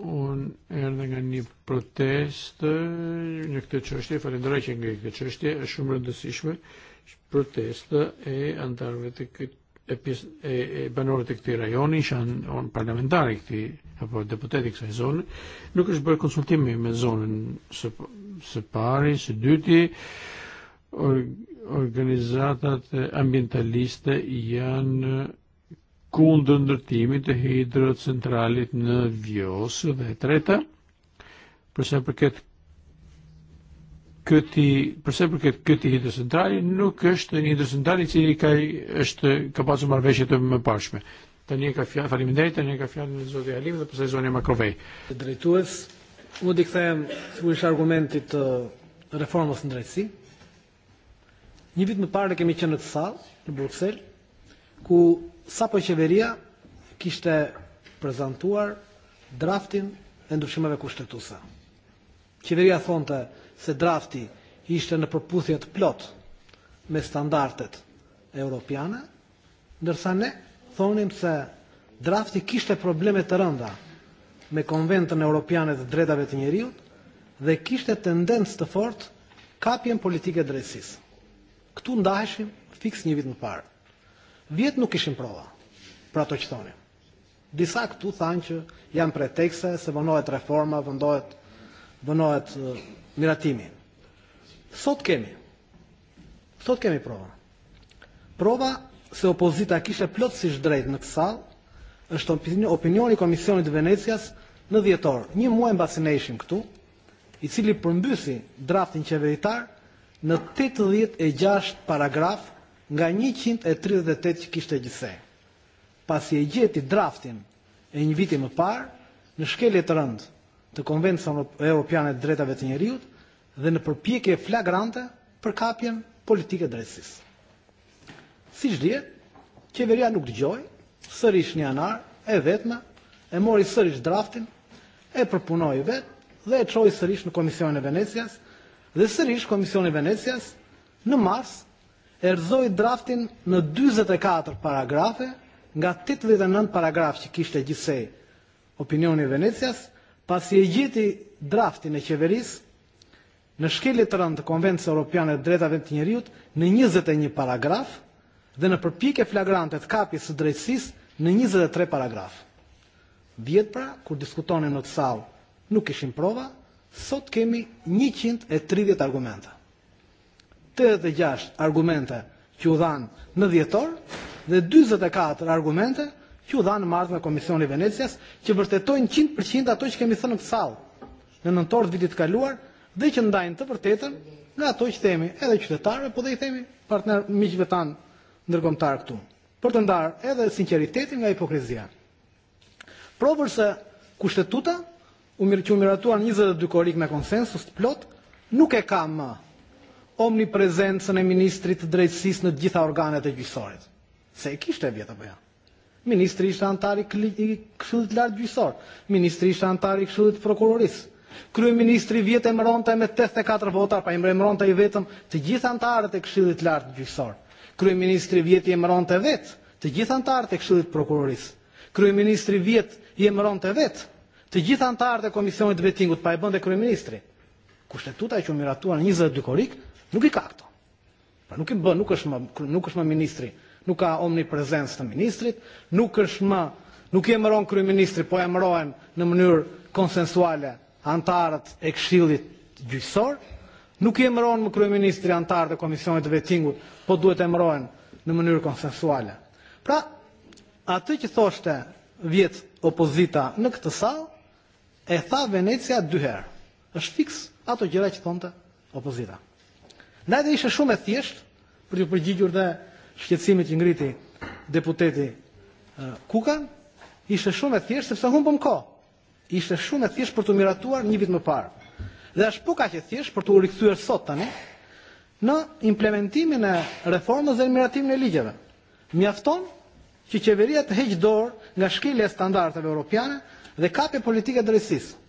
un erna għan protest një këtë fali falenderoj që nga këtë qështje, është protest e antarëve të këtë e, e, e, rajoni ishan on parlamentari këtij apo deputeti kësaj zone, nuk është bërë konsultimi me zonën së, së pari, së ambientaliste janë kundër ndërtimit të hidrocentralit në Vjos dhe e treta, përse përket këti, përse përket këti hidrocentrali nuk është një hidrocentrali që i ka, është, ka pasu marveshje të më pashme. E e të një ka fjallë, fjalë, të një ka fjallë në zoti Halim dhe përse zonë e Makrovej. Drejtues, di u dikthehem ishë argumentit të reformës në drejtësi. Një vit më parë kemi qenë në të salë, në Bruxelles, ku sa po qeveria kishte prezentuar draftin e ndryshimeve kushtetuese. Qeveria thonte se drafti ishte në përputhje të plot me standardet europiane, ndërsa ne thonim se drafti kishte probleme të rënda me konventën europiane të drejtave të njerëzit dhe kishte tendencë të fortë kapjen politike drejtësisë. Ktu ndaheshim fiks një vit më parë. Vjetë nuk ishin prova pra të qëtoni. Disa këtu thanë që janë pretekse se vënohet reforma, vëndohet, vënohet uh, miratimi. Sot kemi, sot kemi prova. Prova se opozita kishte plotësisht drejt në kësal, është opinioni Komisionit Venecias në djetor. një muaj mbasi ne ishim këtu, i cili përmbysi draftin qeveritar në 86 e paragraf nga 138 kishte gjithse. Pas i e gjeti draftin e një viti më parë, në shkelje të rëndë të Konvencion Europiane të Drejtave të Njeriut dhe në përpjekje flagrante për kapjen politike drejtsis. Si shdje, qeveria nuk të gjoj, sërish një anar, e vetme, e mori sërish draftin, e përpunoj vetë dhe e troj sërish në Komisionin e Venecias, dhe sërish e Venecias në mars erżoj draftin në 24 e paragrafe nga 89 e paragraf që kishte gjithsej opinioni Venecias, pasi e gjeti draftin e qeveris në shkelit të rëndë të Konvencijës Europiane të Drejtave të Njeriut në 21 e paragraf dhe në përpike flagrante të kapjes së drejtësisë në 23 paragraf. Vjetë pra, kur diskutonim në të sallë, nuk ishim prova, sot kemi 130 argumenta. 86 argumente që u dhanë në dhjetor dhe 24 e argumente që u dhanë marrë me Komisioni Venecias që vërtetojnë 100% ato që kemi thënë kësallë në nëntor të vitit kaluar dhe që ndajnë të vërtetën nga ato që themi edhe qytetarëve, po dhe i themi partner miqve tanë ndërkombëtar këtu. Për të ndarë edhe sinceritetin nga hipokrizia. Provër se kushtetuta u mirë që u miratuan 22 e korik me konsensus të plot, nuk e ka më omniprezencën e ministrit të drejtësisë në gjitha organet e gjyqësorit. Se e kishte vjetë apo jo? Ministri ishte antar i Këshillit Lartë Gjyqësor, ministri ishte antar i Këshillit të Prokurorisë. Kryeministri vjet emëronte me 84 votar, pa emëronte i vetëm të gjitha antarët e Këshillit të Lartë Gjyqësor. Kryeministri vjet i emëronte vetë të gjitha antarët e Këshillit të Prokurorisë. Kryeministri vjet i emëronte vetë të gjitha antarët e Komisionit Vetingut, pa e bënte ministri. Kushtetuta e që miratuar 22 korikë, Nuk i kakto. Pra nuk i bë, nuk është më nuk është më ministri, nuk ka omni omniprezencë të ministrit, nuk është më nuk i emëron kryeministri, po emërohen në mënyrë konsensuale antarët e këshillit gjyqësor, nuk i emëron më kryeministri antarë të komisionit të vetingut, po duhet e emërohen në mënyrë konsensuale. Pra, atë që thoshte vjetë opozita në këtë salë, e tha Venecia dyherë. është fiks ato gjëra që thonte opozita. Nada ishe shumë e thjesht për ju përgjigjur dhe shqetsimit që ngriti deputeti e, Kuka, ishte shumë e thjesht sepse humbëm kohë. Ishte shumë e thjesht për të miratuar një vit më parë. Dhe është po kaq e thjesht për të u rikthyer sot tani në implementimin e reformës dhe miratimin e ligjeve. Mjafton që qeveria të heqë dorë nga shkelja e standardeve europiane dhe kapi politike drejtësisë.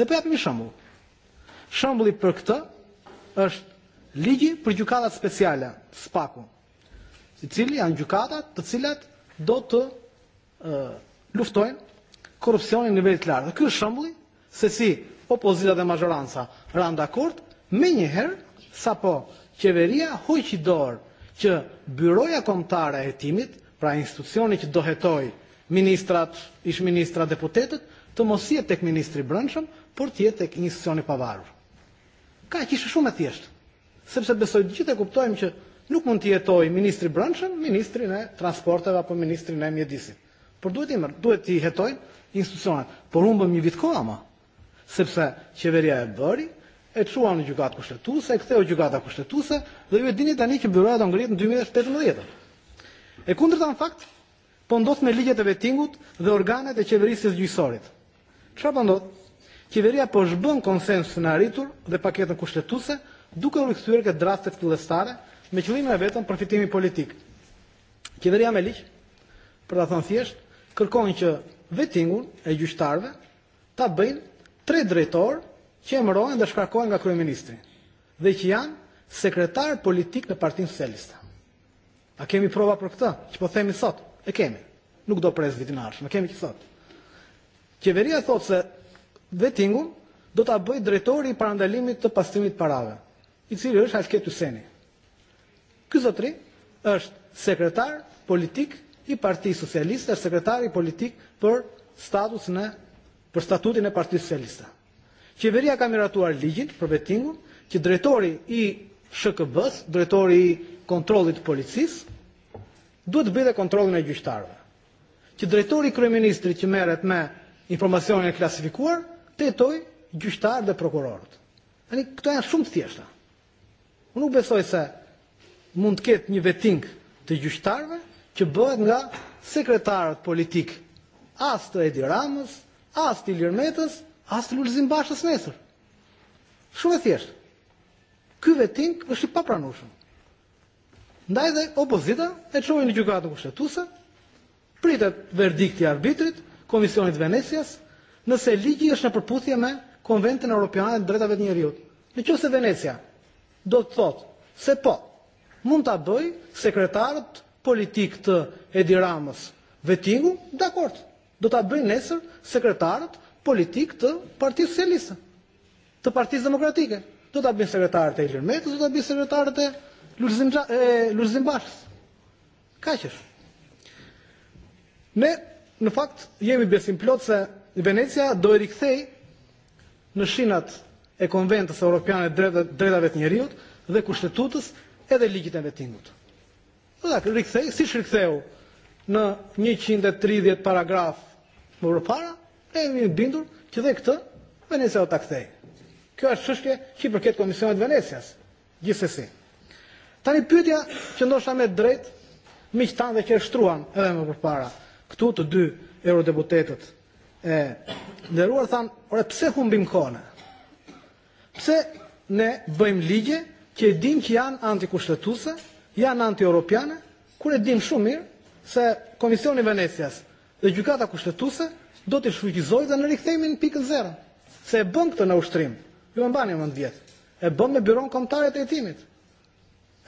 Dhe po japim shembull. Shembulli për këtë është ligji për gjukatat speciale, spaku, i cili janë gjukatat të cilat do të uh, luftojnë korrupsionin në nivellit lartë. Dhe ky është shembulli se si opozita dhe majoranca rand akord, me njëherë po qeveria hoqi dorë që byroja komtare e timit, pra institucioni që dohetoj ministrat, ish ministrat deputetet, të mos jetë tek ministri brëndshëm, por të jetë tek institucioni pavarur. Ka qishë shumë e thjeshtë sepse besoj gjithë e kuptojmë që nuk mund të jetoj ministri branshën, ministri në transporteve apo ministri në mjedisit. Por duhet i mërë, duhet i jetoj institucionat. Por unë bëm një vit koha ma, sepse qeveria e bëri, e qua në gjukat kushtetuse, e ktheu gjukata kushtetuse, dhe ju e dini tani që bërëja do ngrihet në 2018. E, e kundër kundërta në fakt, po ndodh me ligjet e vetingut dhe organet e qeverisës gjysorit. Qa po ndodh? Qeveria po shbën konsensus në arritur dhe paketën kushtetuse, duke u rikthyer këtë të fillestare me qëllimin e vetëm përfitimi politik. Qeveria me ligj, për ta thënë thjesht, kërkon që vetingun e gjyqtarëve ta bëjnë tre drejtorë që emërohen dhe shkarkohen nga kryeministri dhe që janë sekretar politik në Partinë Socialiste. A kemi prova për këtë? Që po themi sot? E kemi. Nuk do pres vitin ardhshëm, e kemi që sot. Qeveria thotë se vetingun do ta bëjë drejtori i parandalimit të pastrimit parave i cili është ketu Useni. Ky zotri është sekretar politik i Partisë Socialiste, është i politik për status në, për statutin e Parti Socialiste. Qeveria ka miratuar ligjin për vetingu, që drejtori i SHKB-s, drejtori i kontrolit policis, duhet bide kontrolin e gjyqtarëve. Që drejtori i kryeministrit që meret me informacionin e klasifikuar, të jetoj gjyqtar dhe prokurorët. këto janë shumë të thjeshta. Unë besoj se mund të ketë një veting të gjyqtarve që bëhet nga sekretarët politik as të Edi Ramës, as të Ilir Metës, as të Lulzim Bashës nesër. Shumë e thjeshtë. Ky veting është i papranueshëm. Ndaj dhe opozita e çoi në gjykatën kushtetuese, pritet verdikti i arbitrit, Komisionit Venecias, nëse ligji është në përputhje me Konventin Evropian të e Drejtave të Njeriut. Nëse Venecia do të thotë se po, mund ta bëj sekretarët politik të Edi Ramës vetingu, dakord, do ta bëj nesër sekretarët politik të Partisë Socialiste, të Partisë Demokratike. Do ta bëj sekretarët e Ilir Metës, do ta bëj sekretarët e Lulzim e Bashës. Kaq është. Ne në fakt jemi besim plot se Venecia do e rikthej në shinat e Konventës Europiane drejta vetë Njeriut dhe Kushtetutës edhe ligjit e vetingut. Dhe rikthej, si shiktheu në 130 paragraf më rëpara, e jemi bindur që dhe këtë Venecia o të kthej. Kjo është shëshke që i përket Komisionet Venecias, gjithsesi. Tani pytja që ndosha me drejt mi që tanë dhe që e shtruan edhe më përpara këtu të dy eurodeputetët e nderuar thanë, "Ore pse humbim kone? Pse ne bëjmë ligje që e dim që janë antikushtetuese, janë anti-europiane, kur e dim shumë mirë se Komisioni i Venecias dhe gjykata kushtetuese do të shfuqizojë dhe në në pikën zero. Se e bën këtë në ushtrim, ju e mbani më mend vjet. E bën me biron kombëtare të hetimit.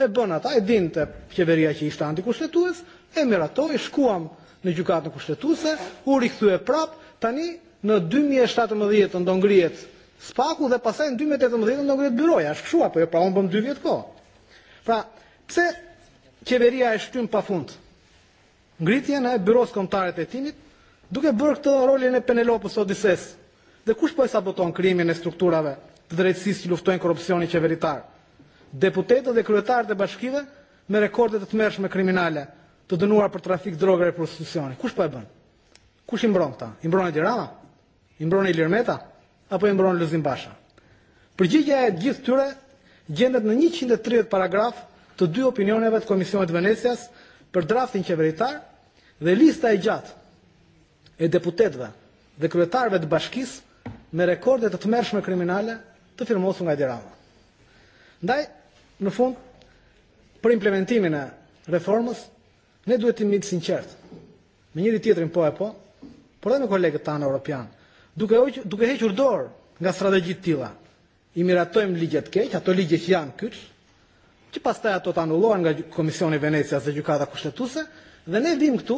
E bën ata, e të qeveria që ishte antikushtetues, e miratoi, e shkuam në gjykatën kushtetuese, u rikthye prap, tani në 2017 do ngrihet spaku dhe pasaj në 2018 e në ngrihet byroja, është kështu apo jo, pra unë bëm 2 vjetë ko. Pra, pse qeveria e shtymë pa fundë? Ngritje në e byros kombëtare të hetimit duke bërë këtë rolin e Penelopës Odises. Dhe kush po e saboton krimin e strukturave të drejtsis që luftojnë korupcioni qeveritarë? Deputetët dhe kryetarët e bashkive me rekordet të të mershme kriminale të dënuar për trafik droga e prostitucioni. Kush po e bën? Kush i mbron këta? I mbron Tirana? I mbron Lirmeta? apo e mbron Lëzim Basha. Përgjigja e gjithë tyre gjendet në 130 paragraf të dy opinioneve të Komisionit Venecias për draftin qeveritar dhe lista e gjatë e deputetëve dhe kryetarëve të bashkisë me rekorde të tmerrshme kriminale të firmosur nga Edirama. Ndaj, në fund, për implementimin e reformës, ne duhet të mitë sinqertë, me njëri tjetrin po e po, por edhe me kolegët tanë Europianë, duke duke hequr dor nga strategjit tila. I miratojmë ligjet keq, ato ligje që janë kyç, që pastaj ato ta' anullohen nga Komisioni Venecia dhe gjykata kushtetuese, dhe ne vim këtu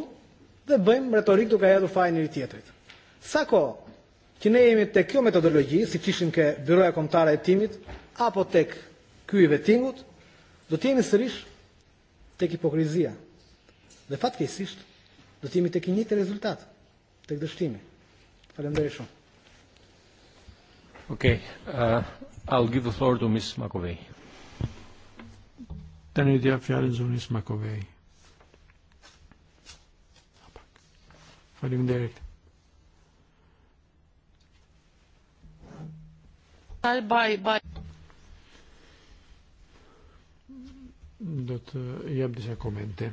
dhe bëjm retorik duke hedhur fajin njëri e tjetrit. Sa ko që ne jemi tek kjo metodologji, si ishim ke Byroja Kombëtare e Timit, apo tek ky i vetingut, do të jemi sërish tek hipokrizia. Dhe fatkeqësisht do të jemi tek i njëjti rezultat, tek dështimi. Falemdejt xum. Okay, uh, I'll give the floor to Ms. McAvey. Dan idea fjalli zunis McAvey. Falemdejt. Bye, bye. Dot, jabdi se komente.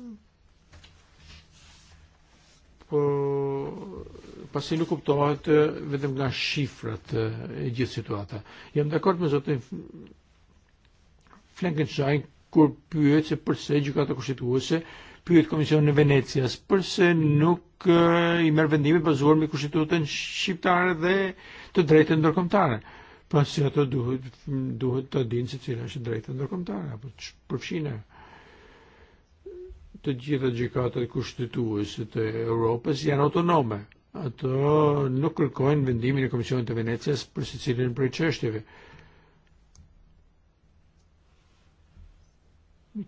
po nuk kuptohet e, vedem nga xifrat i e, e gjithë situata. Jam dakord me zotin Flankenstein kur pyet se përse gjukata kushtetuese pyet Komisionin e Venecias përse nuk i merr vendimi bazuar me kushtetutën shqiptare dhe të drejtën ndërkombëtare. Pra ato duhet duhet ta dinë se cila është drejta ndërkombëtare apo përfshinë të gjitha gjikatat kushtetuese të Europës janë autonome. Ato nuk kërkojnë vendimin e Komisionit të Venecias për secilin prej çështjeve.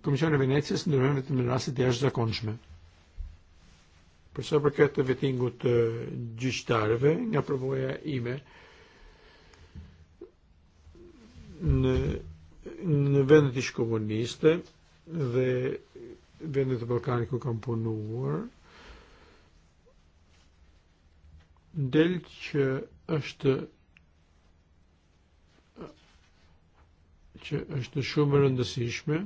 Komissjoni Venecias ndërmend vetëm në raste të jashtëzakonshme. Për sa përket të vettingut të gjyqtarëve, nga përvoja ime, në, në vendet ish komuniste dhe Veneto Balkaniku kampunuar. Del Delċ është që është shumë e rëndësishme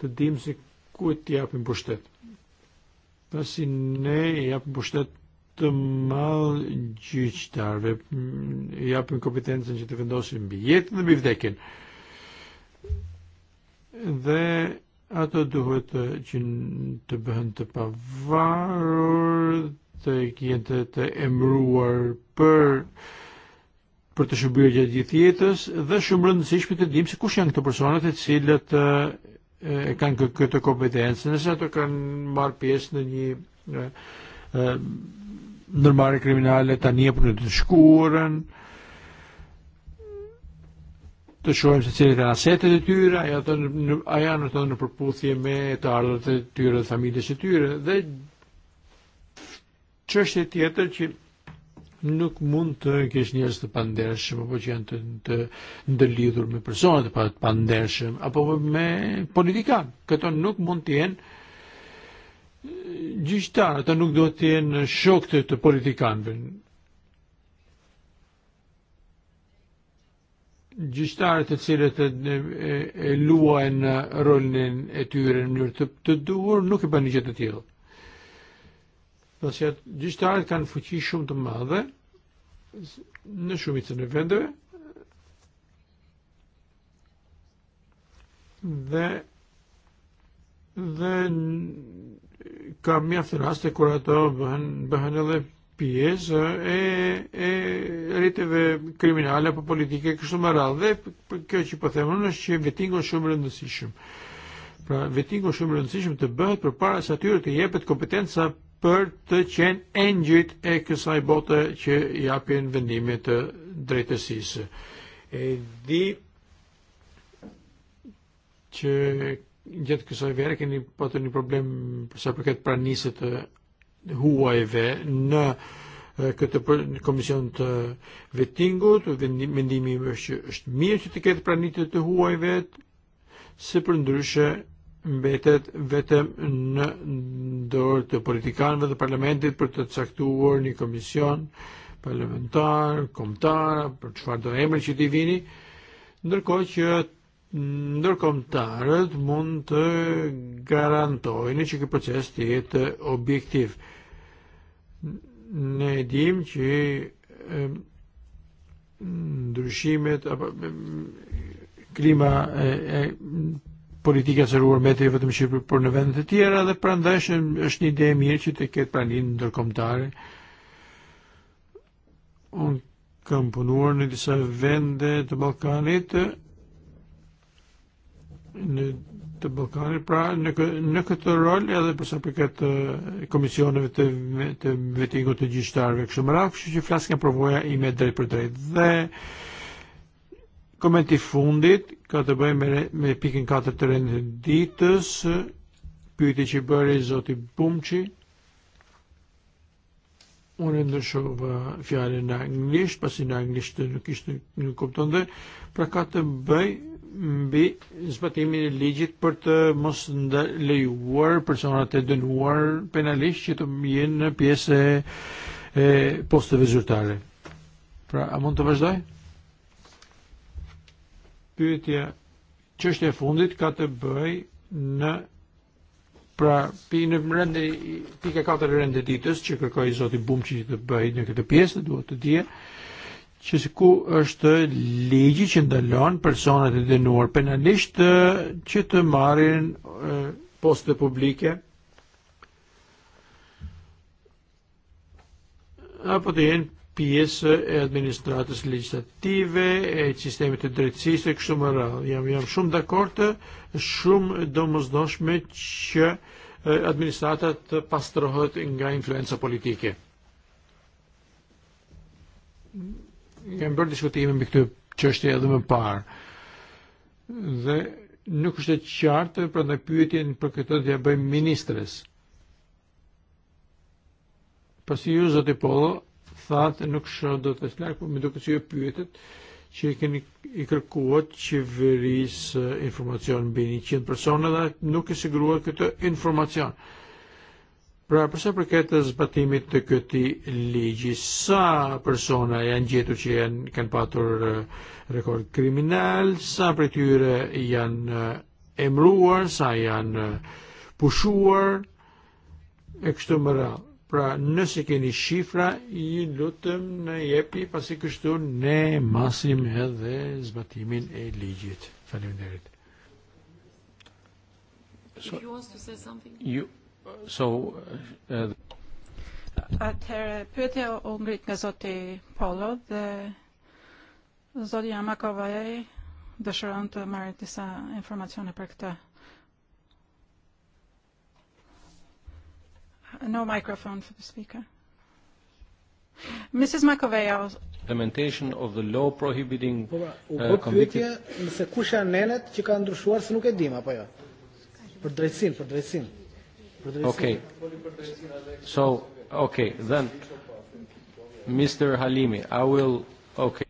të dim se ku e të Pasi ne e japim pushtet të mal gjyqtarve, e japim kompetencën që të vendosim bi jetën dhe mbi vdekjen. Uh, dhe ato duhet që të bëhen të pavarur, të jenë të emruar për për të shërbyer gjatë gjithë jetës dhe shumë rëndësishme të dimë se kush janë këto persona të e cilët e, e kanë këtë kompetencë, nëse ato kanë marrë pjesë në një e, ndërmarrje kriminale tani apo në të shkurën, ë të shohim se tiri janë asetet e tyre, a janë në, a janë ato në përputhje me të ardhët e tyre dhe familjes e tyre dhe çështje tjetër që nuk mund të kesh njerës të pandershëm apo që janë të, të ndërlidhur me personat të pandershëm apo me politikan. Këto nuk mund të jenë gjyqtarë, ata nuk do të jenë shokët të politikanëve. ġiġtar t-siret l-luwan rollin t-juren njur t-dur nuk iban iġet t-tiju. Nasjat ġiġtar kan fuċiċum t-mmadhe, nxum jitzen vendeve, dhe dhe kam jaftin għaste kurato bħan bħan πιες ε, ε, ρίτευε κριμινάλια από πολιτική και στο μαράδε και όχι υποθέμενος και βετήγω σούμρεν νοσίσιμ. Pra vetingu shumë rëndësishëm të bëhet për para sa të jepet kompetenca për të qenë engjit e kësaj bote që japin vendimet të drejtësisë. E di që gjatë kësaj vere keni patur një problem përsa përket pranisë të huajve në eh, këtë komision të vettingut, mendimi im është mirë që të ketë pranitë të huajve, se për ndryshe mbetet vetëm në dorë të politikanëve dhe parlamentit për të caktuar një komision parlamentar, komtar, për çfarë do emri që t'i vini, ndërkohë që Nurkom ndërkomtarët mund të garantojnë që ky proces objektiv. Ne dim që ndryshimet klima e, e, politika e sëruar me të vetëm Shqipëri, për në vendet e tjera dhe prandaj është një ide e mirë që të ketë praninë ndërkombëtare. Unë kam punuar në disa vende të Ballkanit, në të pra nekut në këtë rol edhe përsa përket eh, komisioneve të, të vetingut të gjyqtarëve kështu më radh, kështu që flas nga provoja e ime drejt për drejt. Dhe komenti fundit ka të bëj me, me pikën 4 të rendit ditës, pyeti që bëri zoti Bumqi, Unë e ndërshova fjalën në anglisht, pasi në anglisht nuk ishte nuk e kuptonte, pra ka të bëj bi mbi min il-liġit e për të mos lejuar personat e dënuar war që të jenë pjesë e, e posteve zyrtare. Pra, a mund të vazhdoj? Pyetja qështja e fundit ka të bëj në pra pi pinë rende ka katër rende ditës që kërkoj zoti Bumçi të bëj në këtë pjesë, duhet të dje, ċisku siku është ligji që ndalon personat e dënuar penalisht e, që të marrin e, poste publike apo të jenë pjesë e administratës legislative, e sistemi të drejtësisë e kështu me radhë. Jam jam shumë dakord të shumë domosdoshme që e, administratat pastrohet nga influenza politike jem bërë diskutimin mbi këtë çështje edhe më parë. Dhe nuk është e qartë, prandaj pyetjen për këtë t'ja bëjmë ministres. Pasi ju zoti polo, thatë nuk shoh do të slak, por më duke se ju pyetet që i keni i kërkuat që veris informacion mbi 100 persona dhe nuk e siguruar këtë informacion. Pra përket zbatimit t këti ligji, sa persona jan ġietu që jan kan patur eh, rekord kriminal, sa pretjure jan janë eh, emruar, sa jan eh, pushuar, ekstu mara. Pra nësi keni xifra, i lutëm në jepi pasi kështu ne masim edhe zbatimin e ligjit. Faleminderit. So, If you want to say something. You So, uh, uh Atëherë, pyetja u ngrit nga zoti Polo dhe zoti Jamakovaj e dëshiron të marrë disa informacione për këtë. No microphone for the speaker. Mrs. McAvey, implementation of the law prohibiting uh, convicted... Nëse kusha nenet që ka ndryshuar se nuk e dima, pa jo. Për drejtsin, për drejtsin. Okay. So, okay, then, Mr. Halimi, I will, okay.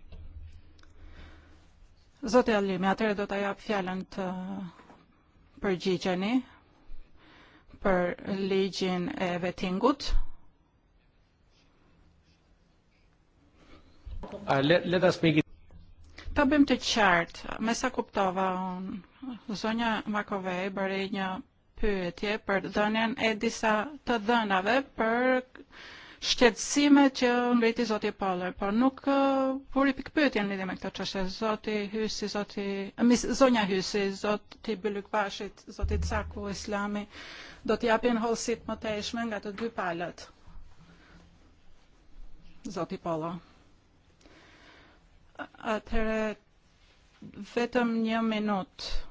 Zoti Halimi, għatredu tajab fjallant per ġiġani, per liġin e vetingut. Uh, let, let us make it. Tabim t-ċart, mesa kubtava, Zonja Makovej, Barinja, pyetje për dhënien e disa të dhënave për xtedzime që ngriti Zoti Paller, por nuk uh, puri pikpyetjen lidhje me këtë çështje. Zoti Hysi, Zoti uh, mis, Zonja Hysi, Zoti Bylykbashit, Zoti Caku Islami do të japin holsit më të eshme nga të dy palët. Zoti Paller. Atëre vetëm një minutë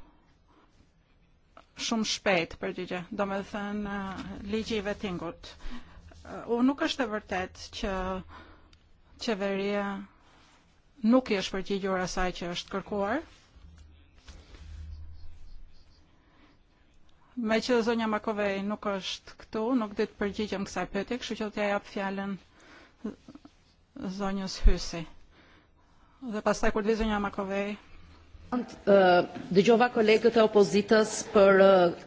xum xpejt per do domel thënë eh, li ġive tingut. Eh, u nuk është e vërtet që qeveria nuk i është përgjigjur asaj që është kërkuar. Me që zonja Makovej nuk është këtu, nuk ditë përgjigjem kësaj pyetje, kështu që t'ja jap fjalën zonjës Hysi. Dhe pas taj kur di zonja Makovej, E, Dë gjova kolegët e opozitës për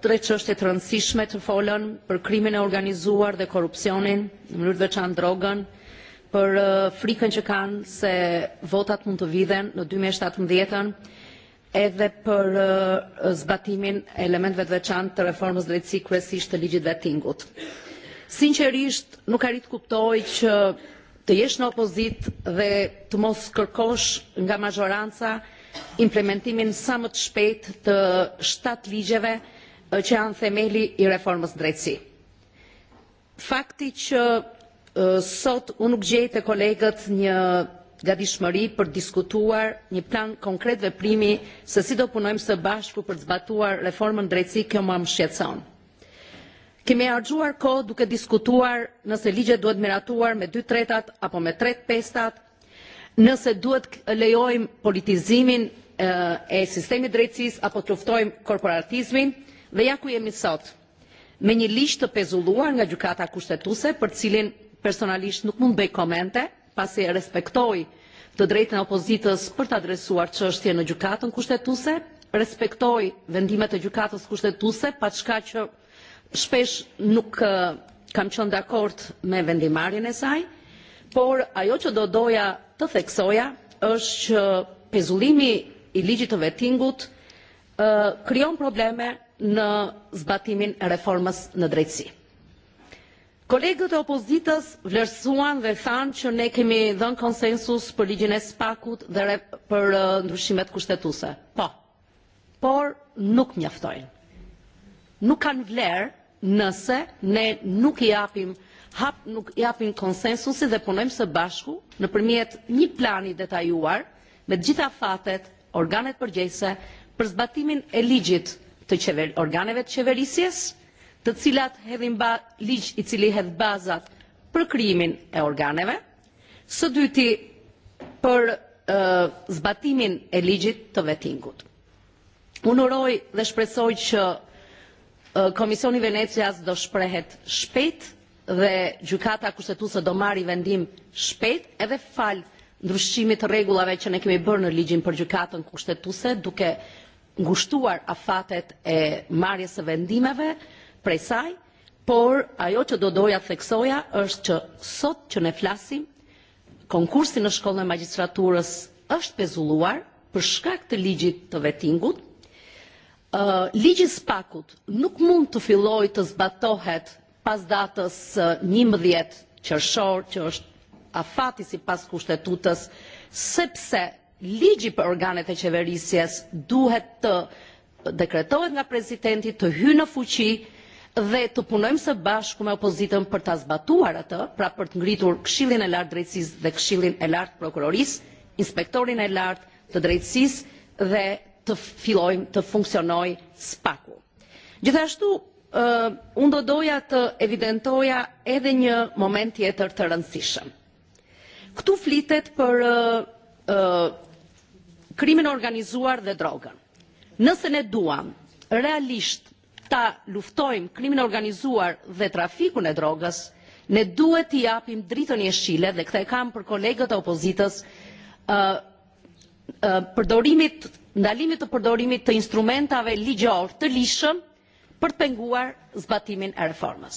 tre e, qështje të rëndësishme të folën për krimin e organizuar dhe korupcionin, në mënyrë të veçantë drogën, për e, frikën që kanë se votat mund të vidhen në 2017-ën, edhe për zbatimin e elementëve të veçantë të reformës drejtësi kryesisht të ligjit vettingut. Sinqerisht, nuk arrit kuptoj që të jesh në opozit dhe të mos kërkosh nga majoranca implementimin sa më të shpejt të shtatë ligjeve që janë themeli i reformës drejtësi. Fakti që sot unë nuk gjej te kolegët një gadishmëri për diskutuar një plan konkret dhe primi se si do punojmë së bashku për të zbatuar reformën drejtësi, kjo më më shqetson. Kemi argjuar ko duke diskutuar nëse ligjet duhet miratuar me 2 tretat apo me 3 pestat, nëse duhet lejojmë politizimin eh, e sistemi drejtsis apo truftojmë korporatizmin dhe ja ku jemi sot me një lisht të pezulluar nga gjukata kushtetuse për cilin personalisht nuk mund bëj komente pasi e respektoj të drejtën e opozitës për të adresuar çështjen në gjukatën kushtetuse respektoj vendimet e gjukatës kushtetuse pa çka që shpesh nuk eh, kam qënë dakord me vendimarin e saj, por ajo që do doja të theksoja është që pezullimi i ligjit të vettingut krijon probleme në zbatimin e reformës në drejtësi. Kolegët e opozitës vlerësuan dhe thanë që ne kemi dhënë konsensus për ligjin e spakut dhe për ndryshimet kushtetuese. Po, por nuk mjaftojnë. Nuk kanë vlerë nëse ne nuk i japim uh, nuk japin konsensus dhe punojmë së bashku në përmjet një plani detajuar me gjitha fatet, organet përgjese për zbatimin e ligjit të qever, organeve të qeverisjes, të cilat hedhin ba, ligj i cili hedh bazat për krijimin e organeve, së dyti për e, zbatimin e ligjit të vetingut. Unë uroj dhe shpresoj që e, Komisioni Venecias do shprehet shpejt dhe gjykata e kushtetuese do marrë vendim shpejt edhe fal ndryshimit të rregullave që ne kemi bërë në ligjin për gjykatën kushtetuese duke ngushtuar afatet e marrjes së vendimeve prej saj, por ajo që do doja të theksoja është që sot që ne flasim, konkursi në shkollën e magjistraturës është pezulluar për shkak të ligjit të vettingut. Uh, ligji spakut nuk mund të filloj të zbatohet pas datës 11 uh, qershor që është afati pas kushtetutës sepse ligji për organet e qeverisjes duhet të dekretohet nga prezidenti të hyjë në fuqi dhe të punojmë së bashku me opozitën për ta zbatuar atë, pra për të ngritur Këshillin e Lartë të Drejtësisë dhe Këshillin e Lartë të Prokurorisë, Inspektorin e Lartë të Drejtësisë dhe të fillojmë të funksionojë spaku. Gjithashtu Uh, unë do doja të evidentoja edhe një moment tjetër të rëndësishëm. Këtu flitet për uh, uh, krimin organizuar dhe drogën. Nëse ne duam realisht ta luftojmë krimin organizuar dhe trafikun e drogës, ne duhet t'i japim dritën jeshile dhe këtë e kam për kolegët e opozitës uh, uh, përdorimit, ndalimit të përdorimit të instrumentave ligjor të lishëm për të penguar zbatimin e reformës.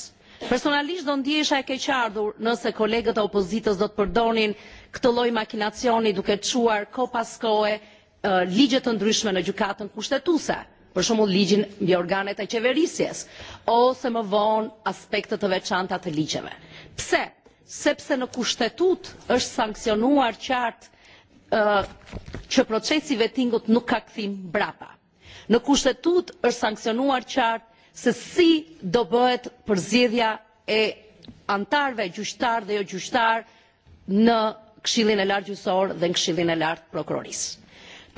Personalisht do ndjesha e keqardhur nëse kolegët e opozitës do të përdonin këtë lloj makinacioni duke çuar ko pas kohe e, ligje të ndryshme në gjykatën kushtetuese, për shembull ligjin mbi organet e qeverisjes ose më vonë aspekte të veçanta të ligjeve. Pse? Sepse në kushtetut është sankcionuar qartë uh, që procesi vettingut nuk ka kthim brapa. Në kushtetut është sankcionuar qartë se si do bëhet përzjedhja e antarve gjyqtar dhe jo gjyqtar në Këshillin e Lartë Gjyqësor dhe në Këshillin e Lartë Prokurorisë.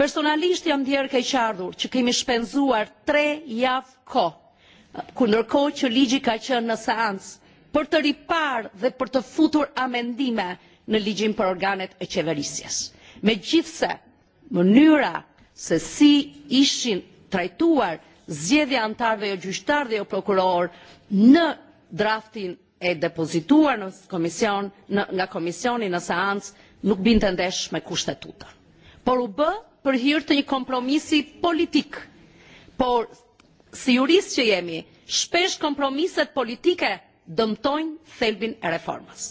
Personalisht jam djerë qardhur që kemi shpenzuar tre javë ko, ku nërko që ligji ka qënë në seancë për të ripar dhe për të futur amendime në ligjin për organet e qeverisjes. Me gjithse, mënyra se si ishin trajtuar zgjedhja antarve jo gjyqtarëve jo prokuror në draftin e depozituar në komision, në, nga komisioni në seancë nuk binte ndesh me kushtetutën. Por u bë për hir të një kompromisi politik. Por si jurist që jemi, shpesh kompromiset politike dëmtojnë thelbin e reformës.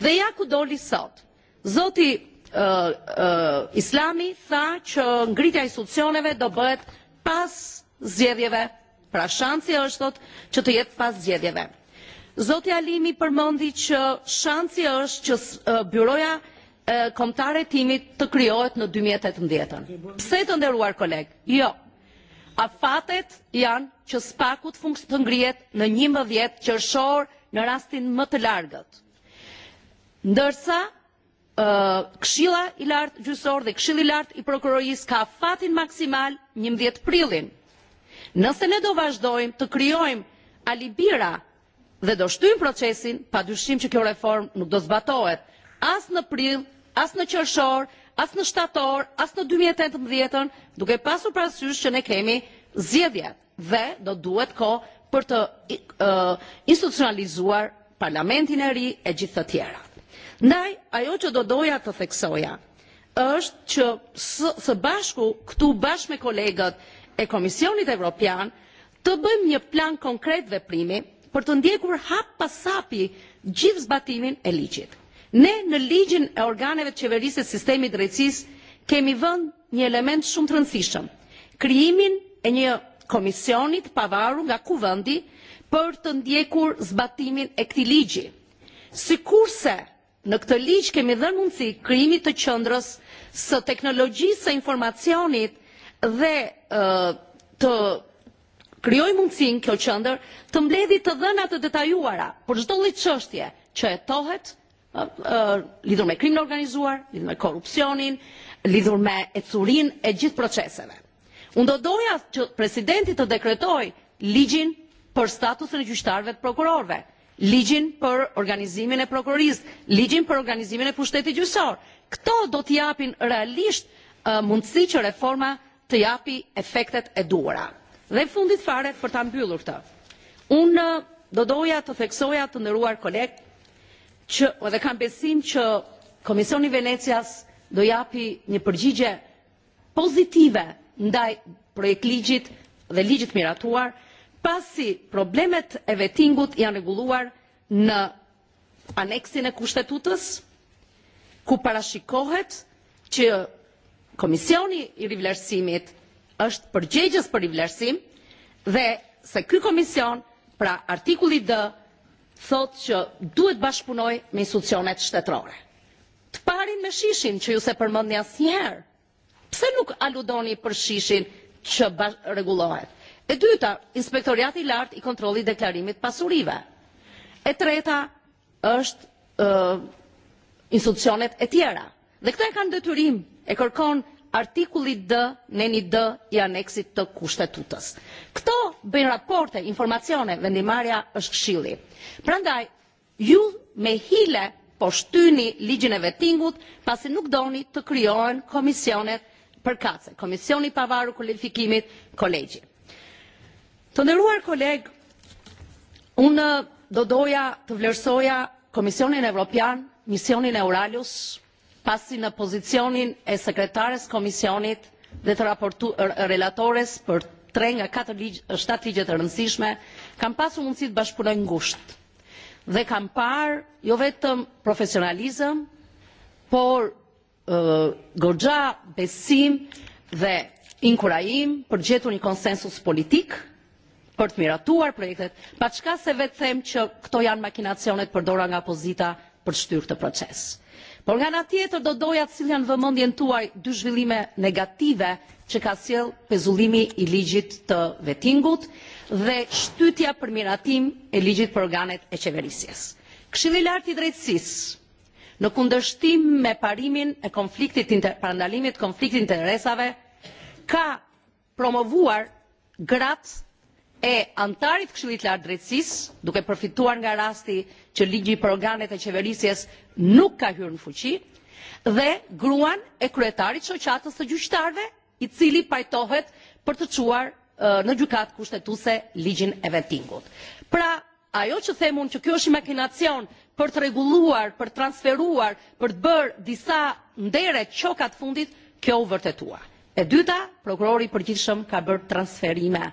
Dhe ja ku doli sot. Zoti uh, uh, Islami tha që ngritja e institucioneve do bëhet pas zgjedhjeve, pra shansi është thot që të jetë pas zgjedhjeve. Zoti Alimi përmendi që shansi është që e, byroja uh, kombëtare e timit të krijohet në 2018-ën. Pse të nderuar koleg? Jo. A fatet janë që spakut të ngrihet në 11 qershor në rastin më të largët. Ndërsa e, Këshilla i lartë gjysor dhe këshilli i lartë i prokurorisë ka fatin maksimal 11 prillin Nëse ne do vazhdojmë të krijojmë alibira dhe do shtyjmë procesin, pa dyshim që kjo reform nuk do zbatohet. As në prill, as në qërshor, as në shtator, as në 2018, e ën duke pasur prasysh që ne kemi zgjedhjet dhe do duhet ko për të uh, institucionalizuar parlamentin e ri e gjithë të tjera. Ndaj, ajo që do doja të theksoja, është që së, së bashku këtu bashkë me kolegët e Komisionit Evropian të bëjmë një plan konkret veprimi për të ndjekur hap pas gjithë zbatimin e ligjit. Ne në ligjin e organeve të qeverisë të sistemit drejtësisë kemi vënë një element shumë të rëndësishëm, krijimin e një komisioni të pavarur nga kuvendi për të ndjekur zbatimin e këtij ligji. Sikurse në këtë ligj kemi dhënë mundësi krijimit të qendrës së teknologjisë së informacionit dhe e, të krijoj mundësin kjo qëndër të mbledhi të dhëna të detajuara për çdo lloj qështje që e hetohet e, e, lidhur me krimin organizuar, lidhur me korupcionin, lidhur me e ecurin e gjithë proceseve. Unë do doja që presidenti të dekretoj ligjin për statusin e gjyqtarëve të prokurorëve, ligjin për organizimin e prokurorisë, ligjin për organizimin e pushtetit gjyqësor. Kto do të japin realisht uh, mundësi që reforma të japi efektet e duhura. Dhe fundit fare për ta mbyllur të. Unë do doja të theksoja të nëruar koleg që edhe kam besim që Komisioni Venecias do japi një përgjigje pozitive ndaj projekt ligjit dhe ligjit miratuar pasi problemet e vetingut janë reguluar në aneksin e kushtetutës ku parashikohet që komisioni i rivlerësimit është përgjegjës për rivlerësim dhe se ky komision pra artikulli D thot që duhet bashkëpunoj me institucionet shtetërore. Të parin me shishin që ju se përmendni asnjëherë. Pse nuk aludoni për shishin që rregullohet? E dyta, Inspektoriati i Lartë i Kontrollit Deklarimit Pasurive. E treta është uh, institucionet e tjera. Dhe këta e kanë detyrim, e kërkon artikulli D, neni D i aneksit të kushtetutës. Këto bëjnë raporte, informacione, vendimarja është këshilli. Prandaj, ju me hile po shtyni ligjën e vetingut pasi nuk doni të kryohen komisionet për kace, komisioni pavaru kualifikimit, kolegji. Të nëruar koleg, unë do doja të vlerësoja Komisionin Evropian, misionin e Euralius, pasi në pozicionin e sekretares komisionit dhe të relatores për tre nga katër ligj, shtatë ligje të rëndësishme, kam pasur mundësi të bashkëpunoj ngushtë dhe kam parë jo vetëm profesionalizëm, por uh, goxha besim dhe inkurajim për gjetur një konsensus politik për të miratuar projektet, pa çka se vetë them që këto janë makinacionet përdora nga opozita për shtyrë të procesit. Por nga na tjetër do doja të janë vëmëndjen tuaj dy zhvillime negative që ka sjell pezullimi i ligjit të vetingut dhe shtytja për miratim e ligjit për organet e qeverisjes. Këshilli i lartë i drejtësisë në kundërshtim me parimin e konfliktit inter, parandalimit konfliktit interesave ka promovuar gratë e antarit Këshillit të Lartë Drejtësisë, duke përfituar nga rasti që ligji për organet e qeverisjes nuk ka hyrë në fuqi, dhe gruan e kryetarit shoqatës të gjyqtarëve, i cili pajtohet për të çuar në gjukat kushtetuse ligjin e vetingut. Pra, ajo që themun që kjo është makinacion për të reguluar, për transferuar, për të bërë disa ndere qokat fundit, kjo u vërtetua. E dyta, prokurori i përgjithshëm ka bërë transferime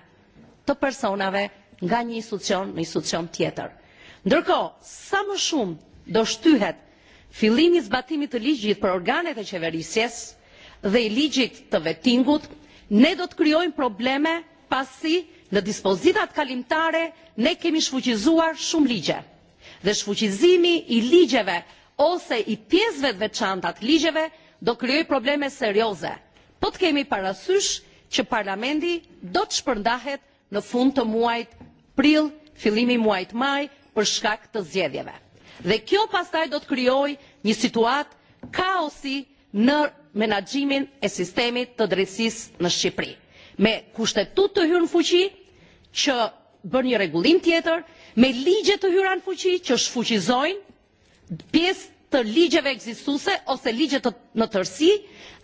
të personave nga një institucion në institucion tjetër. Ndërko, sa më shumë do shtyhet fillimi zbatimit të ligjit për organet e qeverisjes dhe i ligjit të vetingut, ne do të krijojmë probleme pasi në dispozitat kalimtare ne kemi shfuqizuar shumë ligje. Dhe shfuqizimi i ligjeve ose i pjesve të veçantat ligjeve do kryoj probleme serioze. Po të kemi parasysh që Parlamenti do të shpërndahet në fund të muajt pril, fillimi muajt maj, për shkak të zgjedhjeve. Dhe kjo pastaj do të krijojë një situatë kaosi në menaxhimin e sistemit të drejtësisë në Shqipëri. Me kushtetut të hyrë në fuqi që bën një rregullim tjetër, me ligje të hyra në fuqi që shfuqizojnë pjesë të ligjeve ekzistuese ose ligje të në tërësi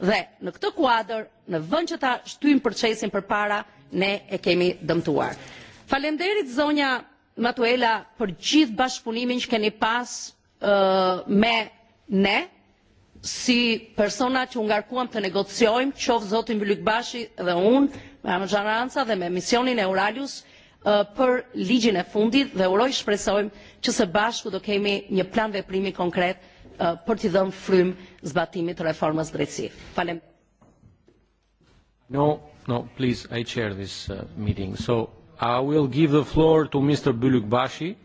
dhe në këtë kuadër në vend që ta shtyjmë procesin përpara ne e kemi dëmtuar. Faleminderit zonja matuela për gjithë bashkëpunimin që keni pas uh, me ne, si persona që u ngarkuam të negociojmë, qoftë zotin Mbylyk Bashi dhe unë, me Amxhan Ranca dhe me misionin e Uralius uh, për ligjin e fundit dhe uroj shpresojmë që se bashku do kemi një plan dhe primi konkret uh, për t'i dhëmë frym zbatimit të reformës drejtësi. Falem. No, no, please, I chair this uh, meeting. So I will give the floor to Mr. Bylukbashi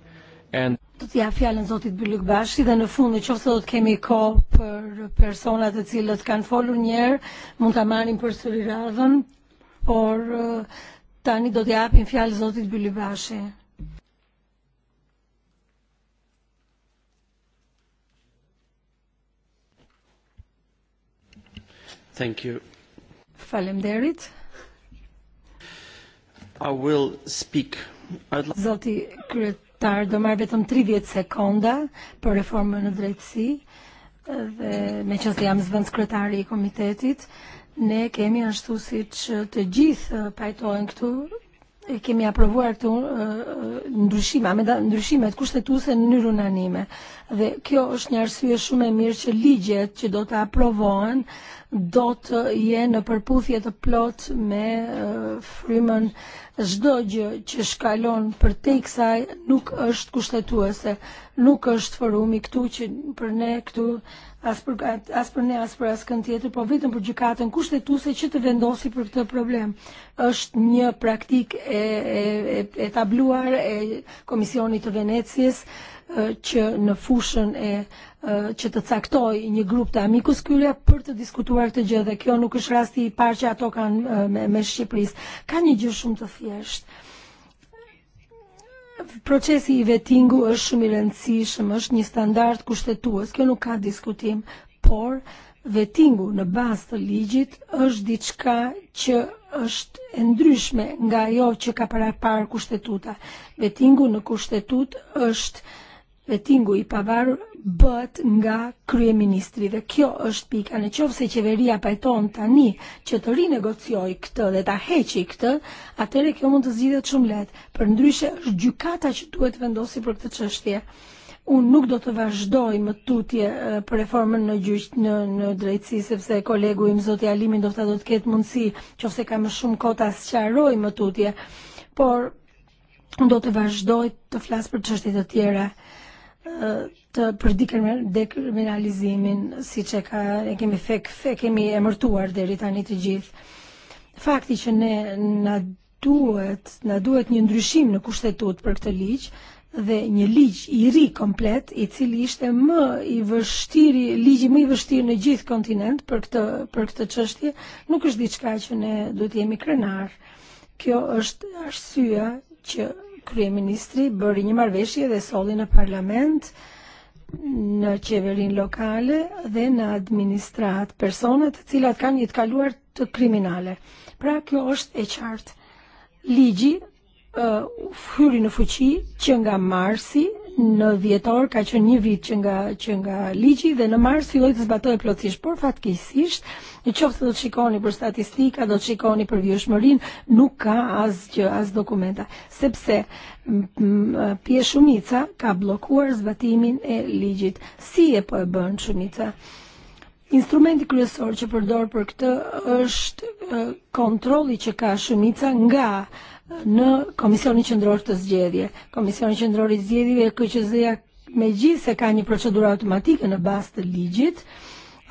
and Ja fjalën zotit Bylluk Bashi dhe në fund në qofë qoftë do të kemi kohë për personat e cilët kanë folu njerë, herë, mund ta për sëri radhën, por uh, tani do të japim fjallin zotit Bylluk Bashi. Thank you. Falem derit. Thank you. I will speak. Zoti kryetar do marr vetëm 30 sekonda për reformën në e drejtësi dhe me qësë jam zvënd sekretari i komitetit, ne kemi ashtu si që të gjithë pajtojnë këtu e kemi aprovuar këtu e, ndryshime, ndryshimet kushtetuese në njërë unanime. Dhe kjo është një arsye shumë e mirë që ligjet që do të aprovohen do të jenë në përputhje të plot me frymën çdo gjë që shkallon për te i kësaj nuk është kushtetuese, nuk është forumi këtu që për ne këtu as për, as për ne, as për askën tjetër, po vetëm për gjykatën kushtetuese që të vendosi për këtë problem. Është një praktik e, e, e, tabluar e Komisionit të Venecijës eh, që në fushën eh, e që të caktoj një um grup të amikus kyria për të diskutuar të gjë dhe kjo nuk është rasti i parë që ato kanë eh, me, me Shqipërisë. Ka një gjë shumë të thjeshtë procesi i vettingu është shumë i rëndësishëm, është një standard kushtetues, kjo nuk ka diskutim, por vettingu në bazë të ligjit është diçka që është e ndryshme nga ajo që ka para parë kushtetuta. Vettingu në kushtetut është vettingu i pavarur bët nga kryeministri dhe kjo është pika në qovë se qeveria pajton tani që të rinegocioj këtë dhe ta heqi këtë, atëre kjo mund të zgjidhet shumë letë, për ndryshe është gjukata që duhet vendosi për këtë qështje. Unë nuk do të vazhdoj më tutje e, për reformën në gjyq në, në drejtësi, sepse kolegu im zoti Alimin do të do të ketë mundësi, që ose ka më shumë kota së qaroj më tutje, por do të vazhdoj të flasë për çështje të e tjera të përdekrimineralizimin, si që ka, e kemi, fek, fe, kemi emërtuar deri tani të gjithë. Fakti që ne na duhet, na duhet një ndryshim në kushtetut për këtë liq, dhe një liq i ri komplet i cili ishte më i vështiri, ligji më i vështiri në gjithë kontinent për këtë për këtë çështje, nuk është diçka që ne duhet jemi krenar. Kjo është arsyeja që kryeministri bëri një marveshje dhe soli në parlament në qeverin lokale dhe në administrat personet të cilat kanë një të kaluar të kriminale. Pra kjo është e qartë. Ligji uh, hyri në fuqi që nga marsi në vjetor ka qenë një vit që nga që nga ligji dhe në mars filloi të zbatohej plotësisht, por fatkeqësisht, nëse do të shikoni për statistika, do të shikoni për vjeshmërinë, nuk ka asgjë, as dokumenta, sepse pjesë shumica ka bllokuar zbatimin e ligjit. Si e po e bën shumica? Instrumenti kryesor që përdor për këtë është e, kontrolli që ka shumica nga uh, në Komisionin Qendror të Zgjedhje. Komisioni Qendror i Zgjedhjeve KQZ-ja e se ka një procedurë automatike në bazë të ligjit,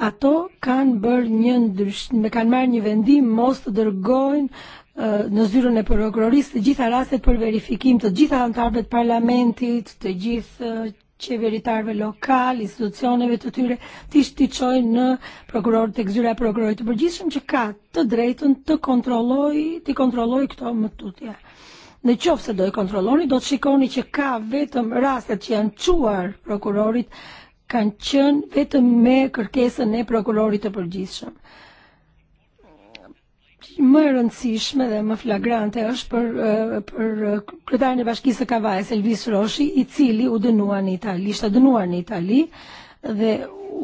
ato kanë bërë një ndryshim, kanë marrë një vendim mos të dërgojnë uh, eh, në zyrën e prokurorisë të gjitha rastet për verifikim të gjitha antarëve të parlamentit, të gjithë uh, eh, qeveritarve lokal, institucioneve të tyre, ti shtiqojnë në prokuror të këzyra e prokurorit të përgjishëm që ka të drejtën të kontroloj, të kontroloj këto më mëtutje. Në qofë se do i kontrolloni, do të shikoni që ka vetëm rastet që janë quar prokurorit, kanë qënë vetëm me kërkesën e prokurorit të përgjishëm më e rëndësishme dhe më flagrante është për, eh, për eh, kretarën e bashkisë e Kavajs, Elvis Roshi, i cili u dënuar në Itali, ishte dënuar në Itali dhe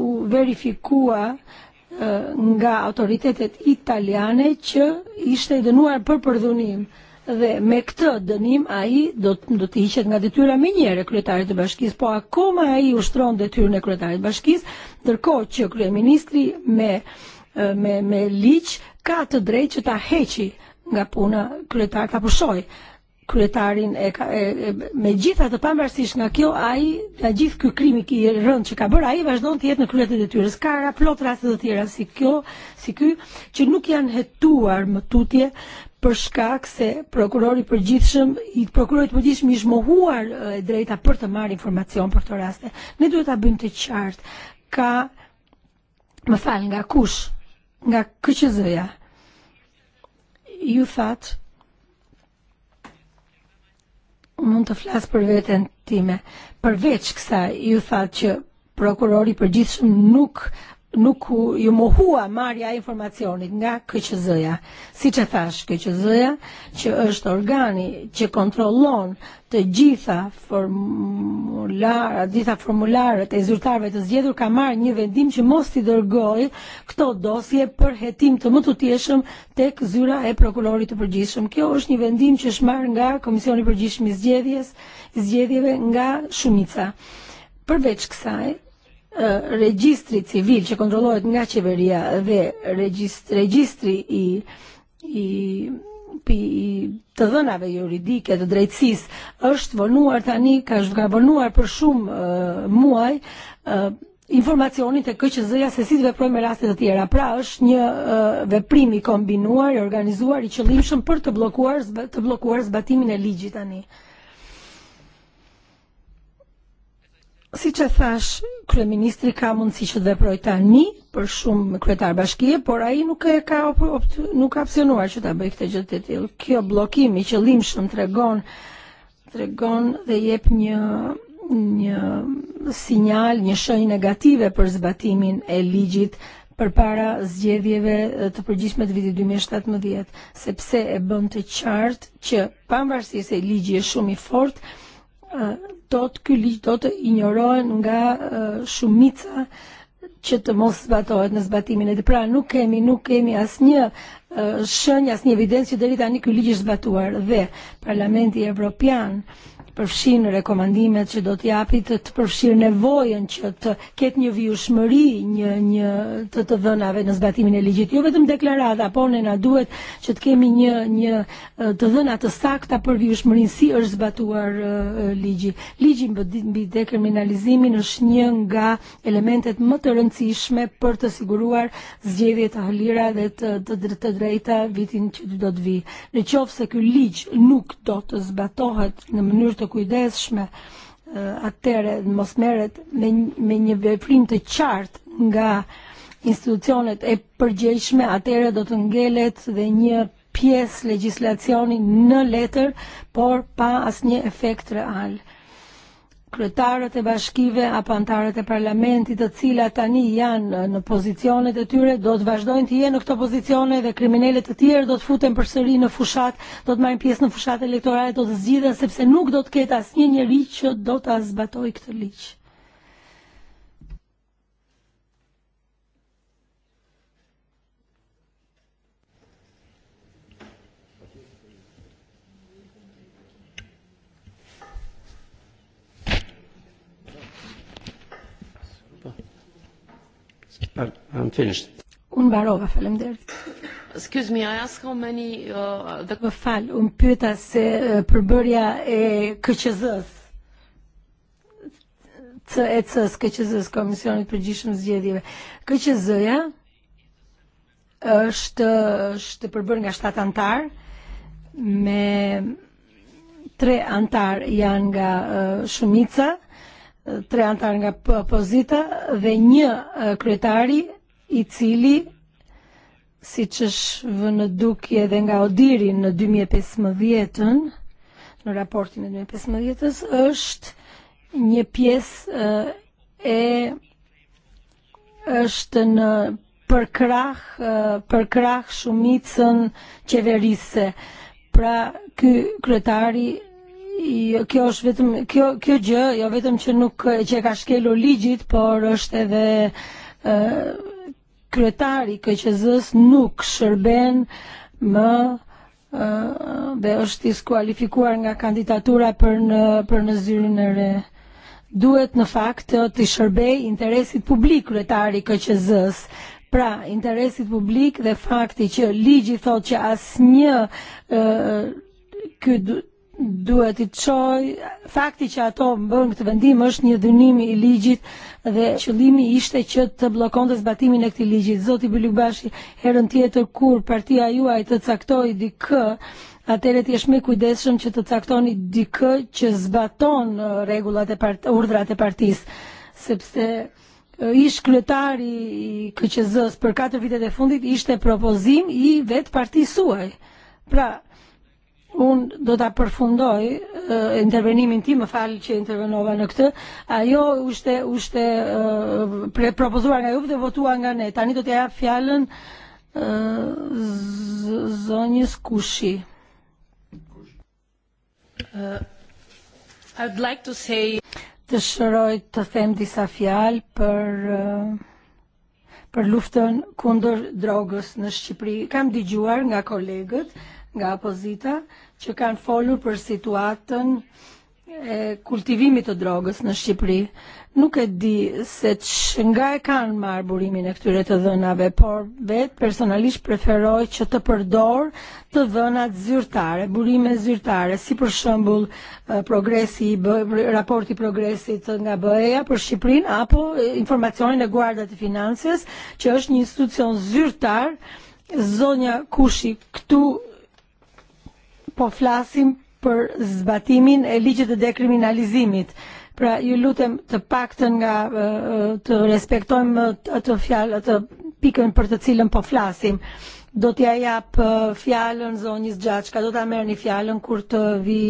u verifikua eh, nga autoritetet italiane që ishte dënuar për përdhunim dhe me këtë dënim ai do do të hiqet nga detyra më njëherë e kryetarit të bashkisë, po akoma ai ushtron detyrën e kryetarit të bashkisë, ndërkohë që kryeministri me Eh, me, me liq ka të drejtë që ta heqi nga puna kryetar ta pushoj kryetarin e, e, e me gjitha të pavarësisht nga kjo ai nga gjithë kjo krimi ki rënd që ka bërë ai vazhdon të jetë në kryetet e detyrës. Ka raplot plot raste të tjera si kjo, si kjo që nuk janë hetuar më tutje për shkak se prokurori përgjithshëm, i prokurori të përgjithshëm i shmohuar e drejta për të marrë informacion për të raste. Ne duhet ta bëjmë të qartë ka më fal nga kush nga küçüzüya ju fat mund të flas për veten time përveç kësaj ju fat që prokurori përgjithshëm nuk nuk ju mohua marja informacionit nga kqz Si që thash kqz që është organi që kontrollon të gjitha formularët, gjitha formularët e zyrtarve të zgjedhur ka marrë një vendim që mos t'i dërgoj këto dosje për hetim të më të tjeshëm tek zyra e prokurorit të përgjithshëm. Kjo është një vendim që është marrë nga Komisioni Përgjithshëm i Zgjedhjes, zgjedhjeve nga shumica. Përveç kësaj, Eh, reġistri civil që kontrollohet nga qeveria dhe regjist, i, i pi të dhënave juridike të drejtësisë është vonuar tani ka ka vonuar për shumë uh, muaj uh, eh, informacionin të KQZ-ja se si të veprojmë raste të tjera. Pra është një uh, veprim i kombinuar, i organizuar, i qëllimshëm për të bllokuar të bllokuar zbatimin e ligjit tani. Uh, Si që e thash, ministri ka mundësi që dhe projtani për shumë kretar bashkije, por a i nuk e ka, opt, nuk ka opcionuar që ta bëj këtë gjë të tillë. Kjo blokimi që lim shumë të regon, të regon dhe jep një një sinjal, një shëj negative për zbatimin e ligjit për para zgjedhjeve të përgjithshme të vitit 2017, e sepse e bën të qartë që pavarësisht se ligji e shumë i fort, tot ky ligj do të injorohen nga e, shumica që të mos zbatohet në zbatimin e tij. Pra nuk kemi nuk kemi asnjë xönja e, sni evidenzi deri tani ky ligj është zbatuar dhe Parlamenti Evropian uh, të përfshinë rekomandimet që do t'japi të të përfshirë nevojën që të ketë një shmëri një, një të të dhënave në zbatimin e ligjit. Jo vetëm deklarata, po në na duhet që të kemi një, një e, të dhëna të sakta për shmërin si është zbatuar uh, ligji. Ligji mbi dekriminalizimin është një nga elementet më të rëndësishme për të siguruar zgjedhje të hëlira dhe të, të, të të drejta vitin që do të vi. Në qofë se ky ligj nuk do të zbatohet në mënyrë të kujdeshme eh, atëre mos meret me, një veprim të qartë nga institucionet e përgjeshme, atëre do të ngelet dhe një pjesë legislacioni në letër, por pa asnjë efekt real kryetarët e bashkive apo antarët e parlamentit të cilat tani janë në pozicionet e tyre do të vazhdojnë të jenë në këto pozicione dhe kriminalët të tjerë do të futen përsëri në fushat, do të marrin pjesë në fushat elektorale, do të zgjidhen sepse nuk do të ketë asnjë njerëz që do ta zbatojë këtë ligj. I'm finished. Unbarova, falemder. Excuse me, I ask how many... Uh, Fal, un pyta se uh, përbërja e KQZ-s ECS, KQZ, Komisionit për gjishëm zgjedhjeve. KQZ-ja është, është përbër nga 7 antar, me tre antar janë nga uh, shumica, tre antar nga opozita dhe një e, kryetari i cili si që shvë në dukje edhe nga Odiri në 2015-ën, e në raportin e 2015-ës, e është një piesë e është në përkrah, përkrah shumicën qeverise. Pra, ky kryetari kjo është vetëm kjo kjo gjë jo vetëm që nuk që e ka shkelur ligjit, por është edhe ë e, kryetari KQZ-s nuk shërben më e, dhe është diskualifikuar nga kandidatura për në për në zyrën e re. Duhet në fakt të të shërbej interesit publik kryetari KQZ-s, pra interesit publik dhe fakti që ligji thotë që asnjë ë e, duhet i qoj, fakti që ato më bërë këtë vendim është një dënimi i ligjit dhe qëllimi ishte që të blokon të zbatimin e këti ligjit. Zoti Bilubashi, herën tjetër kur partia juaj të caktoj dikë, atëre të me kujdeshëm që të caktoni dikë që zbaton uh, regullat e part, urdrat e partis, sepse uh, ish kryetari i KQZ-s për 4 vitet e fundit ishte propozim i vetë partisuaj. Pra, un do ta përfundoj uh, intervenimin tim, më që intervenova në këtë, ajo ushte, ushte uh, pre, e, propozuar nga juve dhe votuar nga ne. Tani do t'ja jap fjalën uh, zonjës Kushi. Uh, I'd like to say të shëroj të them disa fjalë për uh, për luftën kundër drogës në Shqipëri. Kam dëgjuar nga kolegët uh, nga opozita që kanë folur për situatën e kultivimit të drogës në Shqipëri. Nuk e di se që nga e kanë marë burimin e këtyre të dhënave, por vetë personalisht preferoj që të përdor të dhënat zyrtare, burime zyrtare, si për shëmbull e, progresi, raporti progresit nga BE-ja për Shqiprin, apo e, informacionin e guardat i finances, që është një institucion zyrtar, zonja kushi këtu po flasim për zbatimin e ligjit të dekriminalizimit. Pra ju lutem të paktën nga e, e, të respektojmë atë fjalë atë pikën për të cilën po flasim. Do t'ja jap e, fjalën zonjës Gjaçka, do ta merrni fjalën kur të vi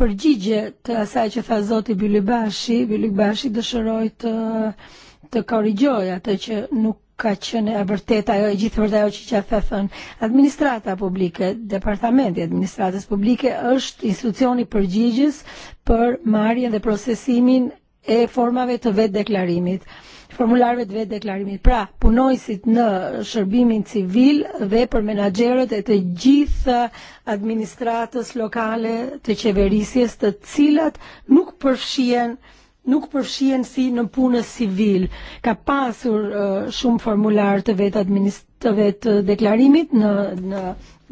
përgjigje të asaj që tha Zoti Bylybashi, Bylybashi dëshiroi të të korrigjoj atë që nuk kaċċjoni qenë e vërteta ajo e gjithë Administrata publike, departamenti i administratës publike është institucioni përgjigjës për marjen dhe procesimin e formave të vetë deklarimit formularve të vetë deklarimit. Pra, punojësit në shërbimin civil dhe për menaxherët e të gjithë administratës lokale të qeverisjes të cilat nuk përfshien nuk përfshien si në punës civil, Ka pasur uh, shumë formular të vetë të vetë deklarimit në, në,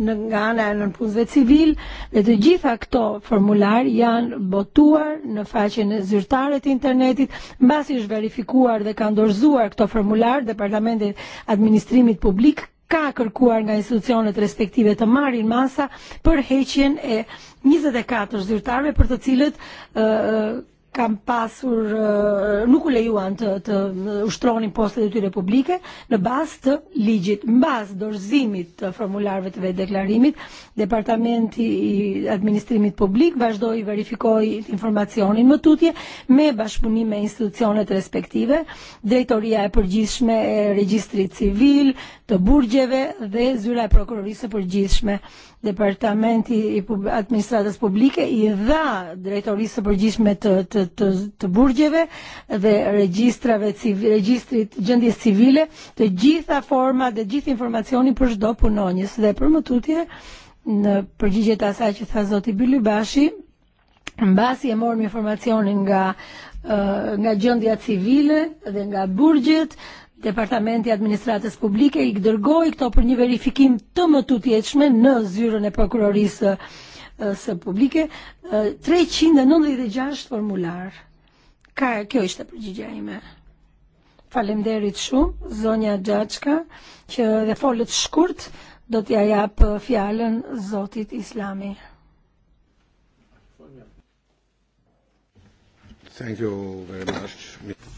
në nga ana e punësve civil dhe të gjitha këto formular janë botuar në faqen e zyrtare të internetit, mbasi është verifikuar dhe kanë dorëzuar këto formular dhe Parlamenti Administrimit Publik ka kërkuar nga institucionet respektive të marrin masa për heqjen e 24 e zyrtarëve për të cilët uh, uh kam pasur, eh, nuk u lejuan të, të eh, ushtronin postet e tyre publike në bas të ligjit, në bas dorëzimit të formularve të vetë deklarimit, Departamenti i Administrimit Publik vazhdoj i verifikoj informacionin më tutje me bashkëpunim me institucionet respektive, Drejtoria e Përgjithshme e registrit Civil, të burgjeve dhe zyra e prokurorisë së përgjithshme departamenti i administratës publike i dha drejtorisë së përgjithshme të, të, të, të burgjeve dhe regjistrave civil, regjistrit gjendjes civile të gjitha forma dhe gjithë informacioni për çdo punonjës dhe për mututje në përgjigje të asaj që tha zoti Bylybashi mbasi e morëm informacionin nga nga gjendja civile dhe nga burgjet Departamenti Administratës Publike i dërgoi këto për një verifikim të më tutjetshme në zyrën e prokurorisë e, së publike 396 e, formular. Ka kjo ishte përgjigja ime. Falem derit shumë, Zonja Gjaqka, që dhe folët shkurt do t'ja japë fjallën Zotit Islami. Thank you very much.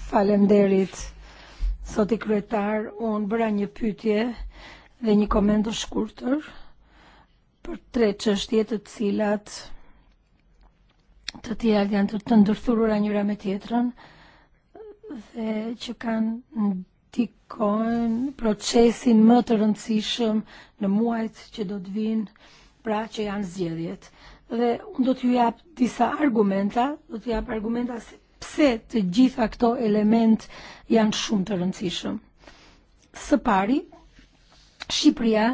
Faleminderit. Zoti kryetar, unë bëra një pytje dhe një komendë shkurtër për tre çështje të cilat të tjera janë të të ndërthurura njëra me tjetërën dhe që kanë ndikojnë procesin më të rëndësishëm në muajt që do të vinë pra që janë zgjedhjet. Dhe unë do t'ju japë disa argumenta, do t'ju japë argumenta se pse të gjitha këto element janë shumë të rëndësishëm. Së pari, Shqipëria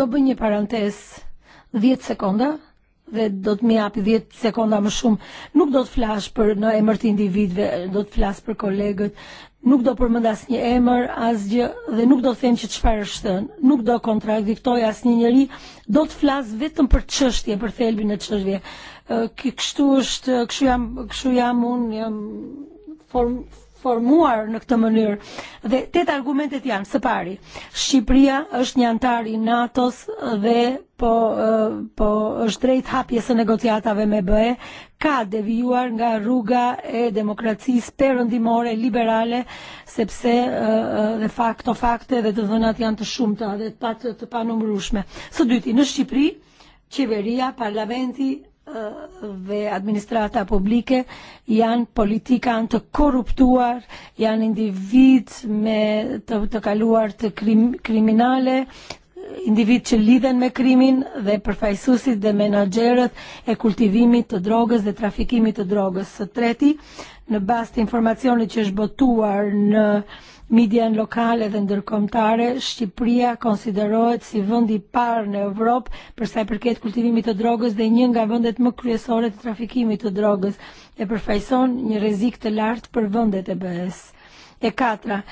do bëj një parantesë 10 sekonda dhe do të mja për 10 sekonda më shumë, nuk do të flash për në emër të individve, do të flas për kolegët, nuk do përmend asnjë emër, asgjë dhe nuk do të them që çfarë është thënë, nuk do kontradiktoj asnjë njerëz, do të flas vetëm për çështje, për thelbin e çështjeve. Kështu është, kështu jam, kështu jam unë jam form for more në këtë mënyrë. Dhe tet argumentet janë së pari. Shqipëria është një antar i NATO-s dhe po uh, po është drejt hapjes së negociatave me BE, ka devijuar nga rruga e demokracisë perëndimore liberale sepse uh, e, e, de facto fakte dhe të dhënat janë të shumta dhe të pat të panumërueshme. Së dyti në Shqipëri qeveria, parlamenti dhe administrata publike jan politika janë korruptuar, jan individ me t kaluar t kriminale, individ që lidhen me krimin dhe përfajsusit dhe menagerët e kultivimit të drogës dhe trafikimit të drogës. Së treti, në bast informacionit që është botuar në uh, midjan lokale dhe ndërkomtare, Shqipëria konsiderohet si vëndi parë në Evropë përsa i përket kultivimit të drogës dhe një nga vëndet më kryesore të trafikimit të drogës e përfajson një rezik të lartë për vëndet e bëhes. E katra,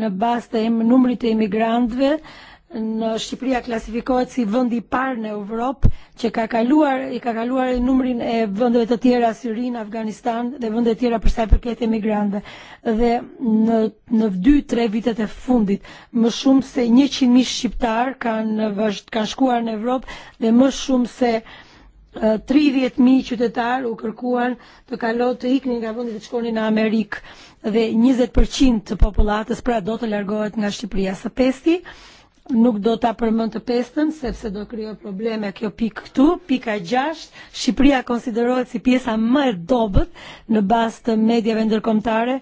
në bas të numrit të emigrantve, në Shqipëria uh, klasifikohet si vendi i parë në Evropë që ka kaluar i e ka kaluar numrin e vendeve të tjera Sirin, Afganistan dhe vende të tjera për sa i e përket emigrantëve. Dhe në në 2-3 vitet e fundit më shumë se 100.000 shqiptar kanë vazhd, kanë shkuar në Evropë dhe më shumë se 30.000 e, qytetar u kërkuan të kalot të iknin nga vendi të shkonin në Amerikë dhe 20% të popullatës pra do të largohet nga Shqipëria. Së pesti, Nuk do ta' përmën të pestën, sepse do kryo probleme kjo pikë këtu, pika 6, Shqipria konsiderohet si pjesa më e dobët në bas të medjave ndërkomtare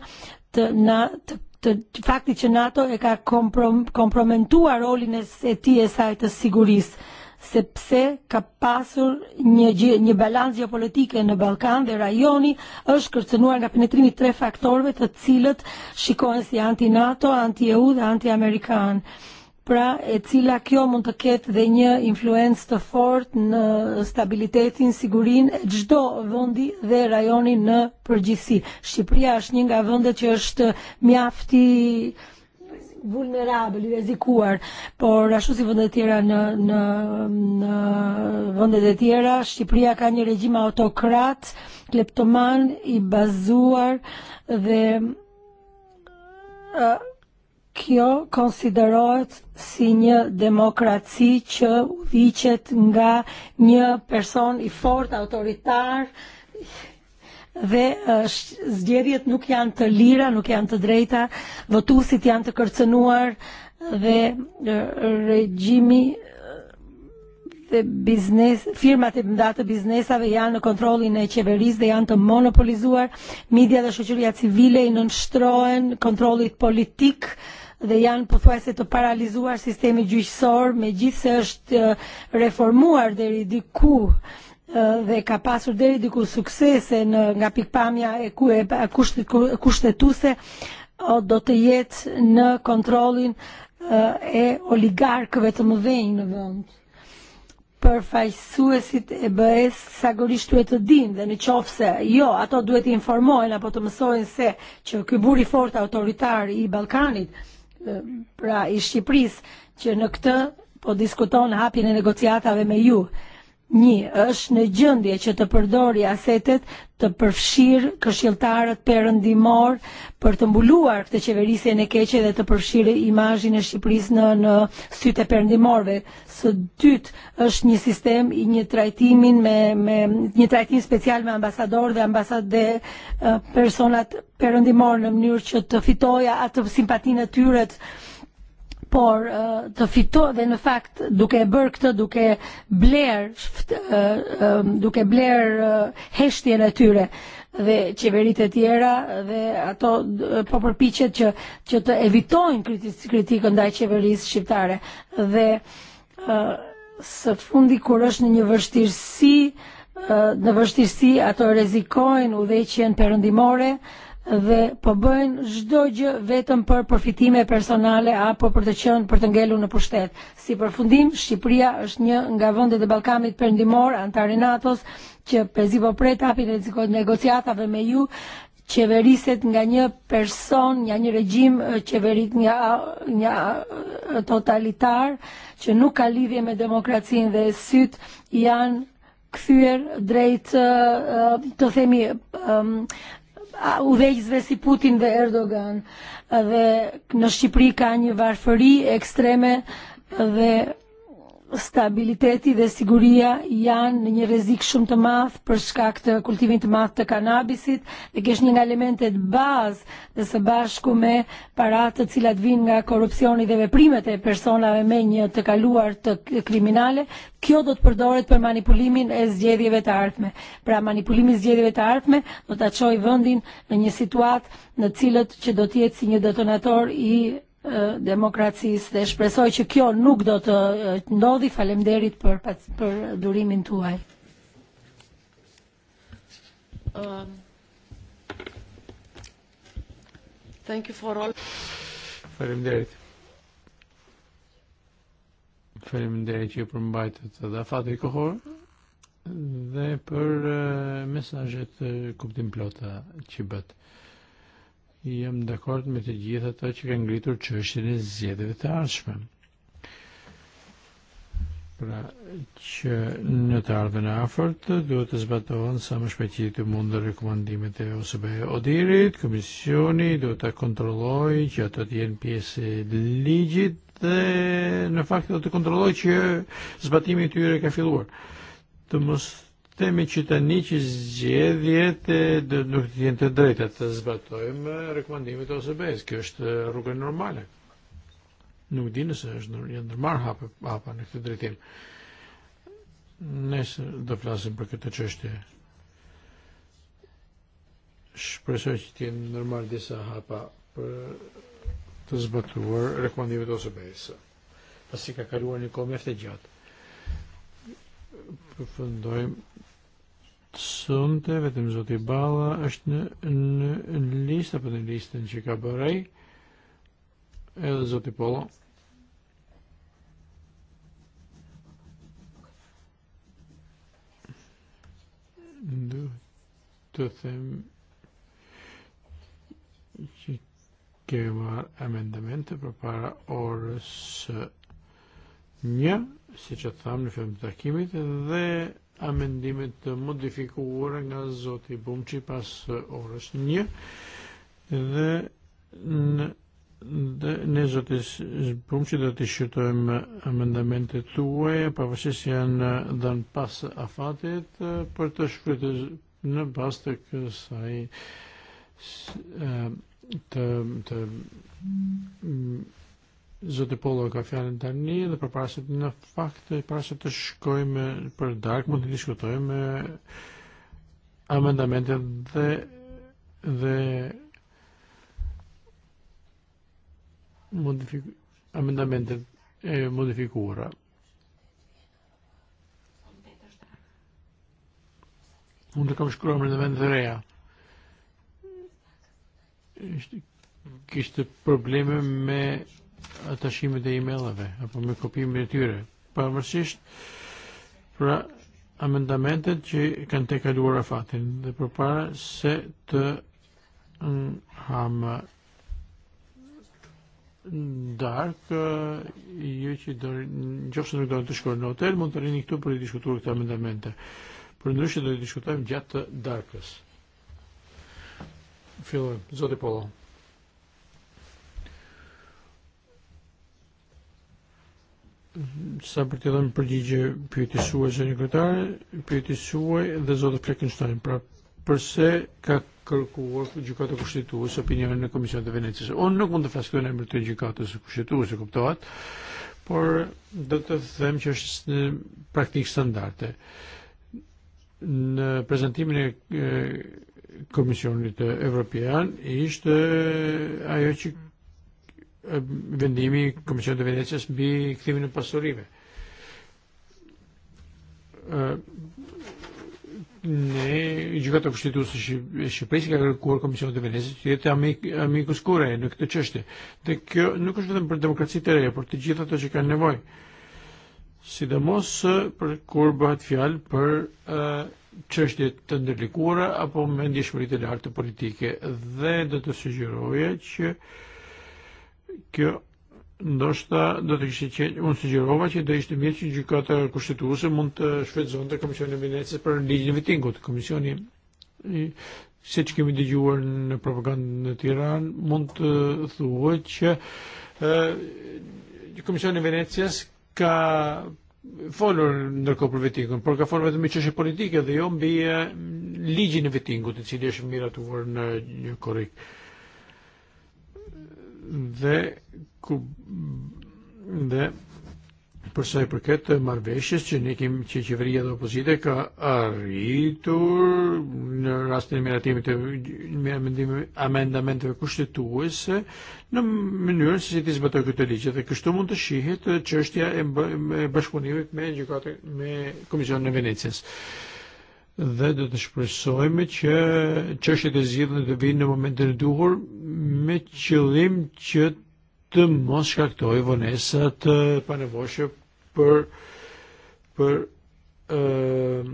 të, na, të, të, të fakti që NATO e ka komprom, kompromentuar rolin e, e ti e saj të sigurisë sepse ka pasur një, një balans geopolitike në Balkan dhe rajoni është kërcenuar nga penetrimi tre faktorve të cilët shikohen si anti-NATO, anti-EU dhe anti-Amerikanë pra e cila kjo mund të ketë dhe një influencë të fort në stabilitetin, sigurin e gjdo vëndi dhe rajoni në përgjithsi. Shqipëria është një nga vëndet që është mjafti vulnerabili, rrezikuar, por ashtu si vendet e tjera në, në, në vendet e tjera, Shqipëria ka një regjim autokrat, kleptoman, i bazuar dhe uh, kjo konsiderohet si një demokraci që viqet nga një person i fort autoritar dhe uh, zgjedhjet nuk janë të lira, nuk janë të drejta, votuesit janë të kërcënuar dhe uh, regjimi e, dhe biznes, firmat e mëdha të biznesave janë në kontrollin e qeverisë dhe janë të monopolizuar, media dhe shoqëria civile i nënshtrohen kontrollit politik, uh, dhe janë pothuajse të paralizuar sistemi gjyqësor, me megjithse është e, reformuar dhe ridiku e, dhe ka pasur deri diku suksese në nga pikpamja e, ku, e, e kushtet, kushtetuse do të jetë në kontrolin e oligarkëve të mëdhenj në vend fajsuesit e bëhes sa sagorisht duhet të dinë dhe në qofë se jo, ato duhet të informojnë apo të mësojnë se që këj buri fort autoritar i Balkanit, pra i Shqipërisë që në këtë po diskuton hapjen e negociatave me ju. Një, është në gjëndje që të përdori asetet të përfshirë këshiltarët perëndimor për të mbuluar këtë qeverisje në keqe dhe të përfshirë imajin e Shqipëris në në syte perëndimorëve. Së dytë është një sistem i një trajtimin me me një trajtim special me ambasador dhe ambasade e, personat perëndimor në mënyrë që të fitoja atë simpatinë të e tyret por eh, të fitoj dhe në fakt duke e bërë këtë duke bler eh, eh, duke bler heshtjen në e tyre dhe qeveritë e tjera dhe ato po përpichet që që të evitojnë kritikën ndaj qeverisë shqiptare dhe së fundi kur është në një vështirësi në vështirësi ato rezikojnë u dhe udhëheqjen perëndimore uh, dhe po bëjnë çdo gjë vetëm për përfitime personale apo për të qenë për të ngelur në pushtet. Si përfundim, Shqipëria është një nga vendet e Ballkanit Perëndimor, antari NATO-s, që pezi po pret hapin e negociatave me ju qeveriset nga një person, nga një regjim e, qeverit nga, një e, totalitar, që nuk ka lidhje me demokracinë dhe e syt janë kthyer drejt të themi uvejzve si Putin dhe Erdogan dhe në Shqipëri ka një varfëri ekstreme dhe stabiliteti dhe siguria janë një rrezik shumë të madh për shkak të kultivit të madh të kanabisit dhe kesh një nga elementet bazë dhe së bashku me paratë të cilat vijnë nga korrupsioni dhe veprimet e personave me një të kaluar të kriminale, kjo do të përdoret për manipulimin e zgjedhjeve të ardhme. Pra manipulimi i zgjedhjeve të ardhme do ta çojë vendin në një situatë në cilët që do të jetë si një detonator i demokracisë dhe shpresoj që kjo nuk do të ndodhi. falemderit për për durimin tuaj. Um, thank you for all. Falemderit. Falemderit që për mbajtët dhe fati kohor dhe për uh, mesajet uh, kuptim plota që bëtë. Jem dakord me të gjitha ta që kanë ngritur qështjen e zgjedhjeve të ardhshme. Pra që në të ardhmen e afërt duhet të zbatohen sa më shpejt të mundë rekomandimet e OSB e Odirit, komisioni duhet ta kontrolloj që ato të jenë pjesë e ligjit dhe në fakt do të kontrollojë që zbatimi i tyre ka filluar. Të mos me qitani që zgjedhjet e, nuk të jenë të drejta të zbatojmë rekomandimet ose besë. Kjo është rruga normale. Nuk di nëse është janë ndërmarr hapa hapa në këtë drejtim. Nesër do flasim për këtë çështje. Shpresoj që të jenë normal disa hapa për të zbatuar rekomandimet ose besë. Pasi ka kaluar një kohë mjaft e gjatë. Përfundojmë Sunte, vetëm zoti bala është në, lista pa listë, lista në listën barej ka edhe zoti Polo. Ndu, të them që kemar amendamente për para orës një, si që e thamë në film të takimit, dhe amendiment modifikuar nga zoti bumċi pas e, oros nje dhe Ne zoti bumċi da t-ixċirtojm amendamenti t-tuwe, pavasċis jan dan pass għafatit, e, per t në bas të kësaj e, të, të zoti polo ka fjalën tani dhe për para në fakt para se të shkojmë për dark mund të diskutojmë eh, amendamente dhe dhe modifik amendamente e modifikura. unë kam shkruar amendament të reja kishte probleme me attashime dhe e-mailave, apo me kopime e tyre, pavarësisht pra amendamentet që kanë te kaluar fatin, dhe përpara se të mm, hamë dark ju që dori nëse nuk doni të shkoni në hotel mund të rini këtu për të diskutuar këto amendamente. Për ndryshe do të diskutojmë gjatë darkës. Fillojmë, zoti Polo. Sa për të dhënë përgjigje pyetjes suaj zëri kryetare, pyetjes suaj dhe zotë Frekenstein, pra përse ka kërkuar gjykata kushtetuës opinionin në e Komisionit të Venecijës. Unë nuk mund të flas këtu në emër të kushtetuës, e kuptohat, por do të them që është në praktikë standarte. Në prezantimin e, e Komisionit Evropian ishte ajo që vendimi komisjon de Venecias bi ktimin pastorime. Ne, ġivata kostitusi xie presi ka kur komisjon de Venezia, ġieta amiku skure, nuk të qështë. Dhe kjo nuk është vetëm për demokraci të reja, për të gjitha të që kanë nevoj. Sidomos për kur bëhet fjalë për eh, ċeċdi t-tendir li kura, għapom mendiex mrit l-art politike, dhe d-t-sġiroja ċe kjo ndoshta do të kishte qenë unë sugjerova që do ishte mirë që gjykata kushtetuese mund të shfrytëzonte komisionin e Venecës për ligjin e mitingut. Komisioni se që kemi dëgjuar në propagandën në e Tiran, mund të thuhet që uh, Komisioni Venecias ka folur ndërkohë për Vitingun, por ka folur vetëm çështje politike dhe jo mbi e, ligjin e vetingut, i cili është miratuar në një korrik. Uh, dhe ku dhe për sa i përket marveshjes që ne kemi që qeveria dhe opozita ka arritur në rastin e miratimit të amendamenteve kushtetuese në mënyrën se si ti zbatoj këtë ligje dhe kështu mund të shihet çështja e, e bashkëpunimit me gjykatë me Komisionin e Venecias dhe do të shpresojmë që çështjet e zgjidhura të vinë në momentin e duhur me qëllim që të mos shkaktojë vonesa të e, panevojshme për për uh,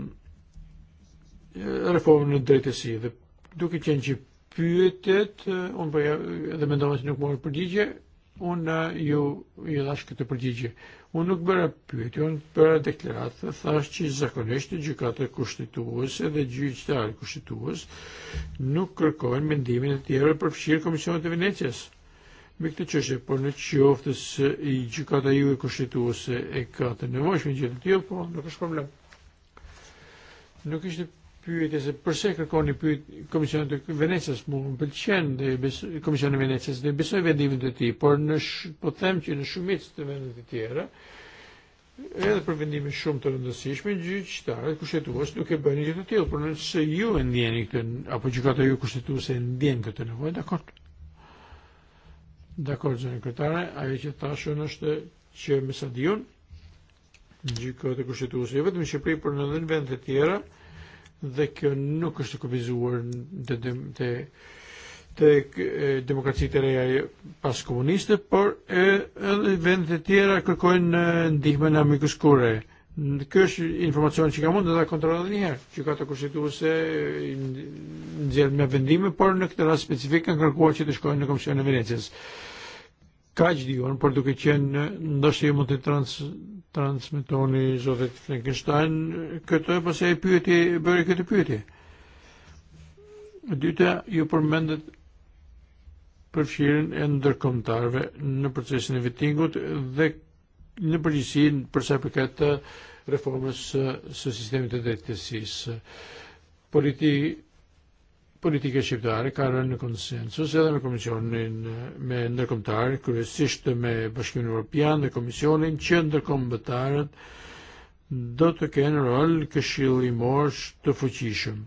reformën në e drejtësi dhe duke qenë që pyetet unë po edhe mendova se nuk morë përgjigje unë ju ju dash këtë përgjigje uh, Unë nuk bëra pyetje, unë bëra deklaratë, thash që zakonisht e kushtituus edhe dhe gjyqtar e kushtituus nuk kërkojnë mendimin e për fshirë Komisionet e Venecijas. Me këtë qështë e për në qoftës i gjykata ju e kushtetuese e ka të nevojshme gjithë të tillë, po nuk është problem. Nuk ishte pyetje se përse kërkoni pyet Komisionin e Venecës, mu pëlqen dhe komisjoni të Venecës dhe besoj vendimin të ti, por në sh, po them që në shumicë të vendeve të tjera edhe për vendime shumë të rëndësishme, në gjithë qëtarët, kushtetues nuk e bëjnë gjithë të tjilë, por nëse ju e ndjeni këtë apo gjykata ju kushtetuese e ndjen këtë nevoj, dakord. Dakord, zënë kryetare, ajo që tashën është që më sa diun gjykata e kushtetuese, jo vetëm në Shqipëri, por në vende të tjera, dhe kjo nuk bizur te te te reja pas komuniste, por edhe vendet tjera kërkojn ndihme e amikus kure. Ky është informacioni eh, që ka mund ta kontrollon një herë, që ka të kushtuese nëzjerë me eh, vendime, por në këtë rast specifik kanë kërkuar që të shkojnë në Komisionin e Ka Kaq dihon, por duke qenë e mund të trans transmetoni zotit Frankenstein këtë e pasaj pyeti, bëri këtë pyetje. Dyta ju përmendet përfshirën e ndërkomtarve në procesin e vitingut dhe në përgjësin përsa përket reformës së sistemit të drejtësisë. Politi politika xibdari karra xibdare karan konsensus edhe me komisionin me s-sishtu me bashkimin Europian n-komissjoni n që ndërkombëtarët do të kenë rol i morsh të fuqishëm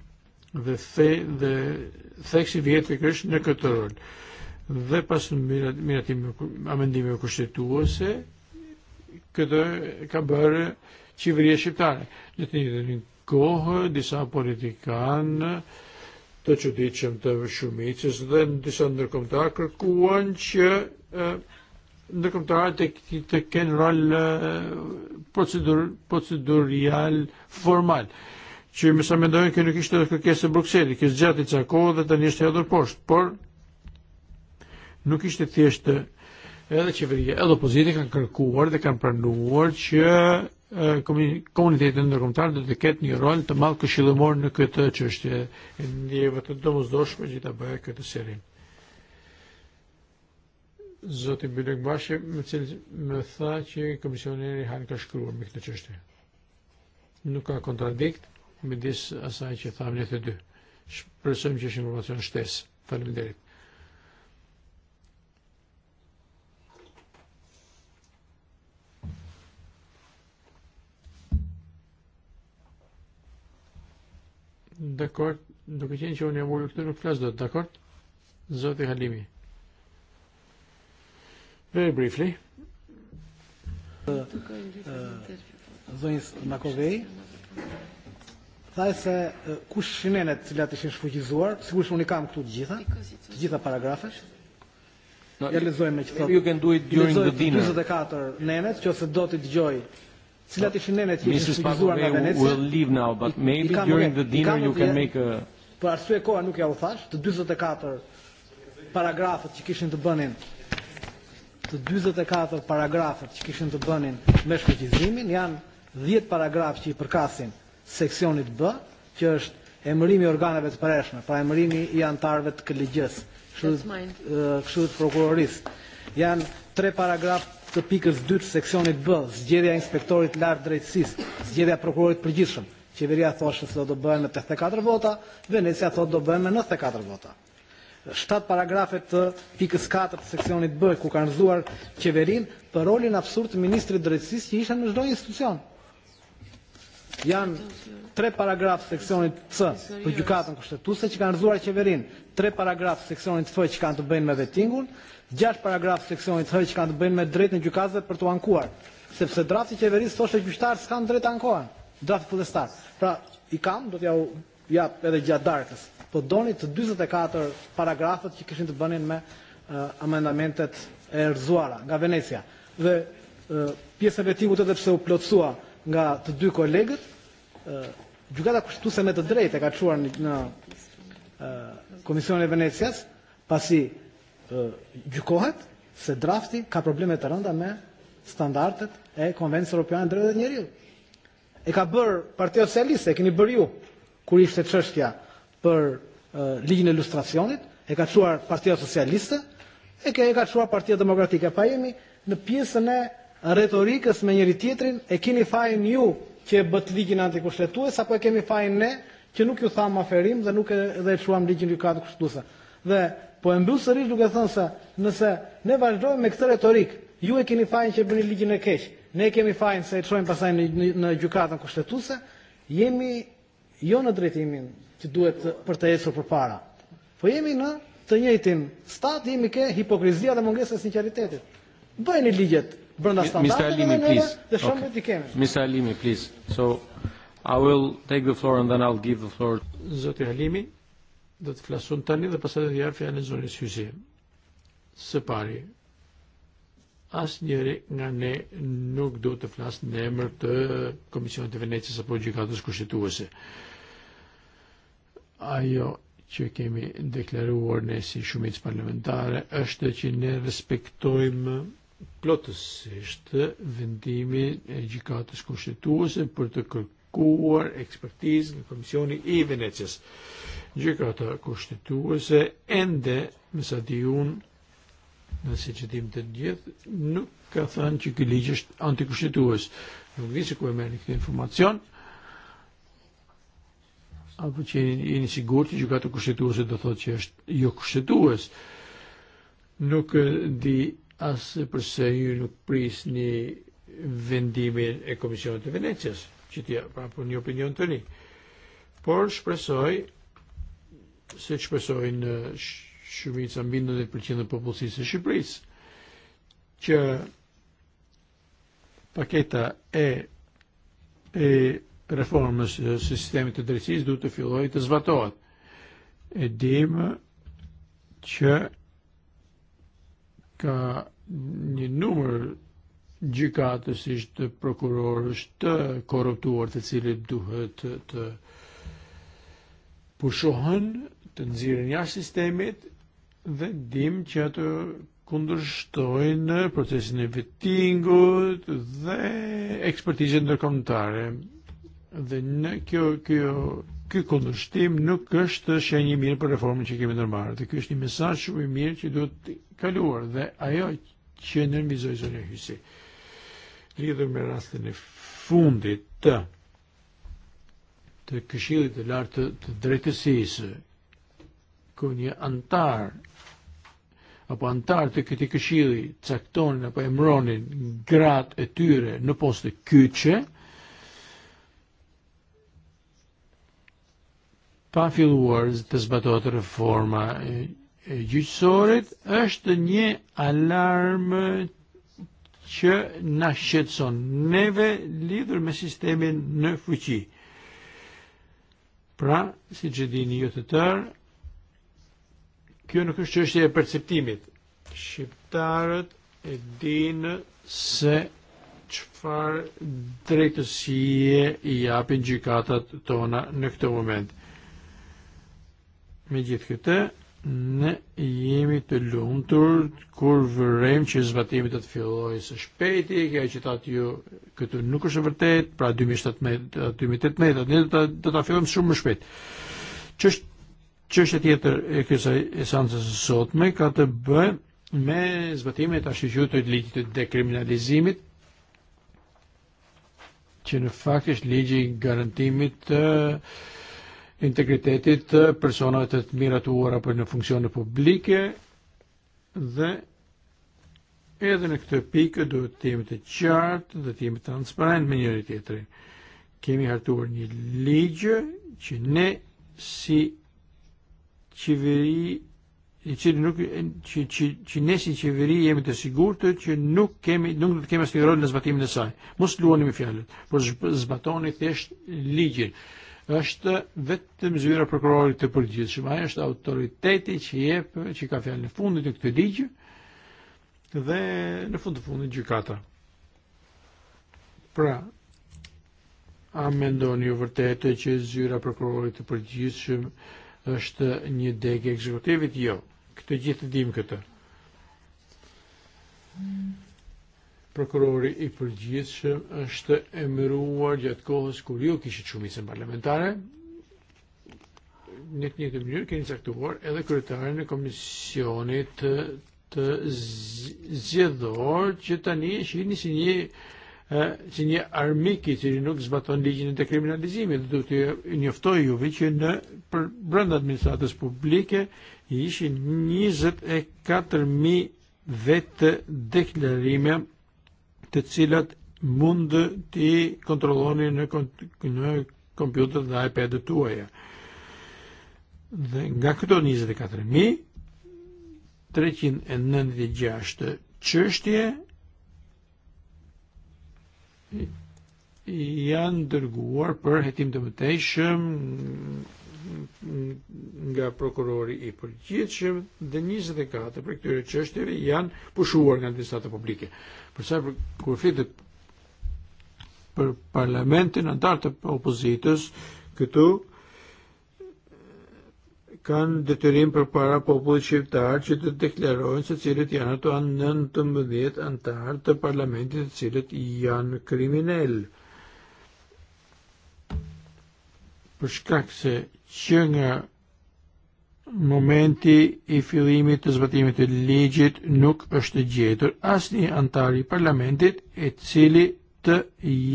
dhe, the, dhe theksi vjetë është në këtë rol dhe pas në miratim amendime kushtetuese këtë ka bërë qeveria shqiptare në të një kohë disa politikanë taċu diċem ta' xumit, s-dan disan nirkom ta' akr kuwanċ e, nirkom ta' għatek tekken rall e, procedurjal formal. ċi misa mendojn kienu kishtu dak kjesi Bruxelles, kis ġati ca' koda ta' njishtu jadur post, por nuk ishtu tjeshtu Edhe qeveria, edhe opoziti kanë kërkuar dhe kanë pranuar që komunitetin ndërkombëtar do të ketë një rol të madh këshillimor n këtë çështje. Ndi e vetë domosdoshme që ta bëjë këtë serim. Zoti Bilek Bashi me cilë më tha që komisioneri Han ka shkruar me këtë çështje. Nuk ka kontradikt m midis asaj që thamë ne të dy. Shpresojmë që është informacion tal Faleminderit. D'accord, dopo che xo ne għu l-kturu d'accord? Zoti Halimi. Very briefly. Uh, uh, Zonjis Makovej, thajse e uh, kush shinenet të latë ishin shfuqizuar, sigurisht unë i kam këtu të gjitha, të gjitha paragrafesh. Ja lezoj me që thotë. You can do it during the dinner. 24 e nenet, që ose do të dëgjoj Mrs. i shëndemet që leave now, but maybe during the dinner you can make a... Për e koha nuk ja u thash, të 24 paragrafët që kishin të bënin të 24 paragrafët që kishin të bënin me shkëgjizimin, janë 10 paragraf që i përkasin seksionit B, që është emërimi organeve të përreshme, pra emërimi i antarve të këllegjës, kështu të prokurorisë. Janë 3 paragraf të pikës dytë seksionit B, zgjedhja e inspektorit lartë drejtësisë, zgjedhja e prokurorit përgjithshëm, qeveria thoshte se do të bëhen me 84 vota, Venecia thotë do bëhen me 94 vota. Shtat paragrafe të pikës 4 të seksionit B ku kanë rzuar qeverin për rolin absurd të ministrit drejtësisë që ishte në çdo institucion. Janë tre paragraf seksionit C për gjukatën kushtetuese që kanë rëzuar qeverin, tre paragraf seksionit F që kanë të bëjnë me vetingun, Gjash paragraf seksionit hëq kanë të bëjnë me drejt në gjykazë për të ankuar, sepse drafti qeverisë thoshte gjyqtarë s'kanë drejt ankuar. drafti fillestar. Pra, i kam, do t'ja jap edhe gjatë darkës, po doni të 24 e paragrafët që këshin të bënin me uh, amendamentet e rëzuara nga Venecia. Dhe uh, pjesën vetimut edhe pse u plotësua nga të dy kolegët, uh, gjukata kushtuse me të drejtë e ka quar në uh, Komisione Venecias, pasi gjykohet se drafti ka probleme të rënda me standartet e Konvencijës Europiane të Drejtave të Njeriu. E ka bërë Partia Socialiste, e keni bërë ju kur ishte qështja për uh, ligjin e ilustracionit, e ka quar Partia Socialiste, e ka e ka quar Partia Demokratike. Pa jemi në pjesën e retorikës me njëri tjetrin, e keni fajin ju që e bët ligjin antikushtetues apo e kemi fajin ne që nuk ju thamë aferim dhe nuk e, dhe e quam çuam ligjin gjykatë kushtetuese. Dhe po e mbyll sërish duke thënë se nëse ne vazhdojmë me këtë retorik, ju e keni fajin që bëni ligjin e keq, ne kemi fajin se e çojmë pasaj në, në, në gjykatën kushtetuese, jemi jo në drejtimin që duhet për të ecur përpara. Po jemi në të njëjtin stat, jemi ke hipokrizia dhe mungesa e sinqeritetit. Bëjeni ligjet brenda standardeve. Mr. Alimi, please. Dhe shumë okay. Mr. Alimi, please. So I will take the floor and then I'll give the floor. Zoti Halimi dat flasun tani dhe pasat e djarë fjallin zonës hysim. Së pari, as njeri nga ne nuk do të flas në emër të Komisionit të Venecijës apo Gjikatës Kushtetuese. Ajo që kemi deklaruar ne si shumicë parlamentare është që ne respektojmë plotësisht vendimi e Gjikatës Kushtetuese për të kërkuar ekspertizë në Komisioni i Venecijës gjykata kushtetuese ende me sa diun nëse që tim të gjithë, nuk ka thënë që ky ligj është antikushtetues. Nuk di se ku e merrni këtë informacion. Apo që jeni sigurt që gjykata kushtetuese do thotë që është jo kushtetues. Nuk di as per se nuk prisni vendimi e Komisionit të Venecijës, ċi tja prapun një opinion të një. Por shpresoj se shpresojnë shumica mbi li pritjena popolsi se Shqipërisë që paketa e e reformës eh, sistemi të drejtësisë duhet të fillojë të zbatohet. E dim që ka një numër gjykatës ishtë prokurorës të korruptuar të e cilët duhet të pushohen të nxjerrin jashtë sistemit dhe dim kundur ato kundërshtojnë procesin e vettingut dhe ekspertizën ndërkombëtare. Dhe në kjo kjo kjo kundur shtim nuk është shenjë e mirë për reformën që kemi nërmarë, Dhe kjo është një mesaj shumë i mirë që duhet kaluar dhe ajo që nënvizoi zonja Hysi. Lidhur me rastin e fundit të të këshillit të lartë të drejtësisë kunje antar apo antar të kiti kishiri, caktonin apo emronin grat e tyre në post të kyqe, pa filluar të zbatot reforma e, e gjyqësorit, është një alarm që na shqetson neve lidhur me sistemin në fuqi. Pra, si që dini ju të tërë, Kjo nuk është çështje e perceptimit. Shqiptarët e din se çfarë drejtësie i japin gjykatat tona në këtë moment. Me gjithë këtë, ne jemi të lumtur kur vërrem që zbatimi do të fillojë së shpejti, kjo që thatë ju këtu nuk është e vërtet, pra 2018, 2018 ne do ta do ta fillojmë shumë më shpejt. Ç'është Çështja tjetër e kësaj esancës së sotme ka të bëjë me zbatimet e ashtëqiut të ligjit të dekriminalizimit që në fakt është ligji garantimit të integritetit të personave të të miratuara për në funksione publike dhe edhe në këtë pikë do të jemi të qartë dhe të jemi transparent me njëri tjetrin. Kemi hartuar një ligjë që ne si qeveri që nuk që sigurtu ċinnuk ne si qeveri jemi të sigurt që nuk kemi nuk do të kemi asnjë rol në zbatimin saj. Mos luani me fjalët, por zbatoni thjesht ligjin. Është vetëm zyra prokurorit të përgjithshëm, e ai është autoriteti që jep që ka fjalën e fundit të këtij ligji dhe në fund të fundit gjykata. Pra, a mendoni ju vërtetë që zyra prokurorit të përgjithshëm është një degë ekzekutivit? Jo. Këtë gjithë dim këtë. Prokurori i përgjithshëm është emëruar gjatë kohës kur ju kishit shumicën parlamentare. Në të njëjtën mënyrë keni caktuar edhe kryetaren e komisionit të zgjedhor që tani është një si një sinja armiki tirinu gżbaton liġin dekriminalizimi, d-duti njoftoju viċin per brand administratus publike jixin njizet e katr mi vetë deklarime të cilat mund ti kontroloni në, kompjuter dhe iPad-et tuaja. Dhe nga këto 24.000, 396 e e e qështje janë dërguar për hetim të nga prokurori i përgjithshëm dhe 24 e për këtyre çështjeve janë pushuar nga administrata publike. Përsa për, kur flitet për parlamentin antartë e opozitës, këtu kanë detyrim për para popullit shqiptar që të deklarojnë se cilët janë ato anë 19 antarë të parlamentit të cilët janë kriminell. Përshkak se që nga momenti i fillimit të zbatimit të ligjit nuk është gjetur asnjë antar i parlamentit e cili të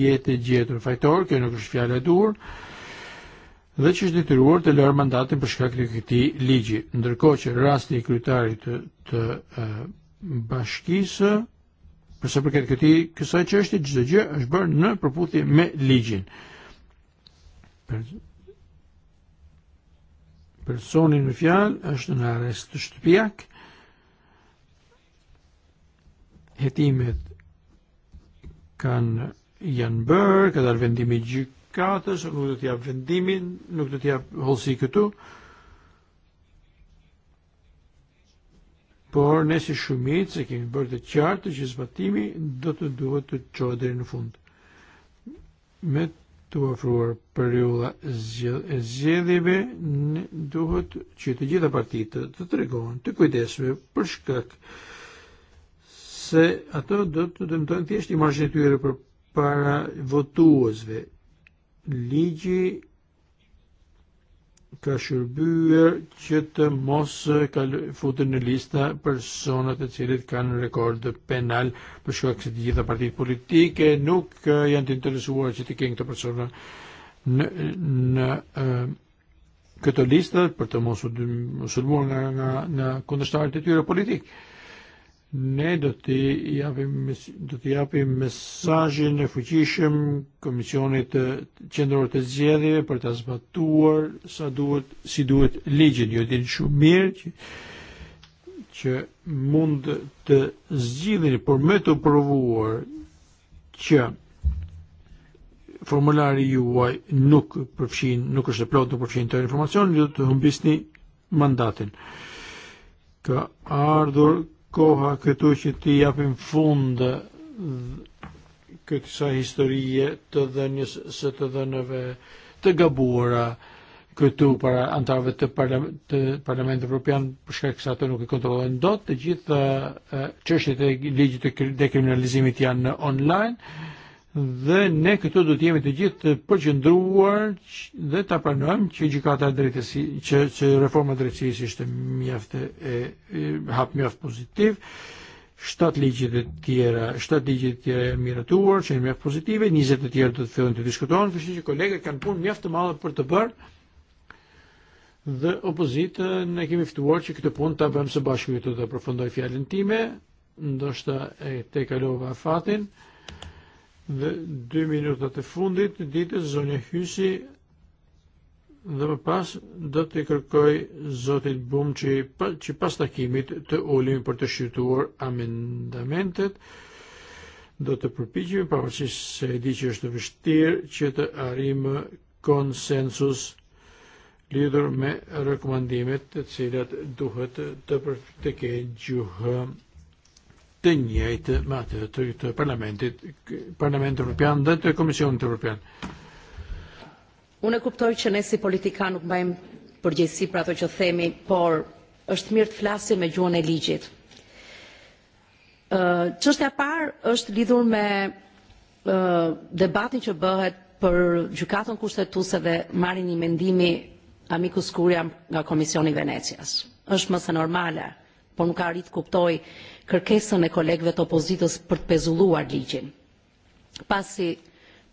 jetë gjetur fajtor, kjo nuk është fjala e durë, dhe që është detyruar të lërë mandatin për shkak të këtij ligji, ndërkohë që rasti i kryetarit të, të uh, bashkisë për sa përket këtij kësaj çështje gjithë gjë është bërë në përputhje me ligjin. Per, personi në fjalë është në arrest të shtëpiak. Hetimet kanë janë bërë, këtë arvendimi gjyk katës, nuk do t'jap vendimin, nuk do t'jap holsi këtu, por nesi shumit se kemi bërë të qartë që zbatimi do të duhet të qojë deri në fund. Me të ofruar periulla e zgjedhjeve duhet që të gjitha partitë të tregohen të, të kujdesme për shkak se ato do të dëmtojnë thjesht imazhin e tyre për para votuesve liġi kaxurbuer shërbyer që të mos futen në lista persona e cilët kan rekord penal për għak se të gjitha partitë politike nuk jant interesu interesuar që të ta' persona në, eh, kato këto lista per ta' mosu u sulmuar na' nga nga kundërshtarët politik ne do t'i japim, do t'i japim messagġin e të e Qendror të Zgjedhjeve për të zbatuar sa duhet si duhet ligjin. Jo din shumë mirë që, që mund të zgjidhni për me të provuar që formulari juaj nuk përfshin, nuk është e plotë, nuk përfshin të informacion, do të humbisni mandatin. Ka ardhur koha këtu që ti japim fund këtisa historie të dhenjës së të dhenëve të gabuara këtu para antarve të, parlament, të Parlamentit Evropian për shkak se nuk i e kontrollojnë dot, të gjitha e, çështjet e ligjit të dekriminalizimit janë online dhe ne këtu do të jemi të gjithë të përqendruar dhe ta pranojmë që gjykata e drejtësi që, që reforma e drejtësisë ishte mjaft e, e hap mjaft pozitiv. Shtat ligjet e tjera, shtat ligjet e tjera janë miratuar, që janë mjaft pozitive, 20 e tjera do të fillojnë të diskutohen, kështu që kolegët kanë punë mjaft të madhe për të bërë dhe opozita ne kemi ftuar që këtë punë ta bëjmë së bashku ju e të, të përfundoj fjalën time, ndoshta e te kalova fatin. Dhe dy minutat e fundit ditë zonja Hysi dhe më pas do të kërkoj Zotit Bum që, që pas takimit të ullim për të shqytuar amendamentet do të përpiqemi pavarësisht se e di që është vështirë që të arimë konsensus lidhur me rekomandimet të cilat duhet të, për, të kenë gjuhë të njëjtë me atë të, të parlamentit, Parlamenti Evropian dhe të Komisionit Evropian. Unë e kuptoj që ne si politika nuk bëjmë përgjësi pra të që themi, por është mirë të flasim me gjuën e ligjit. Ë çështja e parë është lidhur me debatin që bëhet për gjukatën kushtetuse dhe marrin një mendimi amikus kurja nga Komisioni Venecias. Është mëse normale, por nuk arrit kuptoj kërkesën e kolegëve të opozitës për të pezulluar ligjin. Pasi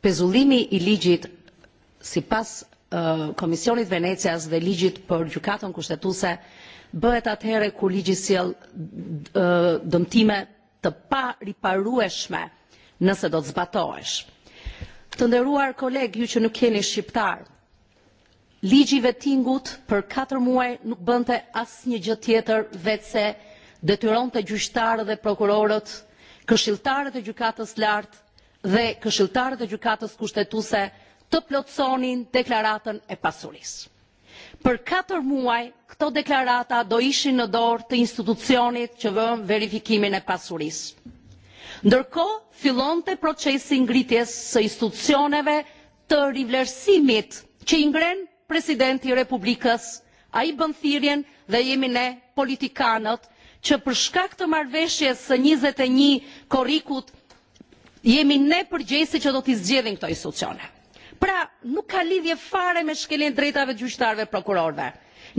pezullimi i ligjit sipas uh, Komisionit Venecias dhe ligjit për gjukatën kushtetuse, bëhet atëhere kur ligjit sjell uh, dëmtime të pa riparueshme nëse do të zbatoesh. Të nderuar kolegë ju që nuk jeni shqiptar, ligji vetingut për 4 muaj nuk bënte asnjë gjë tjetër vetë se detyron të gjyqtarë dhe prokurorët, këshiltarët e gjykatës lartë dhe këshiltarët e gjykatës kushtetuese të plotësonin deklaratën e pasurisë. Për 4 muaj, këto deklarata do ishin në dorë të institucionit që vëm verifikimin e pasurisë. Ndërkohë, fillonte procesi ngritjes së institucioneve të rivlerësimit që i ngren presidenti i Republikës, ai bën thirrjen dhe jemi ne politikanët që për shkak të marrëveshjes së 21 e korrikut jemi ne përgjegjësi që do t'i zgjedhin këto institucione. Pra, nuk ka lidhje fare me shkeljen drejtave gjyqtarëve prokurorëve.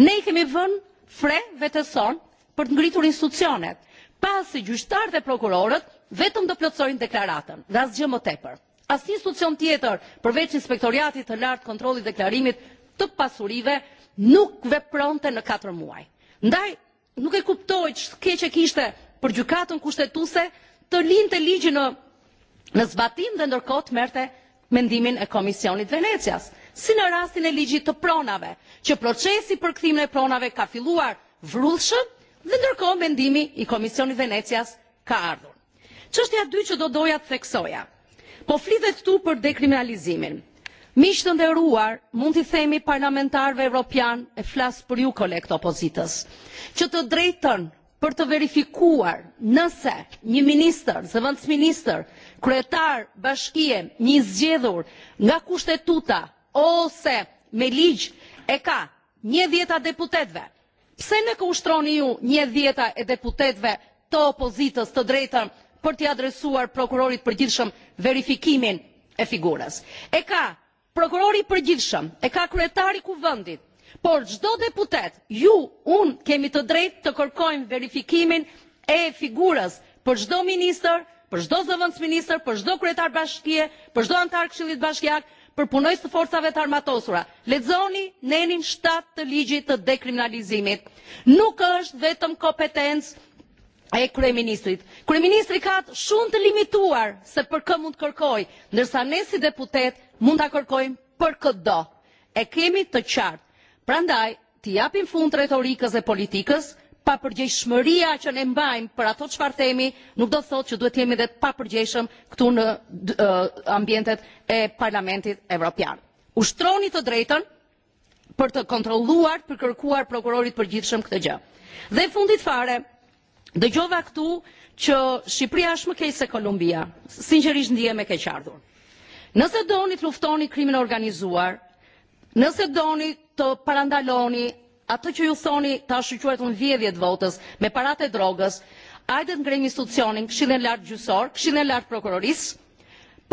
Ne i kemi vënë fre vetëson për të ngritur institucionet, pasi gjyqtarët e prokurorët vetëm do plotësojnë deklaratën, dhe asgjë më tepër. Asnjë institucion tjetër përveç Inspektoriatit të Lartë Kontrollit Deklarimit të Pasurive nuk vepronte në 4 muaj. Ndaj nuk e kuptoj që keqe kishte për gjukatën kushtetuse të linë të ligjë në, në zbatim dhe ndërkot merte mendimin e Komisionit Venecias. Si në rastin e ligjit të pronave, që procesi për kthimin e pronave ka filluar vrullshëm dhe ndërkot mendimi i Komisionit Venecias ka ardhur. Qështja dy që do doja të theksoja. Po flitet tu për dekriminalizimin. Miq të nderuar, mund t'i themi parlamentarëve evropian e flas për ju kolekt opozitas, që të drejtën për të verifikuar nëse një minister, zëvëndës minister, kretar, bashkije, një zgjedhur nga kushtetuta ose me ligj e ka një djeta deputetve. Pse në kushtroni ju një djeta e deputetve të opozitës të drejtën për t'i adresuar prokurorit për përgjithshëm verifikimin e figurës? E ka prokurori i përgjithshëm e ka kryetari i kuvendit, por çdo deputet, ju, un kemi të drejtë të kërkojmë verifikimin e figurës për çdo ministër, për çdo ministër, për çdo kryetar bashkie, për çdo antar këshillit bashkiak, për punojës të forcave të armatosura. Lexoni nenin 7 të ligjit të dekriminalizimit. Nuk është vetëm kompetencë e kryeministrit. Kryeministri ka shumë të limituar se për kë mund kërkoj, ndërsa ne si deputet mund ta' kërkojmë për këtë do. E kemi të qartë. Prandaj, t'i japim fund retorikës dhe politikës, pa përgjegjshmëria që ne mbajmë për ato çfarë themi, nuk do thotë që duhet jemi dhe pa përgjeshëm këtu në uh, e, ambientet e Parlamentit Evropian. Ushtroni të drejtën për të kontroluar, për kërkuar prokurorit për përgjithshëm këtë gjë. Dhe fundit fare, dhe gjova këtu që Shqipëria është më keq se Kolumbia. Sinqerisht ndihem e keqardhur. Nëse doni të luftoni krimin organizuar, nëse doni të parandaloni atë që ju thoni të ashtuquarat unë vjedhjet votës me parate drogës, ajde në grejnë institucionin, këshilën e lartë gjysor, këshilën e lartë prokurorisë,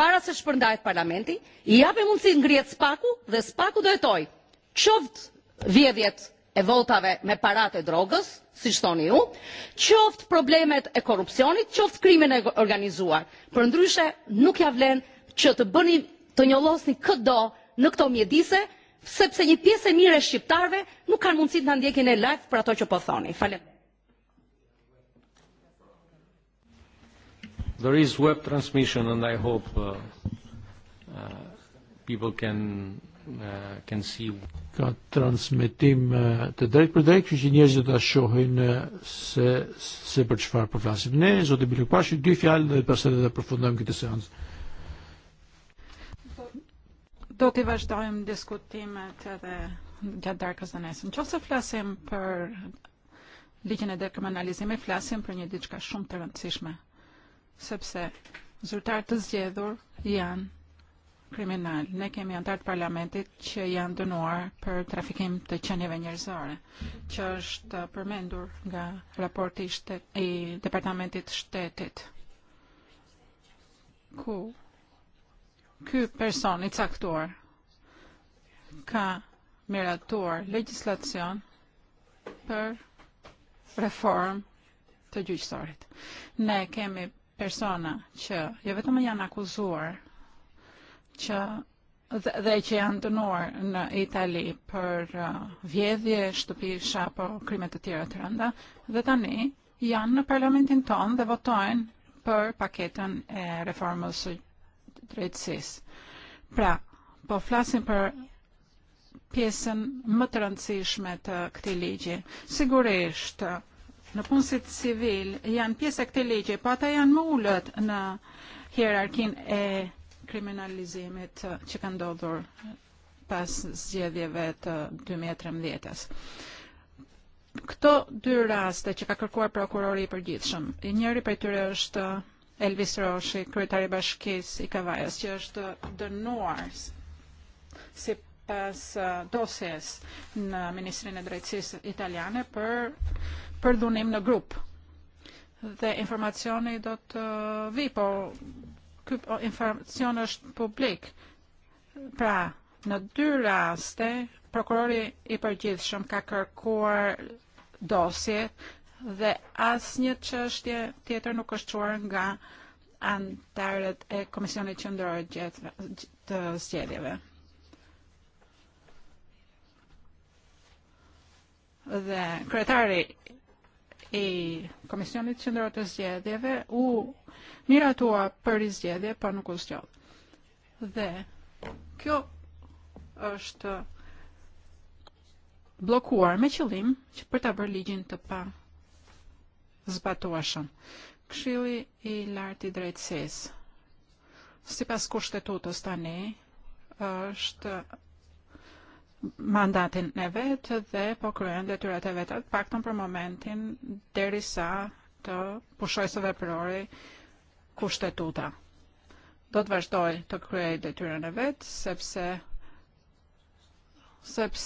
para se shpërndajt parlamenti, i japim mundësi ngrihet spaku dhe spaku dhe toj, qoft vjedhjet e votave me parat e drogës, si shtoni ju, qoft problemet e korupcionit, qoft krimin e organizuar. Për ndryshe, nuk javlen që të bëni të njollosni këdo në këto mjedise, sepse një pjesë e mire shqiptarve nuk kanë mundësit në ndjekin e lajtë për ato që po thoni. Falem. There is web transmission and I hope uh, uh, people can uh, can see ka transmetim uh, të drejt për drejt, kështu që njerëzit ta shohin uh, se se për çfarë po flasim. Ne zoti Bilukpashi dy fjalë dhe pastaj do të përfundojmë këtë seancë. Toti vazhdojmë diskutimet edhe gjatë darkës në nesën. Qo se flasim për ligjën e dekriminalizimit, flasim per një diçka shumë të rëndësishme, sepse zyrtar të zgjedhur janë kriminal. Ne kemi antar të parlamentit që janë dënuar për trafikim të qenieve njerëzore, që është përmendur nga raporti shtet, i Departamentit Shtetit, ku ky person i caktuar ka miratuar legislazzjon per reform ta' ġuġ gjyqësorit. Ne kemi persona ċe, jivetum vetëm kuzur ċe dheċi dhe që janë Itali per uh, vjedhje, shtëpisha apo krime të tjera të rënda dhe tani janë në parlamentin ton dhe votojnë për paketën e reformës së sis. Pra, po flasim për pjesën më të rëndësishme të këti ligje. Sigurisht, në punësit civil janë pjesë e këti ligje, po ata janë më ulët në hierarkin e kriminalizimit që ka ndodhur pas zgjedhjeve të 2013-s. E Këto dy raste që ka kërkuar prokurori i përgjithshëm, i njëri për tyre është Elvis Roche, Kretari bashkis Ikavajas, Kavajës, që është dënuar si pas uh, dosjes në Ministrin e Drejtsis Italiane për, për dhunim në grup. Dhe informacioni do të vi, po informacion është publik. Pra, në dy raste, prokurori i përgjithshëm ka kërkuar dosje dhe as një qështje tjetër nuk është quar nga antarët e Komisionit Qendror gjithë të zgjedhjeve. Dhe kretari i Komisionit Qendror të Zgjedhjeve u miratua për i zgjedhje pa nuk u zgjodh. Dhe kjo është blokuar me qëllim që për ta bërë ligjin të pa zbatošan. Kxili i l-arti lartë Si pas Sipas kushtetutës tani është mandatin e vet dhe po kryen detyrat e vetë atë paktën për momentin derisa të pushoj së veprori kushtetuta. Do të vazhdoj të kryej detyrën e vet sepse sebs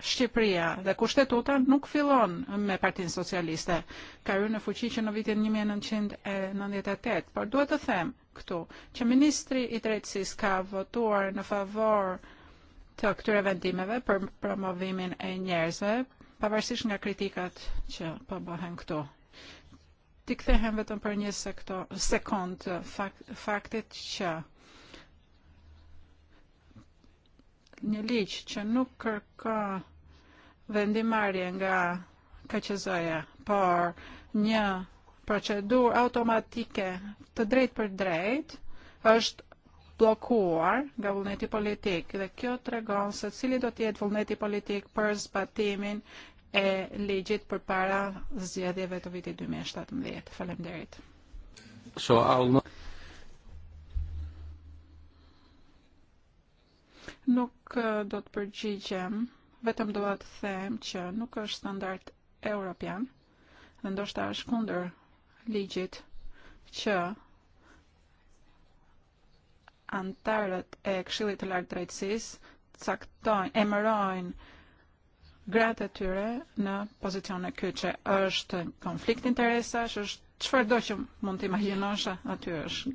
Shqipëria dhe kushtetuta nuk fillon me partin Socialiste, ka në fuqi që në vitin 1998, por duhet të them këtu që Ministri i Drejtsis ka votuar në favor të këtyre vendimeve për promovimin e njerëzve, pavarësish nga kritikat që përbohen këtu. Ti kthehen vetëm për një sekto, sekond fakt, faktit që një që nuk kërka vendimarje nga KQZ-ja, por nja procedur automatike të drejt për drejt është blokuar nga vullneti politik dhe kjo të regon se cili do tjetë vullneti politik për zbatimin e ligjit për para zgjedhjeve të viti 2017. Falem derit. So I'll not... Nuk eh, do të përgjigjem vetëm do të them që nuk është standard europian dhe ndoshta është kundër ligjit që antarët e Këshillit të Lartë Drejtësisë caktojnë, emërojnë gratë e tyre në pozicione kyçe. Është konflikt interesash, është çfarëdo që mund të imagjinosh aty është.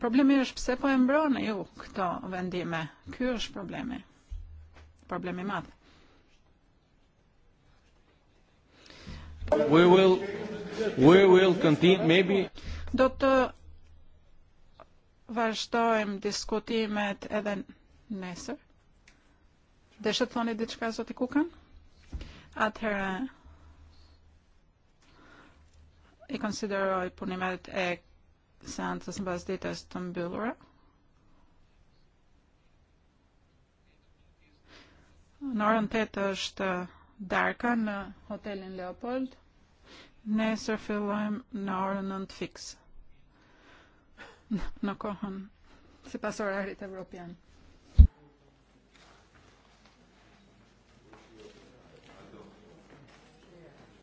Problemi është pse po e mbronë ju këto vendime. Ky problemi. Problemi madh. We will we will continue maybe do të vazhdojmë diskutimet edhe nesër. Dhe të thoni diçka zoti Kukan? Atëherë i konsideroj punimet e Santos bazditas tambilra. Norën 8 është darka në hotelin Leopold. Nesër fillojmë në orën 9 fiks. Në kohën, si pas orarit evropian.